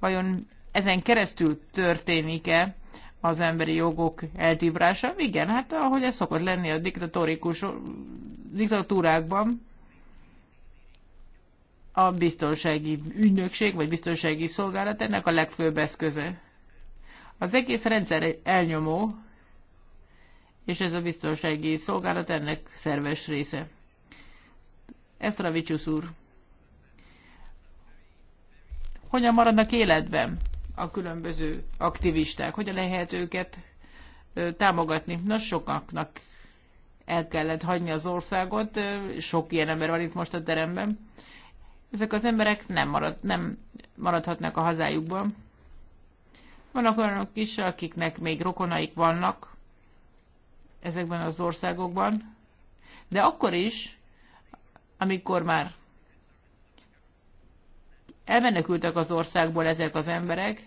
vajon ezen keresztül történik-e az emberi jogok eltibrása. Igen, hát ahogy ez szokott lenni a diktatórikus diktatúrákban, a biztonsági ügynökség vagy biztonsági szolgálat ennek a legfőbb eszköze. Az egész rendszer elnyomó, és ez a biztonsági szolgálat ennek szerves része. Eszravicsusz úr. Hogyan maradnak életben? a különböző aktivisták, hogyan lehet őket támogatni. Nos, sokaknak el kellett hagyni az országot, sok ilyen ember van itt most a teremben. Ezek az emberek nem, marad, nem maradhatnak a hazájukban. Vannak olyanok is, akiknek még rokonaik vannak ezekben az országokban, de akkor is, amikor már elmenekültek az országból ezek az emberek,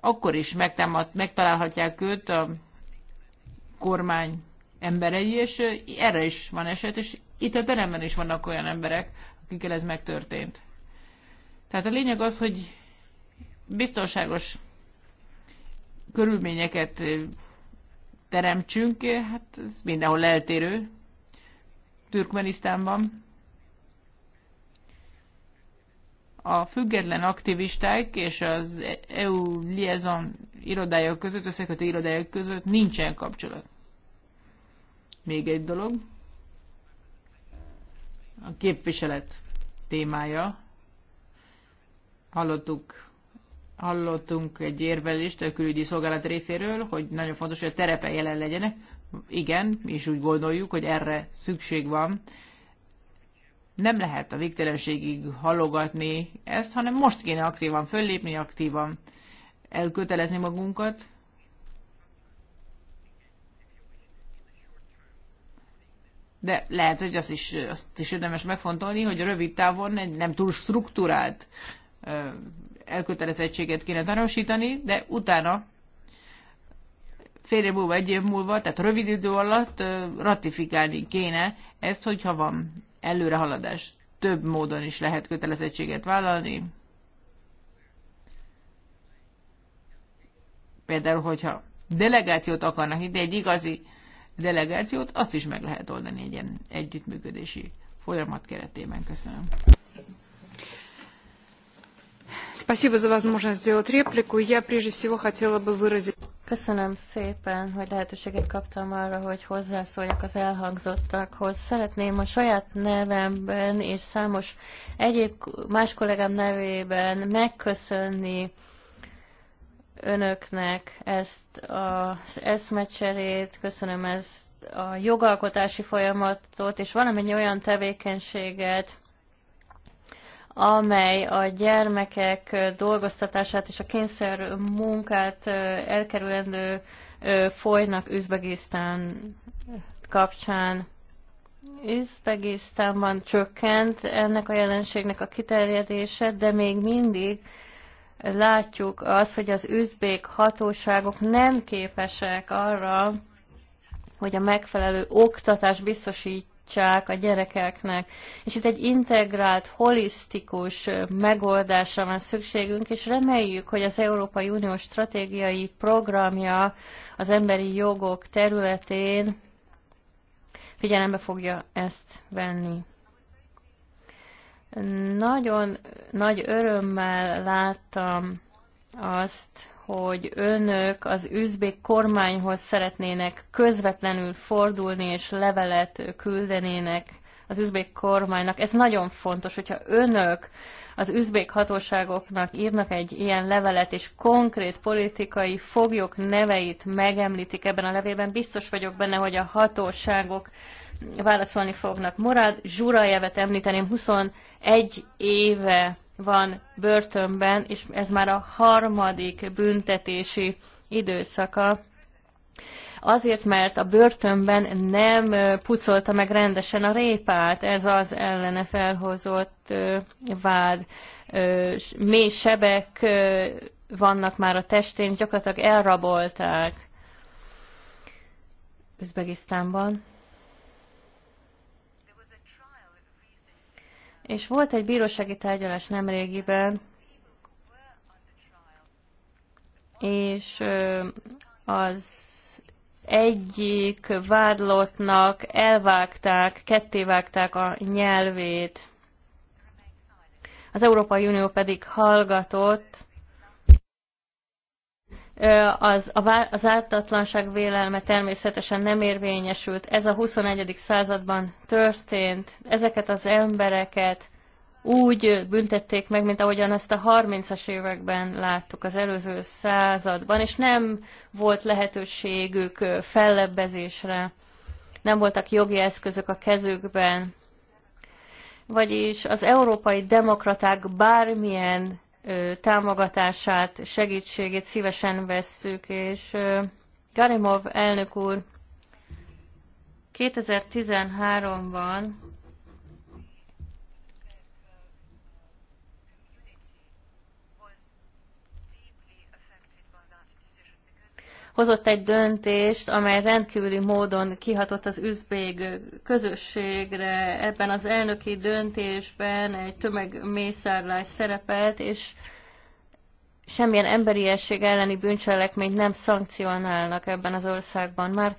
akkor is megtámad, megtalálhatják őt a kormány emberei, és erre is van eset, és itt a teremben is vannak olyan emberek, akikkel ez megtörtént. Tehát a lényeg az, hogy biztonságos körülményeket teremtsünk, hát ez mindenhol eltérő, Türkmenisztánban. a független aktivisták és az EU liaison irodája között, összekötő irodája között nincsen kapcsolat. Még egy dolog. A képviselet témája. Hallottuk, hallottunk egy érvelést a külügyi szolgálat részéről, hogy nagyon fontos, hogy a terepe jelen legyenek. Igen, mi is úgy gondoljuk, hogy erre szükség van nem lehet a végtelenségig halogatni ezt, hanem most kéne aktívan föllépni, aktívan elkötelezni magunkat. De lehet, hogy azt is, azt is érdemes megfontolni, hogy rövid távon egy nem túl struktúrált elkötelezettséget kéne tanúsítani, de utána fél év múlva, egy év múlva, tehát rövid idő alatt ratifikálni kéne ezt, hogyha van előrehaladás. Több módon is lehet kötelezettséget vállalni. Például, hogyha delegációt akarnak ide, egy igazi delegációt, azt is meg lehet oldani egy ilyen együttműködési folyamat keretében. Köszönöm. Спасибо за возможность сделать реплику. Я прежде всего хотела бы выразить... Köszönöm szépen, hogy lehetőséget kaptam arra, hogy hozzászóljak az elhangzottakhoz. Szeretném a saját nevemben és számos egyéb más kollégám nevében megköszönni önöknek ezt az eszmecserét, köszönöm ezt a jogalkotási folyamatot, és valamennyi olyan tevékenységet, amely a gyermekek dolgoztatását és a kényszer munkát elkerülendő folynak Üzbegisztán kapcsán. Üzbegisztánban csökkent ennek a jelenségnek a kiterjedése, de még mindig látjuk azt, hogy az üzbék hatóságok nem képesek arra, hogy a megfelelő oktatás biztosít megtanítsák a gyerekeknek. És itt egy integrált, holisztikus megoldásra van szükségünk, és reméljük, hogy az Európai Unió stratégiai programja az emberi jogok területén figyelembe fogja ezt venni. Nagyon nagy örömmel láttam azt, hogy önök az üzbék kormányhoz szeretnének közvetlenül fordulni és levelet küldenének az üzbék kormánynak. Ez nagyon fontos, hogyha önök az üzbék hatóságoknak írnak egy ilyen levelet, és konkrét politikai foglyok neveit megemlítik ebben a levélben, biztos vagyok benne, hogy a hatóságok válaszolni fognak. Morad Zsurajevet említeném, 21 éve van börtönben, és ez már a harmadik büntetési időszaka azért, mert a börtönben nem pucolta meg rendesen a répát, ez az ellene felhozott vád. Mély sebek vannak már a testén, gyakorlatilag elrabolták Üzbegisztánban. És volt egy bírósági tárgyalás nemrégiben, és az egyik vádlottnak elvágták, kettévágták a nyelvét. Az Európai Unió pedig hallgatott, az, a, az ártatlanság vélelme természetesen nem érvényesült. Ez a 21. században történt. Ezeket az embereket úgy büntették meg, mint ahogyan ezt a 30-as években láttuk az előző században, és nem volt lehetőségük fellebbezésre, nem voltak jogi eszközök a kezükben. Vagyis az európai demokraták bármilyen támogatását, segítségét szívesen vesszük, és Garimov elnök úr 2013-ban hozott egy döntést, amely rendkívüli módon kihatott az üzbég közösségre. Ebben az elnöki döntésben egy tömegmészárlás szerepelt, és semmilyen emberiesség elleni bűncselekményt nem szankcionálnak ebben az országban. Már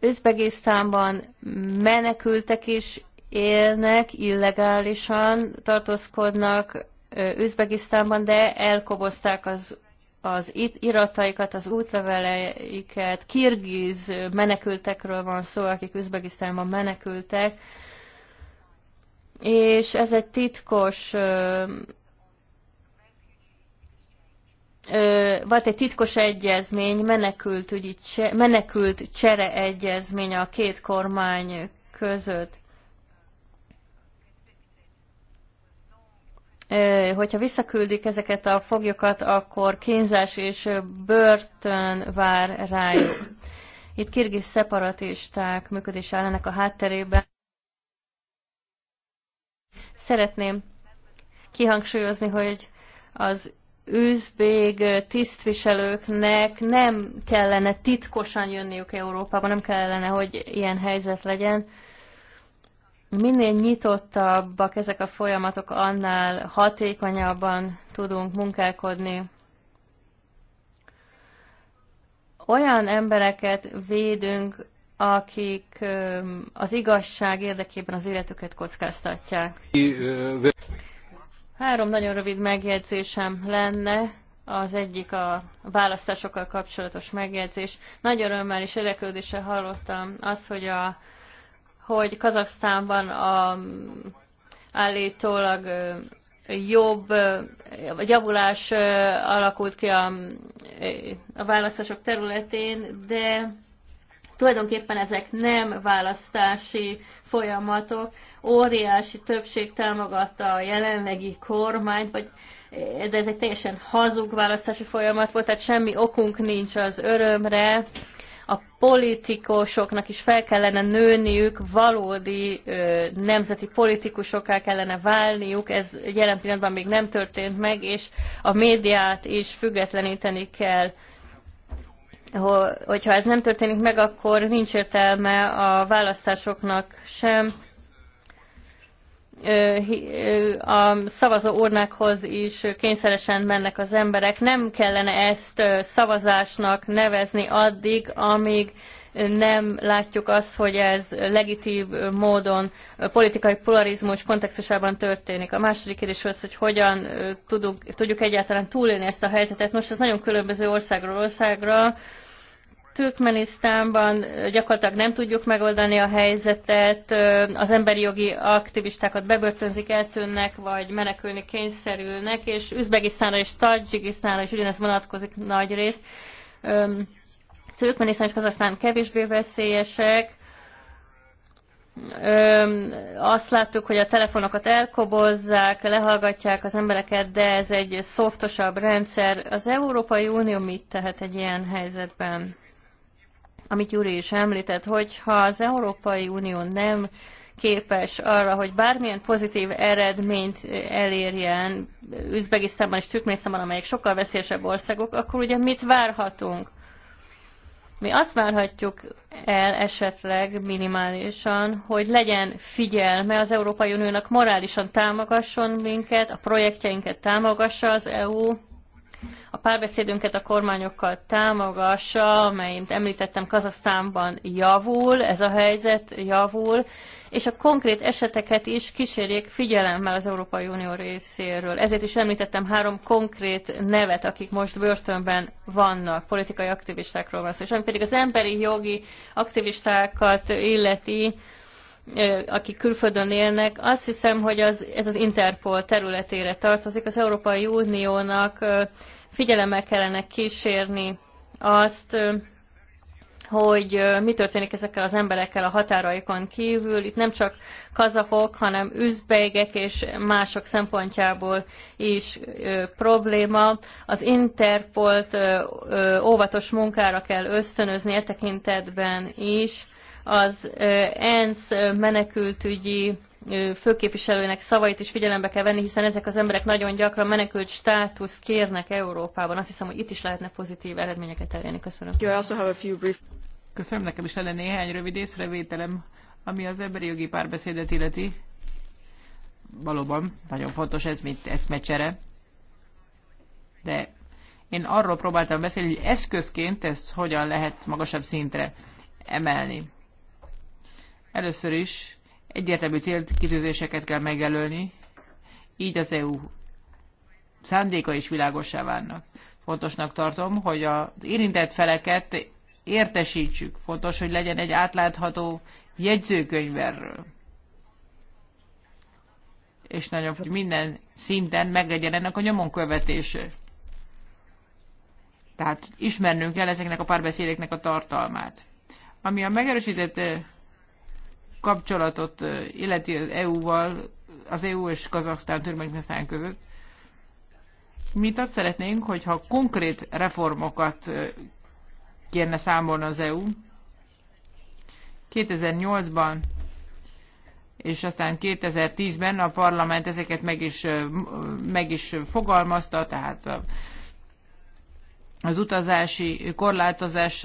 Üzbegisztánban menekültek is élnek, illegálisan tartózkodnak Üzbegisztánban, de elkobozták az az irataikat, az útleveleiket, kirgiz menekültekről van szó, akik Üzbegisztánban menekültek, és ez egy titkos volt egy titkos egyezmény, menekült, ügyi, menekült csere egyezmény a két kormány között. hogyha visszaküldik ezeket a foglyokat, akkor kínzás és börtön vár rájuk. Itt kirgiz szeparatisták működés ellenek a hátterében. Szeretném kihangsúlyozni, hogy az üzbég tisztviselőknek nem kellene titkosan jönniük Európába, nem kellene, hogy ilyen helyzet legyen minél nyitottabbak ezek a folyamatok, annál hatékonyabban tudunk munkálkodni. Olyan embereket védünk, akik az igazság érdekében az életüket kockáztatják. Három nagyon rövid megjegyzésem lenne. Az egyik a választásokkal kapcsolatos megjegyzés. Nagy örömmel és érdeklődéssel hallottam azt, hogy a hogy Kazaksztánban a, állítólag jobb javulás alakult ki a, a választások területén, de tulajdonképpen ezek nem választási folyamatok. Óriási többség támogatta a jelenlegi kormányt, vagy, de ez egy teljesen hazug választási folyamat volt, tehát semmi okunk nincs az örömre a politikusoknak is fel kellene nőniük, valódi nemzeti politikusokká kellene válniuk, ez jelen pillanatban még nem történt meg, és a médiát is függetleníteni kell hogyha ez nem történik meg, akkor nincs értelme a választásoknak sem a szavazó urnákhoz is kényszeresen mennek az emberek. Nem kellene ezt szavazásnak nevezni addig, amíg nem látjuk azt, hogy ez legitív módon politikai polarizmus kontextusában történik. A második kérdés az, hogy hogyan tudunk, tudjuk egyáltalán túlélni ezt a helyzetet. Most ez nagyon különböző országról országra Türkmenisztánban gyakorlatilag nem tudjuk megoldani a helyzetet, az emberi jogi aktivistákat bebörtönzik, eltűnnek, vagy menekülni kényszerülnek, és Üzbegisztánra és Tajikisztánra is ugyanez vonatkozik nagy részt. Türkmenisztán és Kazasztán kevésbé veszélyesek, azt láttuk, hogy a telefonokat elkobozzák, lehallgatják az embereket, de ez egy szoftosabb rendszer. Az Európai Unió mit tehet egy ilyen helyzetben? amit Gyuri is említett, hogy ha az Európai Unió nem képes arra, hogy bármilyen pozitív eredményt elérjen Üzbegisztánban és Türkmenisztánban, amelyek sokkal veszélyesebb országok, akkor ugye mit várhatunk? Mi azt várhatjuk el esetleg minimálisan, hogy legyen figyelme az Európai Uniónak morálisan támogasson minket, a projektjeinket támogassa az EU, a párbeszédünket a kormányokkal támogassa, amelyet említettem, Kazasztánban javul, ez a helyzet javul, és a konkrét eseteket is kísérjék figyelemmel az Európai Unió részéről. Ezért is említettem három konkrét nevet, akik most börtönben vannak, politikai aktivistákról van szó. És ami pedig az emberi jogi aktivistákat illeti, akik külföldön élnek, azt hiszem, hogy az, ez az Interpol területére tartozik. Az Európai Uniónak figyelemmel kellene kísérni azt, hogy mi történik ezekkel az emberekkel a határaikon kívül. Itt nem csak kazahok, hanem üzbegek és mások szempontjából is ö, probléma. Az Interpolt óvatos munkára kell ösztönözni e tekintetben is az ENSZ menekültügyi főképviselőnek szavait is figyelembe kell venni, hiszen ezek az emberek nagyon gyakran menekült státusz kérnek Európában. Azt hiszem, hogy itt is lehetne pozitív eredményeket elérni. Köszönöm. Köszönöm, nekem is lenne néhány rövid észrevételem, ami az emberi jogi párbeszédet illeti. Valóban, nagyon fontos ez, mint eszmecsere. De én arról próbáltam beszélni, hogy eszközként ezt hogyan lehet magasabb szintre emelni. Először is egyértelmű célkitűzéseket kell megjelölni, így az EU szándéka is világosá válnak. Fontosnak tartom, hogy az érintett feleket értesítsük. Fontos, hogy legyen egy átlátható jegyzőkönyv erről. És nagyon, hogy minden szinten meglegyen ennek a nyomon követése. Tehát ismernünk kell ezeknek a párbeszédeknek a tartalmát. Ami a megerősített kapcsolatot illeti az EU-val, az EU és Kazaksztán, Törményország között. Mi azt szeretnénk, hogyha konkrét reformokat kérne számolni az EU. 2008-ban és aztán 2010-ben a parlament ezeket meg is, meg is fogalmazta, tehát az utazási korlátozás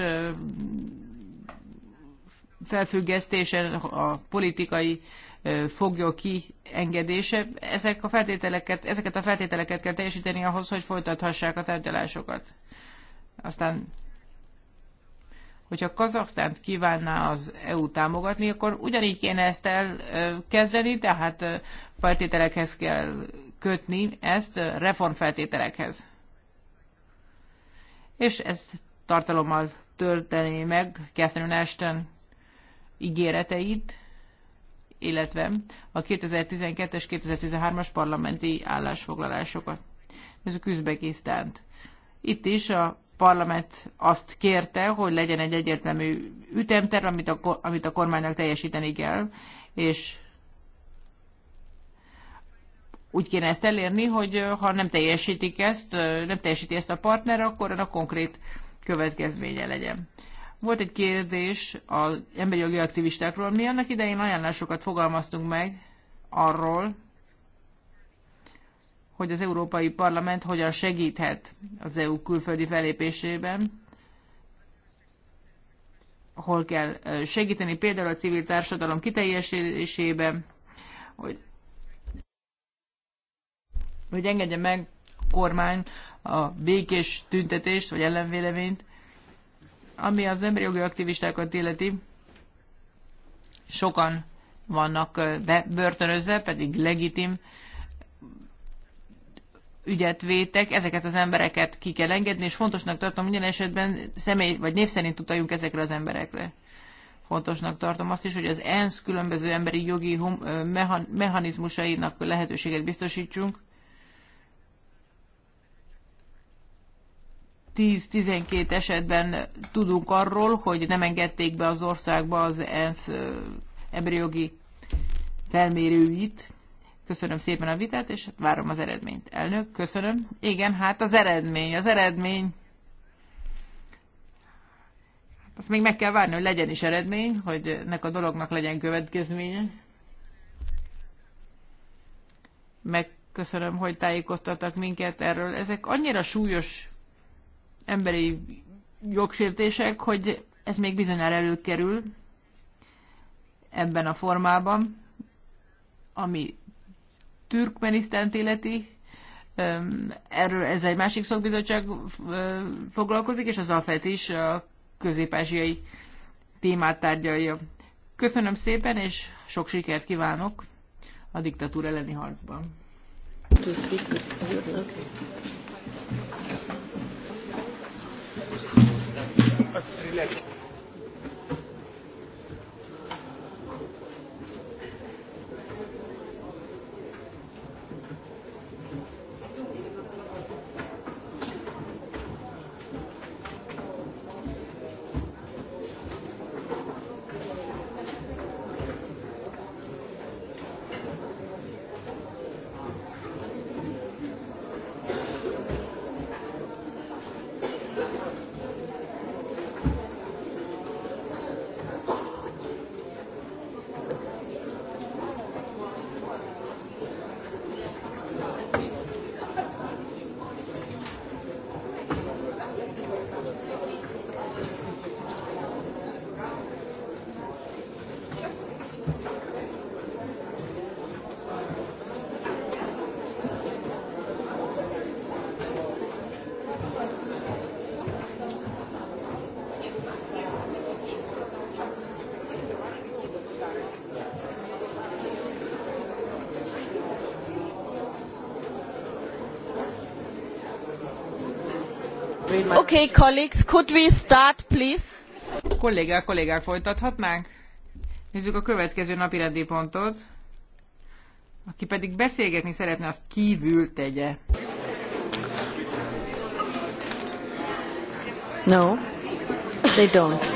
felfüggesztése, a politikai foglyok kiengedése. Ezek a feltételeket, ezeket a feltételeket kell teljesíteni ahhoz, hogy folytathassák a tárgyalásokat. Aztán hogyha Kazaksztánt kívánná az EU támogatni, akkor ugyanígy kéne ezt elkezdeni, tehát feltételekhez kell kötni ezt, reformfeltételekhez. És ezt tartalommal történné meg Catherine Ashton ígéreteit, illetve a 2012-es, 2013-as parlamenti állásfoglalásokat. Ez a Küzbekisztánt. Itt is a parlament azt kérte, hogy legyen egy egyértelmű ütemterv, amit a, amit a kormánynak teljesíteni kell, és úgy kéne ezt elérni, hogy ha nem teljesítik ezt, nem teljesíti ezt a partner, akkor a konkrét következménye legyen. Volt egy kérdés az emberi jogi aktivistákról. Mi annak idején ajánlásokat fogalmaztunk meg arról, hogy az Európai Parlament hogyan segíthet az EU külföldi felépésében, hol kell segíteni például a civil társadalom kiteljesítésében, hogy, hogy engedje meg a kormány a békés tüntetést vagy ellenvéleményt. Ami az emberi jogi aktivistákat illeti, sokan vannak börtönözve, pedig legitim ügyet vétek, ezeket az embereket ki kell engedni, és fontosnak tartom minden esetben személy vagy név szerint utaljunk ezekre az emberekre. Fontosnak tartom azt is, hogy az ENSZ különböző emberi jogi mechanizmusainak lehetőséget biztosítsunk, 10-12 esetben tudunk arról, hogy nem engedték be az országba az ENSZ embriogi felmérőit. Köszönöm szépen a vitát, és várom az eredményt. Elnök, köszönöm. Igen, hát az eredmény, az eredmény. Hát azt még meg kell várni, hogy legyen is eredmény, hogy ennek a dolognak legyen következménye. Megköszönöm, hogy tájékoztattak minket erről. Ezek annyira súlyos emberi jogsértések, hogy ez még bizonyára előkerül ebben a formában, ami Türkmenisztánt illeti, erről ez egy másik szakbizottság foglalkozik, és az Alfet is a közép-ázsiai témát tárgyalja. Köszönöm szépen, és sok sikert kívánok a diktatúra elleni harcban. That's three letters. Okay, colleagues, could we start, please? Kollégák, kollégák, folytathatnánk? Nézzük a következő napi pontot. Aki pedig beszélgetni szeretne, azt kívül tegye. No, they don't.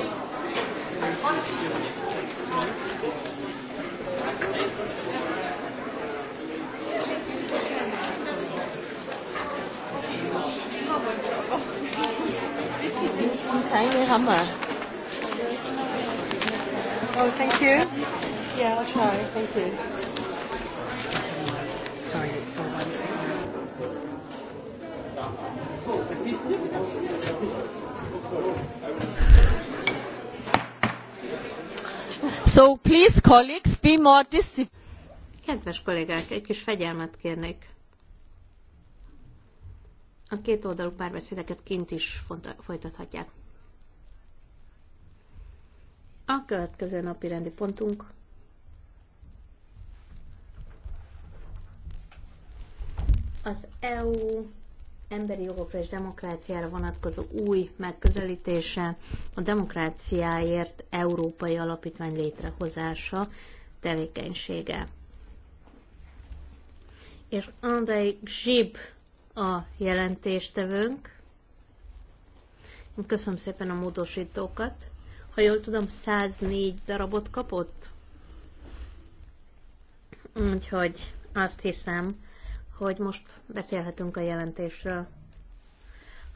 Hammer. Oh, thank you. Yeah, I'll try. Thank you. Sorry, for one So please, colleagues, be more disciplined. Kedves kollégák, egy kis fegyelmet kérnék. A két oldalú párbeszédeket kint is folytathatják. A következő napi rendi pontunk az EU emberi jogokra és demokráciára vonatkozó új megközelítése, a demokráciáért Európai Alapítvány létrehozása, tevékenysége. És Andrei Gzsib a jelentéstevőnk. Köszönöm szépen a módosítókat ha jól tudom, 104 darabot kapott. Úgyhogy azt hiszem, hogy most beszélhetünk a jelentésről.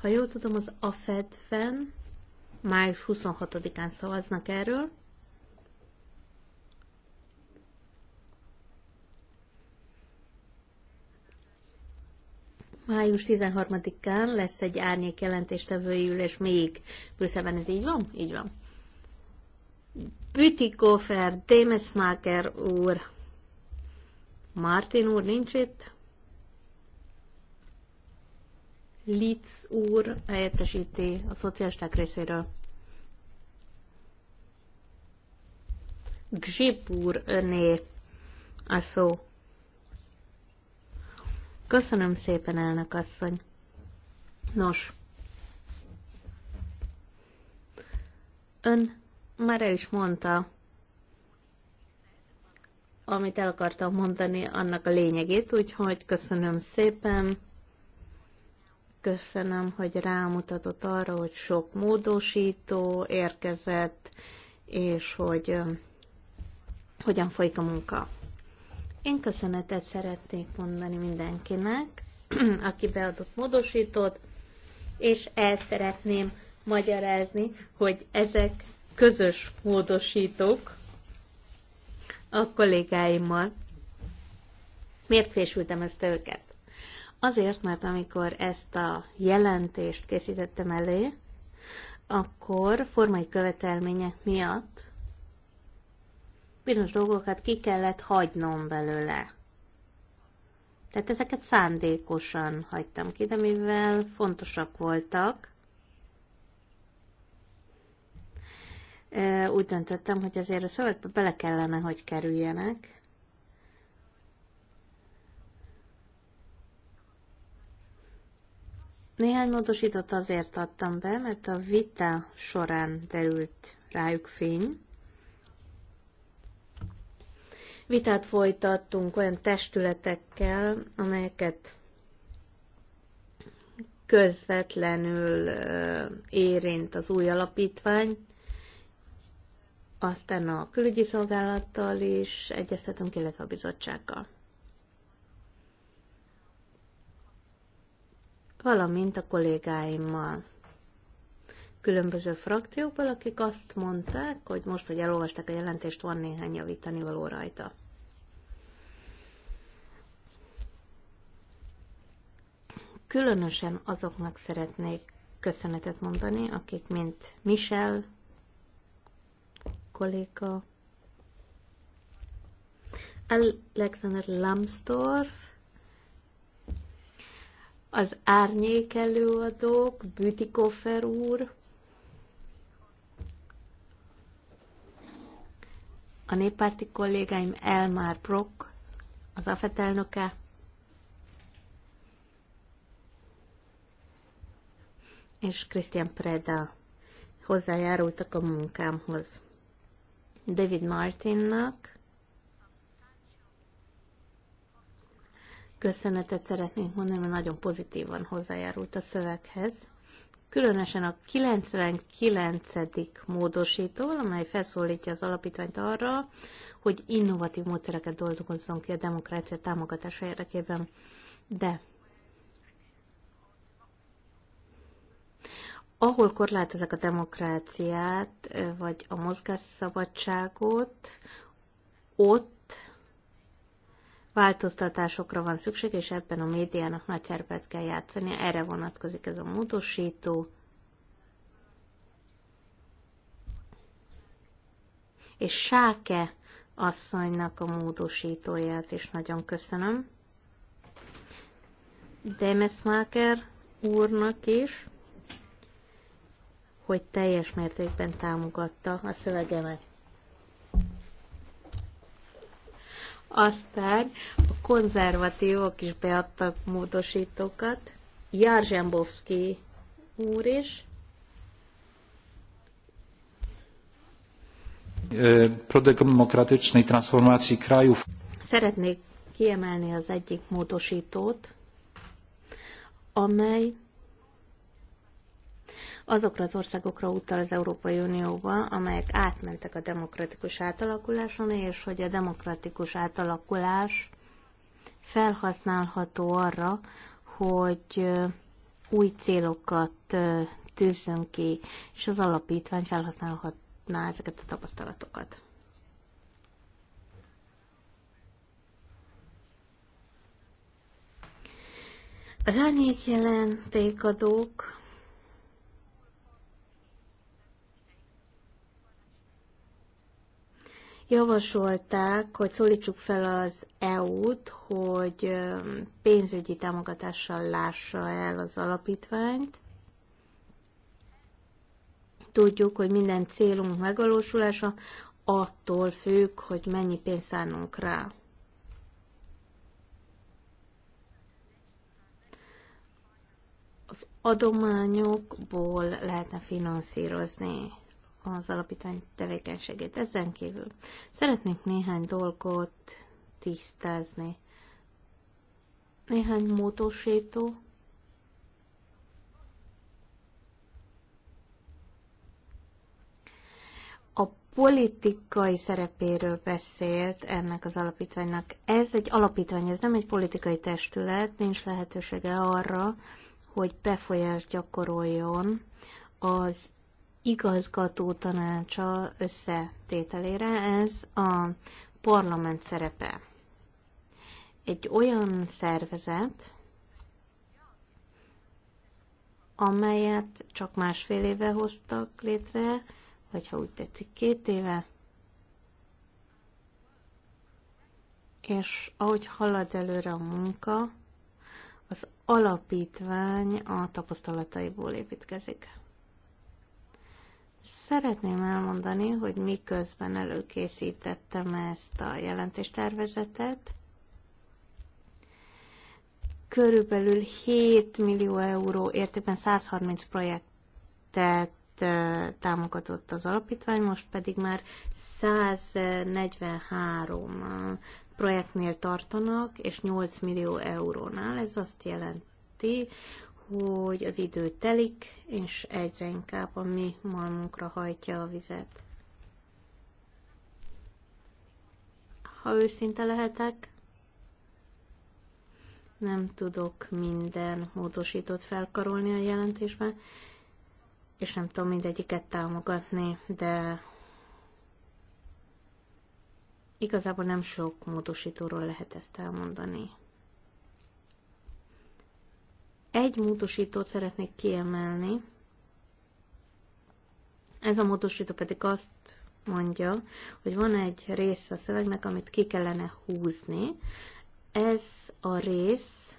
Ha jól tudom, az AFED-ben május 26-án szavaznak erről. Május 13-án lesz egy árnyék jelentéstevői ülés még Brüsszelben, ez így van? Így van. Bütikofer, Demesmaker úr, Martin úr nincs itt, Litz úr helyettesíti a szociálisták részéről. Gzsip úr öné a szó. Köszönöm szépen, elnök asszony. Nos, ön már el is mondta, amit el akartam mondani, annak a lényegét, úgyhogy köszönöm szépen. Köszönöm, hogy rámutatott arra, hogy sok módosító érkezett, és hogy hogyan folyik a munka. Én köszönetet szeretnék mondani mindenkinek, aki beadott módosítót, és el szeretném magyarázni, hogy ezek közös módosítók a kollégáimmal. Miért fésültem ezt őket? Azért, mert amikor ezt a jelentést készítettem elé, akkor formai követelmények miatt bizonyos dolgokat ki kellett hagynom belőle. Tehát ezeket szándékosan hagytam ki, de mivel fontosak voltak, úgy döntöttem, hogy azért a szövetbe bele kellene, hogy kerüljenek. Néhány módosított azért adtam be, mert a vita során derült rájuk fény. Vitát folytattunk olyan testületekkel, amelyeket közvetlenül érint az új alapítvány, aztán a külügyi szolgálattal is egyeztetünk, illetve a bizottsággal. Valamint a kollégáimmal. Különböző frakciókból, akik azt mondták, hogy most, hogy elolvasták a jelentést, van néhány javítani való rajta. Különösen azoknak szeretnék köszönetet mondani, akik mint Michel, kolléga Alexander Lambsdorff, az árnyék előadók, Bütikofer úr, a néppárti kollégáim Elmar Brock, az AFET elnöke, és Christian Preda hozzájárultak a munkámhoz. David Martinnak. Köszönetet szeretnénk mondani, mert nagyon pozitívan hozzájárult a szöveghez. Különösen a 99. módosító, amely felszólítja az alapítványt arra, hogy innovatív módszereket dolgozzon ki a demokrácia támogatása érdekében. De ahol korlátozzák a demokráciát, vagy a mozgásszabadságot, ott változtatásokra van szükség, és ebben a médiának nagy szerepet kell játszani. Erre vonatkozik ez a módosító. És Sáke asszonynak a módosítóját is nagyon köszönöm. Demesmaker úrnak is hogy teljes mértékben támogatta a szövegemet. Aztán a konzervatívok is beadtak módosítókat, Jarzsembovszki úr is. E, prodemokratycznej transformáció krajów. Szeretnék kiemelni az egyik módosítót, amely azokra az országokra utal az Európai Unióba, amelyek átmentek a demokratikus átalakuláson, és hogy a demokratikus átalakulás felhasználható arra, hogy új célokat tűzön ki, és az alapítvány felhasználhatná ezeket a tapasztalatokat. Az árnyék jelentékadók javasolták, hogy szólítsuk fel az EU-t, hogy pénzügyi támogatással lássa el az alapítványt. Tudjuk, hogy minden célunk megvalósulása attól függ, hogy mennyi pénzt szánunk rá. Az adományokból lehetne finanszírozni az alapítvány tevékenységét. Ezen kívül szeretnék néhány dolgot tisztázni. Néhány módosító politikai szerepéről beszélt ennek az alapítványnak. Ez egy alapítvány, ez nem egy politikai testület, nincs lehetősége arra, hogy befolyást gyakoroljon az igazgató tanácsa összetételére, ez a parlament szerepe. Egy olyan szervezet, amelyet csak másfél éve hoztak létre, vagy ha úgy tetszik, két éve. És ahogy halad előre a munka, az alapítvány a tapasztalataiból építkezik. Szeretném elmondani, hogy miközben előkészítettem ezt a jelentéstervezetet, körülbelül 7 millió euró értében 130 projektet támogatott az alapítvány, most pedig már 143 projektnél tartanak, és 8 millió eurónál. Ez azt jelenti, hogy az idő telik, és egyre inkább a mi malmunkra hajtja a vizet. Ha őszinte lehetek, nem tudok minden módosított felkarolni a jelentésben, és nem tudom mindegyiket támogatni, de igazából nem sok módosítóról lehet ezt elmondani. Egy módosítót szeretnék kiemelni. Ez a módosító pedig azt mondja, hogy van egy része a szövegnek, amit ki kellene húzni. Ez a rész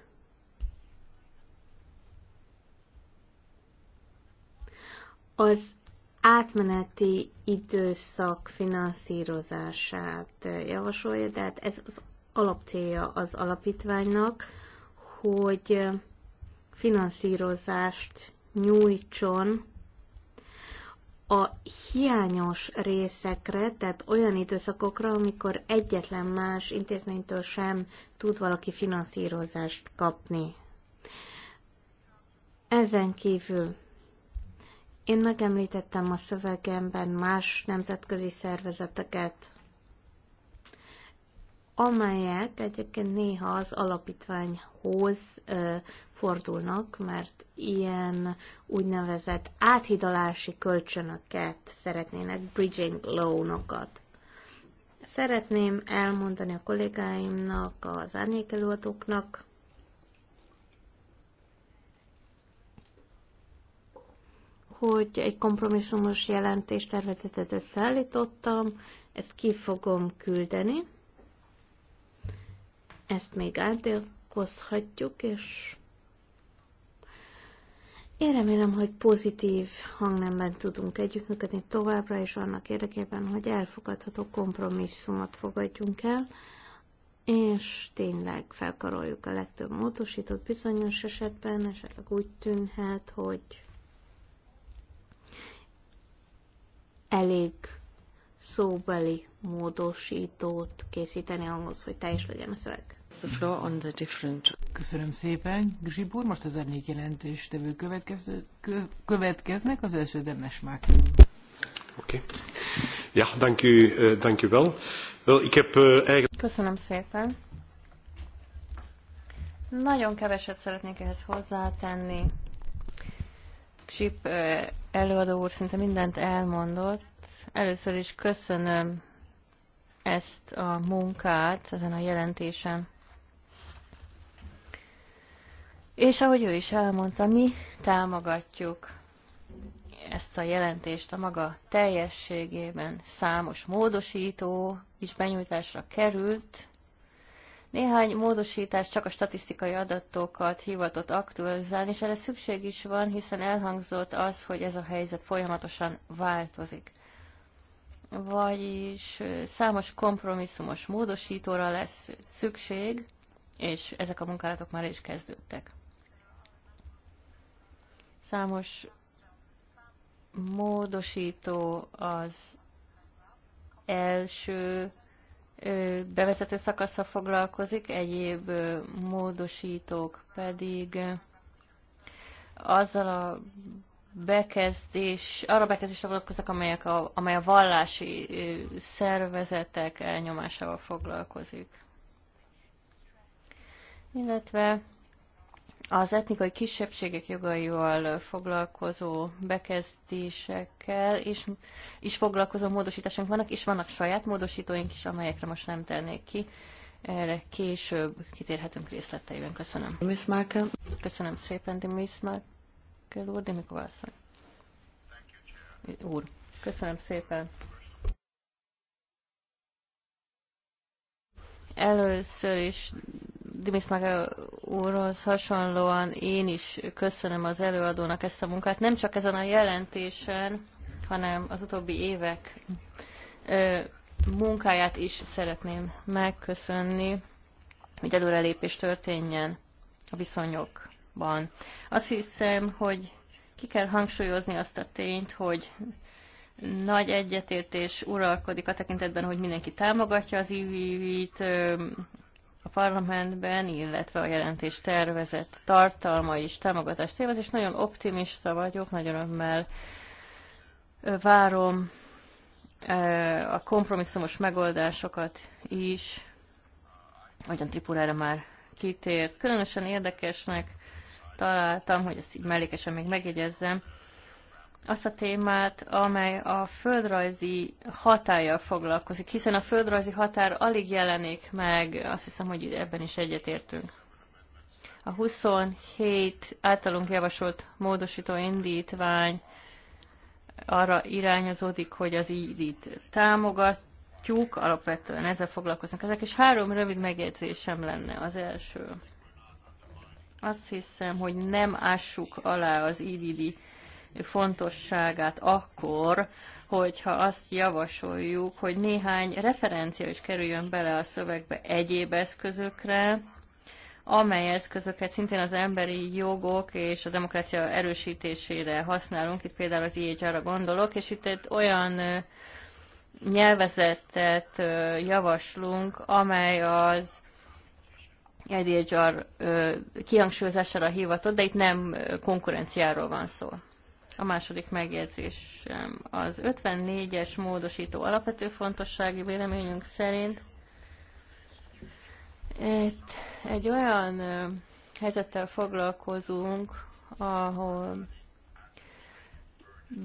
az átmeneti időszak finanszírozását javasolja, tehát ez az alapcélja az alapítványnak, hogy finanszírozást nyújtson a hiányos részekre, tehát olyan időszakokra, amikor egyetlen más intézménytől sem tud valaki finanszírozást kapni. Ezen kívül én megemlítettem a szövegemben más nemzetközi szervezeteket, amelyek egyébként néha az alapítvány ö, fordulnak, mert ilyen úgynevezett áthidalási kölcsönöket szeretnének, bridging loanokat. Szeretném elmondani a kollégáimnak, az árnyékelőadóknak, hogy egy kompromisszumos tervezetet összeállítottam, ezt ki fogom küldeni, ezt még átél foglalkozhatjuk, és én remélem, hogy pozitív hangnemben tudunk együttműködni továbbra, és annak érdekében, hogy elfogadható kompromisszumot fogadjunk el, és tényleg felkaroljuk a legtöbb módosított bizonyos esetben, esetleg úgy tűnhet, hogy elég szóbeli módosítót készíteni ahhoz, hogy teljes legyen a szöveg. Köszönöm szépen, Grzsib úr. Most az emlék jelentéstevő következő, következnek, az első Demes Mákül. Oké. Okay. Ja, dank u, uh, eh, dank u Well, ik heb uh, Köszönöm szépen. Nagyon keveset szeretnék ehhez hozzátenni. Ksip eh, előadó úr szinte mindent elmondott. Először is köszönöm ezt a munkát ezen a jelentésen. És ahogy ő is elmondta, mi támogatjuk ezt a jelentést a maga teljességében számos módosító is benyújtásra került. Néhány módosítás csak a statisztikai adatokat hivatott aktualizálni, és erre szükség is van, hiszen elhangzott az, hogy ez a helyzet folyamatosan változik. Vagyis számos kompromisszumos módosítóra lesz szükség, és ezek a munkálatok már is kezdődtek. Számos módosító az első bevezető szakasza foglalkozik, egyéb módosítók pedig azzal a bekezdés, arra bekezdésre vonatkoznak, amelyek a, amely a vallási szervezetek elnyomásával foglalkozik. Illetve az etnikai kisebbségek jogaival foglalkozó bekezdésekkel is, is foglalkozó módosításunk vannak, és vannak saját módosítóink is, amelyekre most nem tennék ki. Erre később kitérhetünk részleteiben. Köszönöm. Miss Markel. Köszönöm szépen, de Miss Markel úr, de mikor Úr, köszönöm szépen. Először is Dimismaga eh, úrhoz hasonlóan én is köszönöm az előadónak ezt a munkát. Nem csak ezen a jelentésen, hanem az utóbbi évek munkáját is szeretném megköszönni, hogy előrelépés történjen a viszonyokban. Azt hiszem, hogy ki kell hangsúlyozni azt a tényt, hogy nagy egyetértés uralkodik a tekintetben, hogy mindenki támogatja az IVV-t, a parlamentben, illetve a jelentés tervezett tartalma is támogatást élvez, és nagyon optimista vagyok, nagyon örömmel várom a kompromisszumos megoldásokat is, ahogyan Tripurára már kitért. Különösen érdekesnek találtam, hogy ezt így mellékesen még megjegyezzem, azt a témát, amely a földrajzi hatája foglalkozik, hiszen a földrajzi határ alig jelenik meg, azt hiszem, hogy ebben is egyetértünk. A 27 általunk javasolt módosító indítvány arra irányozódik, hogy az ídit támogatjuk, alapvetően ezzel foglalkoznak ezek, és három rövid megjegyzésem lenne az első. Azt hiszem, hogy nem ássuk alá az IDD fontosságát akkor, hogyha azt javasoljuk, hogy néhány referencia is kerüljön bele a szövegbe egyéb eszközökre, amely eszközöket szintén az emberi jogok és a demokrácia erősítésére használunk, itt például az IHR-ra gondolok, és itt egy olyan nyelvezetet javaslunk, amely az IHR kihangsúlyozására hivatott, de itt nem konkurenciáról van szó. A második megjegyzés az 54-es módosító alapvető fontossági véleményünk szerint itt egy olyan helyzettel foglalkozunk, ahol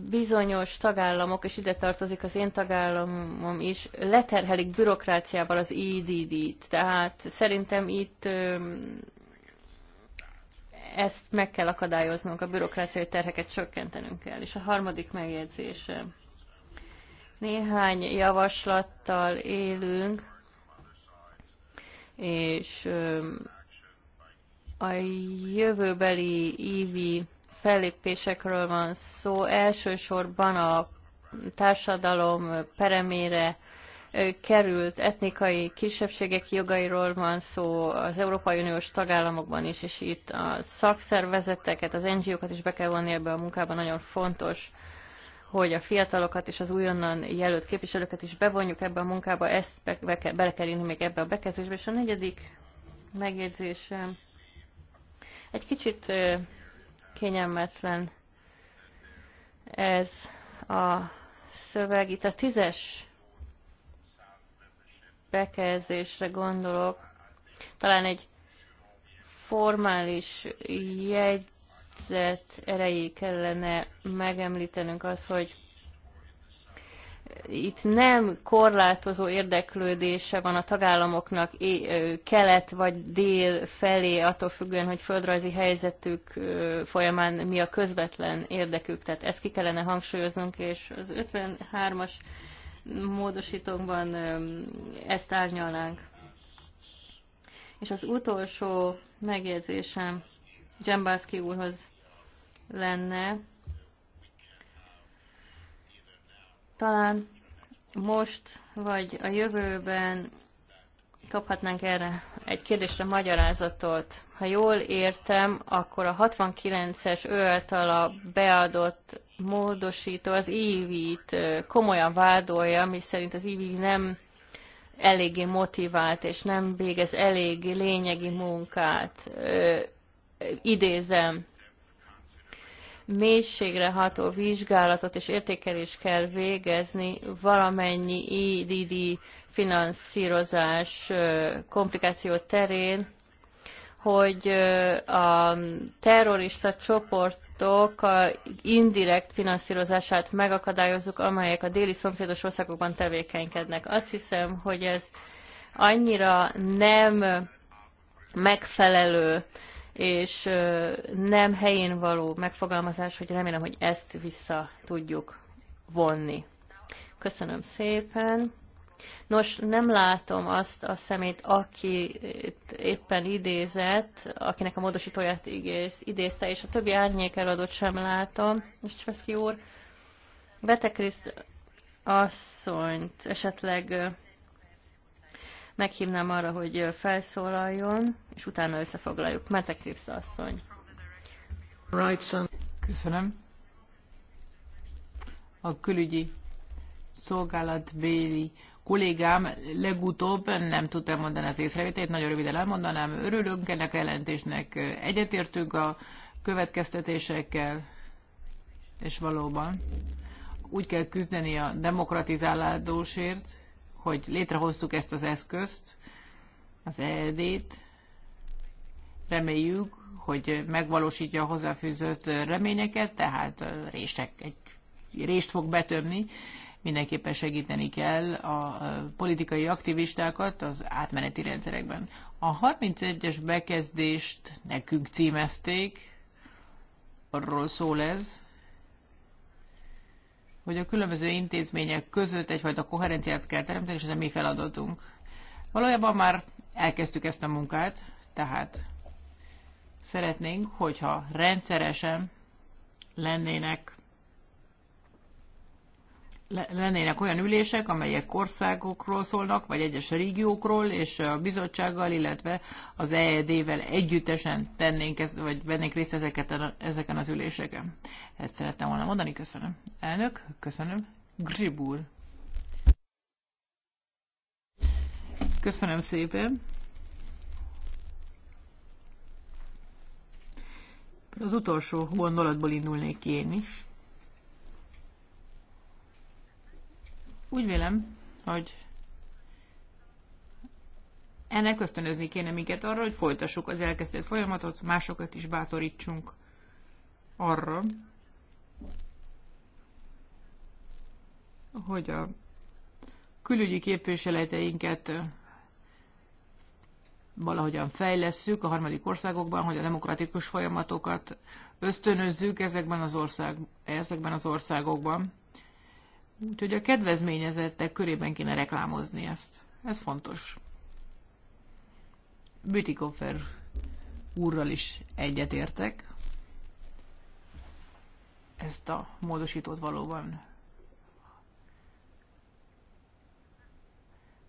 bizonyos tagállamok, és ide tartozik az én tagállamom is, leterhelik bürokráciával az idd e t Tehát szerintem itt ezt meg kell akadályoznunk, a bürokráciai terheket csökkentenünk kell. És a harmadik megjegyzés. Néhány javaslattal élünk, és a jövőbeli ívi e fellépésekről van szó. Elsősorban a társadalom peremére került, etnikai kisebbségek jogairól van szó az Európai Uniós tagállamokban is, és itt a szakszervezeteket, az NGO-kat is be kell vonni ebbe a munkába nagyon fontos, hogy a fiatalokat és az újonnan jelölt képviselőket is bevonjuk ebbe a munkába, ezt be, be, bele kell írni még ebbe a bekezdésbe. És a negyedik megjegyzésem egy kicsit kényelmetlen ez a szöveg. Itt a tízes bekezdésre gondolok, talán egy formális jegyzet erejé kellene megemlítenünk az, hogy itt nem korlátozó érdeklődése van a tagállamoknak kelet vagy dél felé, attól függően, hogy földrajzi helyzetük folyamán mi a közvetlen érdekük. Tehát ezt ki kellene hangsúlyoznunk, és az 53-as módosítókban ezt árnyalnánk. És az utolsó megjegyzésem Dzsambászki úrhoz lenne, talán most vagy a jövőben kaphatnánk erre egy kérdésre magyarázatot. Ha jól értem, akkor a 69-es ő által a beadott módosító az iv t komolyan vádolja, miszerint szerint az IV nem eléggé motivált és nem végez eléggé lényegi munkát. Ö, idézem, mélységre ható vizsgálatot és értékelést kell végezni valamennyi IDD e finanszírozás komplikáció terén, hogy a terrorista csoportok indirekt finanszírozását megakadályozzuk, amelyek a déli szomszédos országokban tevékenykednek. Azt hiszem, hogy ez annyira nem megfelelő és nem helyén való megfogalmazás, hogy remélem, hogy ezt vissza tudjuk vonni. Köszönöm szépen. Nos, nem látom azt a szemét, aki éppen idézett, akinek a módosítóját igész, idézte, és a többi árnyék eladót sem látom. És Csveszki úr, Betekriszt asszonyt esetleg meghívnám arra, hogy felszólaljon, és utána összefoglaljuk. Mete Kripsz asszony. Köszönöm. A külügyi szolgálat béli kollégám legutóbb nem tudta mondani az észrevételét, nagyon röviden elmondanám. Örülünk ennek a jelentésnek, egyetértünk a következtetésekkel, és valóban úgy kell küzdeni a demokratizálásért, hogy létrehoztuk ezt az eszközt, az EED-t. Reméljük, hogy megvalósítja a hozzáfűzött reményeket, tehát rések, egy rést fog betömni. Mindenképpen segíteni kell a politikai aktivistákat az átmeneti rendszerekben. A 31-es bekezdést nekünk címezték, arról szól ez, hogy a különböző intézmények között egyfajta koherenciát kell teremteni, és ez a mi feladatunk. Valójában már elkezdtük ezt a munkát, tehát szeretnénk, hogyha rendszeresen lennének lennének olyan ülések, amelyek országokról szólnak, vagy egyes régiókról, és a bizottsággal, illetve az EED-vel együttesen tennénk, ez, vagy vennénk részt ezeket a, ezeken az üléseken. Ezt szerettem volna mondani, köszönöm. Elnök, köszönöm. Gribur. Köszönöm szépen. Az utolsó gondolatból indulnék én is. Úgy vélem, hogy ennek ösztönözni kéne minket arra, hogy folytassuk az elkezdett folyamatot, másokat is bátorítsunk arra, hogy a külügyi képviseleteinket valahogyan fejlesszük a harmadik országokban, hogy a demokratikus folyamatokat ösztönözzük ezekben az, ország, ezekben az országokban. Úgyhogy a kedvezményezettek körében kéne reklámozni ezt. Ez fontos. Bütikofer úrral is egyetértek. Ezt a módosítót valóban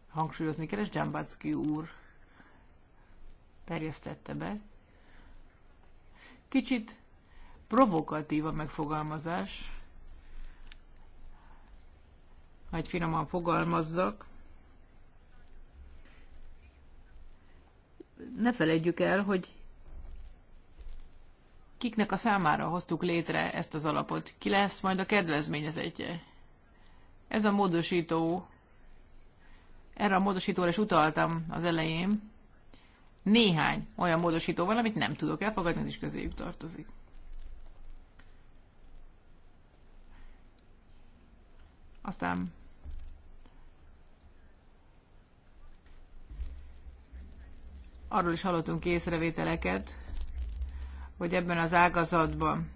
hangsúlyozni kell, és Dzsambacki úr terjesztette be. Kicsit provokatív a megfogalmazás, hogy finoman fogalmazzak. Ne felejtjük el, hogy kiknek a számára hoztuk létre ezt az alapot. Ki lesz majd a kedvezményezetje? Ez a módosító, erre a módosítóra is utaltam az elején, néhány olyan módosító van, amit nem tudok elfogadni, ez is közéjük tartozik. Aztán arról is hallottunk észrevételeket, hogy ebben az ágazatban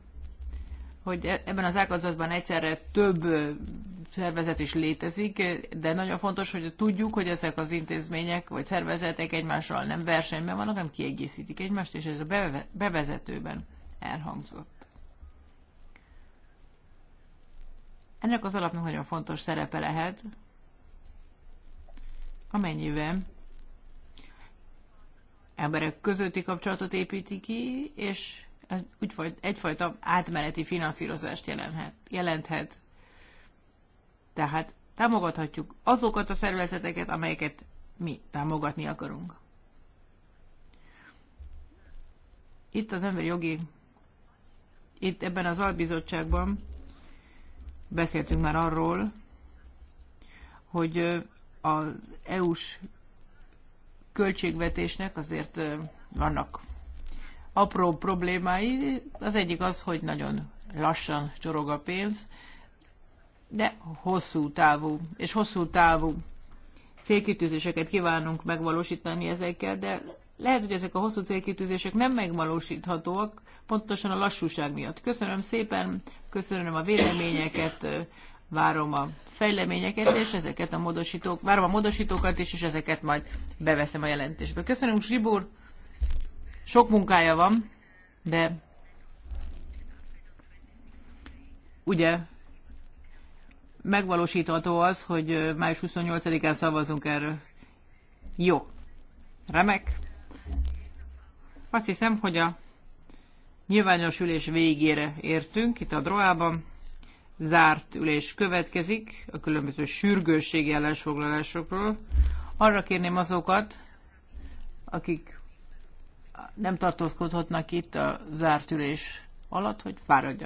hogy e- ebben az ágazatban egyszerre több szervezet is létezik, de nagyon fontos, hogy tudjuk, hogy ezek az intézmények vagy szervezetek egymással nem versenyben vannak, hanem kiegészítik egymást, és ez a bevezetőben elhangzott. Ennek az alapnak nagyon fontos szerepe lehet, amennyiben emberek közötti kapcsolatot építi ki, és ez úgy, egyfajta átmeneti finanszírozást jelenthet. jelenthet. Tehát támogathatjuk azokat a szervezeteket, amelyeket mi támogatni akarunk. Itt az emberi jogi, itt ebben az albizottságban beszéltünk már arról, hogy az EU-s költségvetésnek azért vannak apró problémái. Az egyik az, hogy nagyon lassan csorog a pénz, de hosszú távú, és hosszú távú célkitűzéseket kívánunk megvalósítani ezekkel, de lehet, hogy ezek a hosszú célkitűzések nem megvalósíthatóak, pontosan a lassúság miatt. Köszönöm szépen, köszönöm a véleményeket, várom a fejleményeket, és ezeket a módosítók, várom a módosítókat is, és ezeket majd beveszem a jelentésbe. Köszönöm, Zsibur! Sok munkája van, de ugye megvalósítható az, hogy május 28-án szavazunk erről. Jó. Remek. Azt hiszem, hogy a nyilvános ülés végére értünk itt a Droában zárt ülés következik a különböző sürgősségi ellensfoglalásokról. Arra kérném azokat, akik nem tartózkodhatnak itt a zárt ülés alatt, hogy fáradjanak.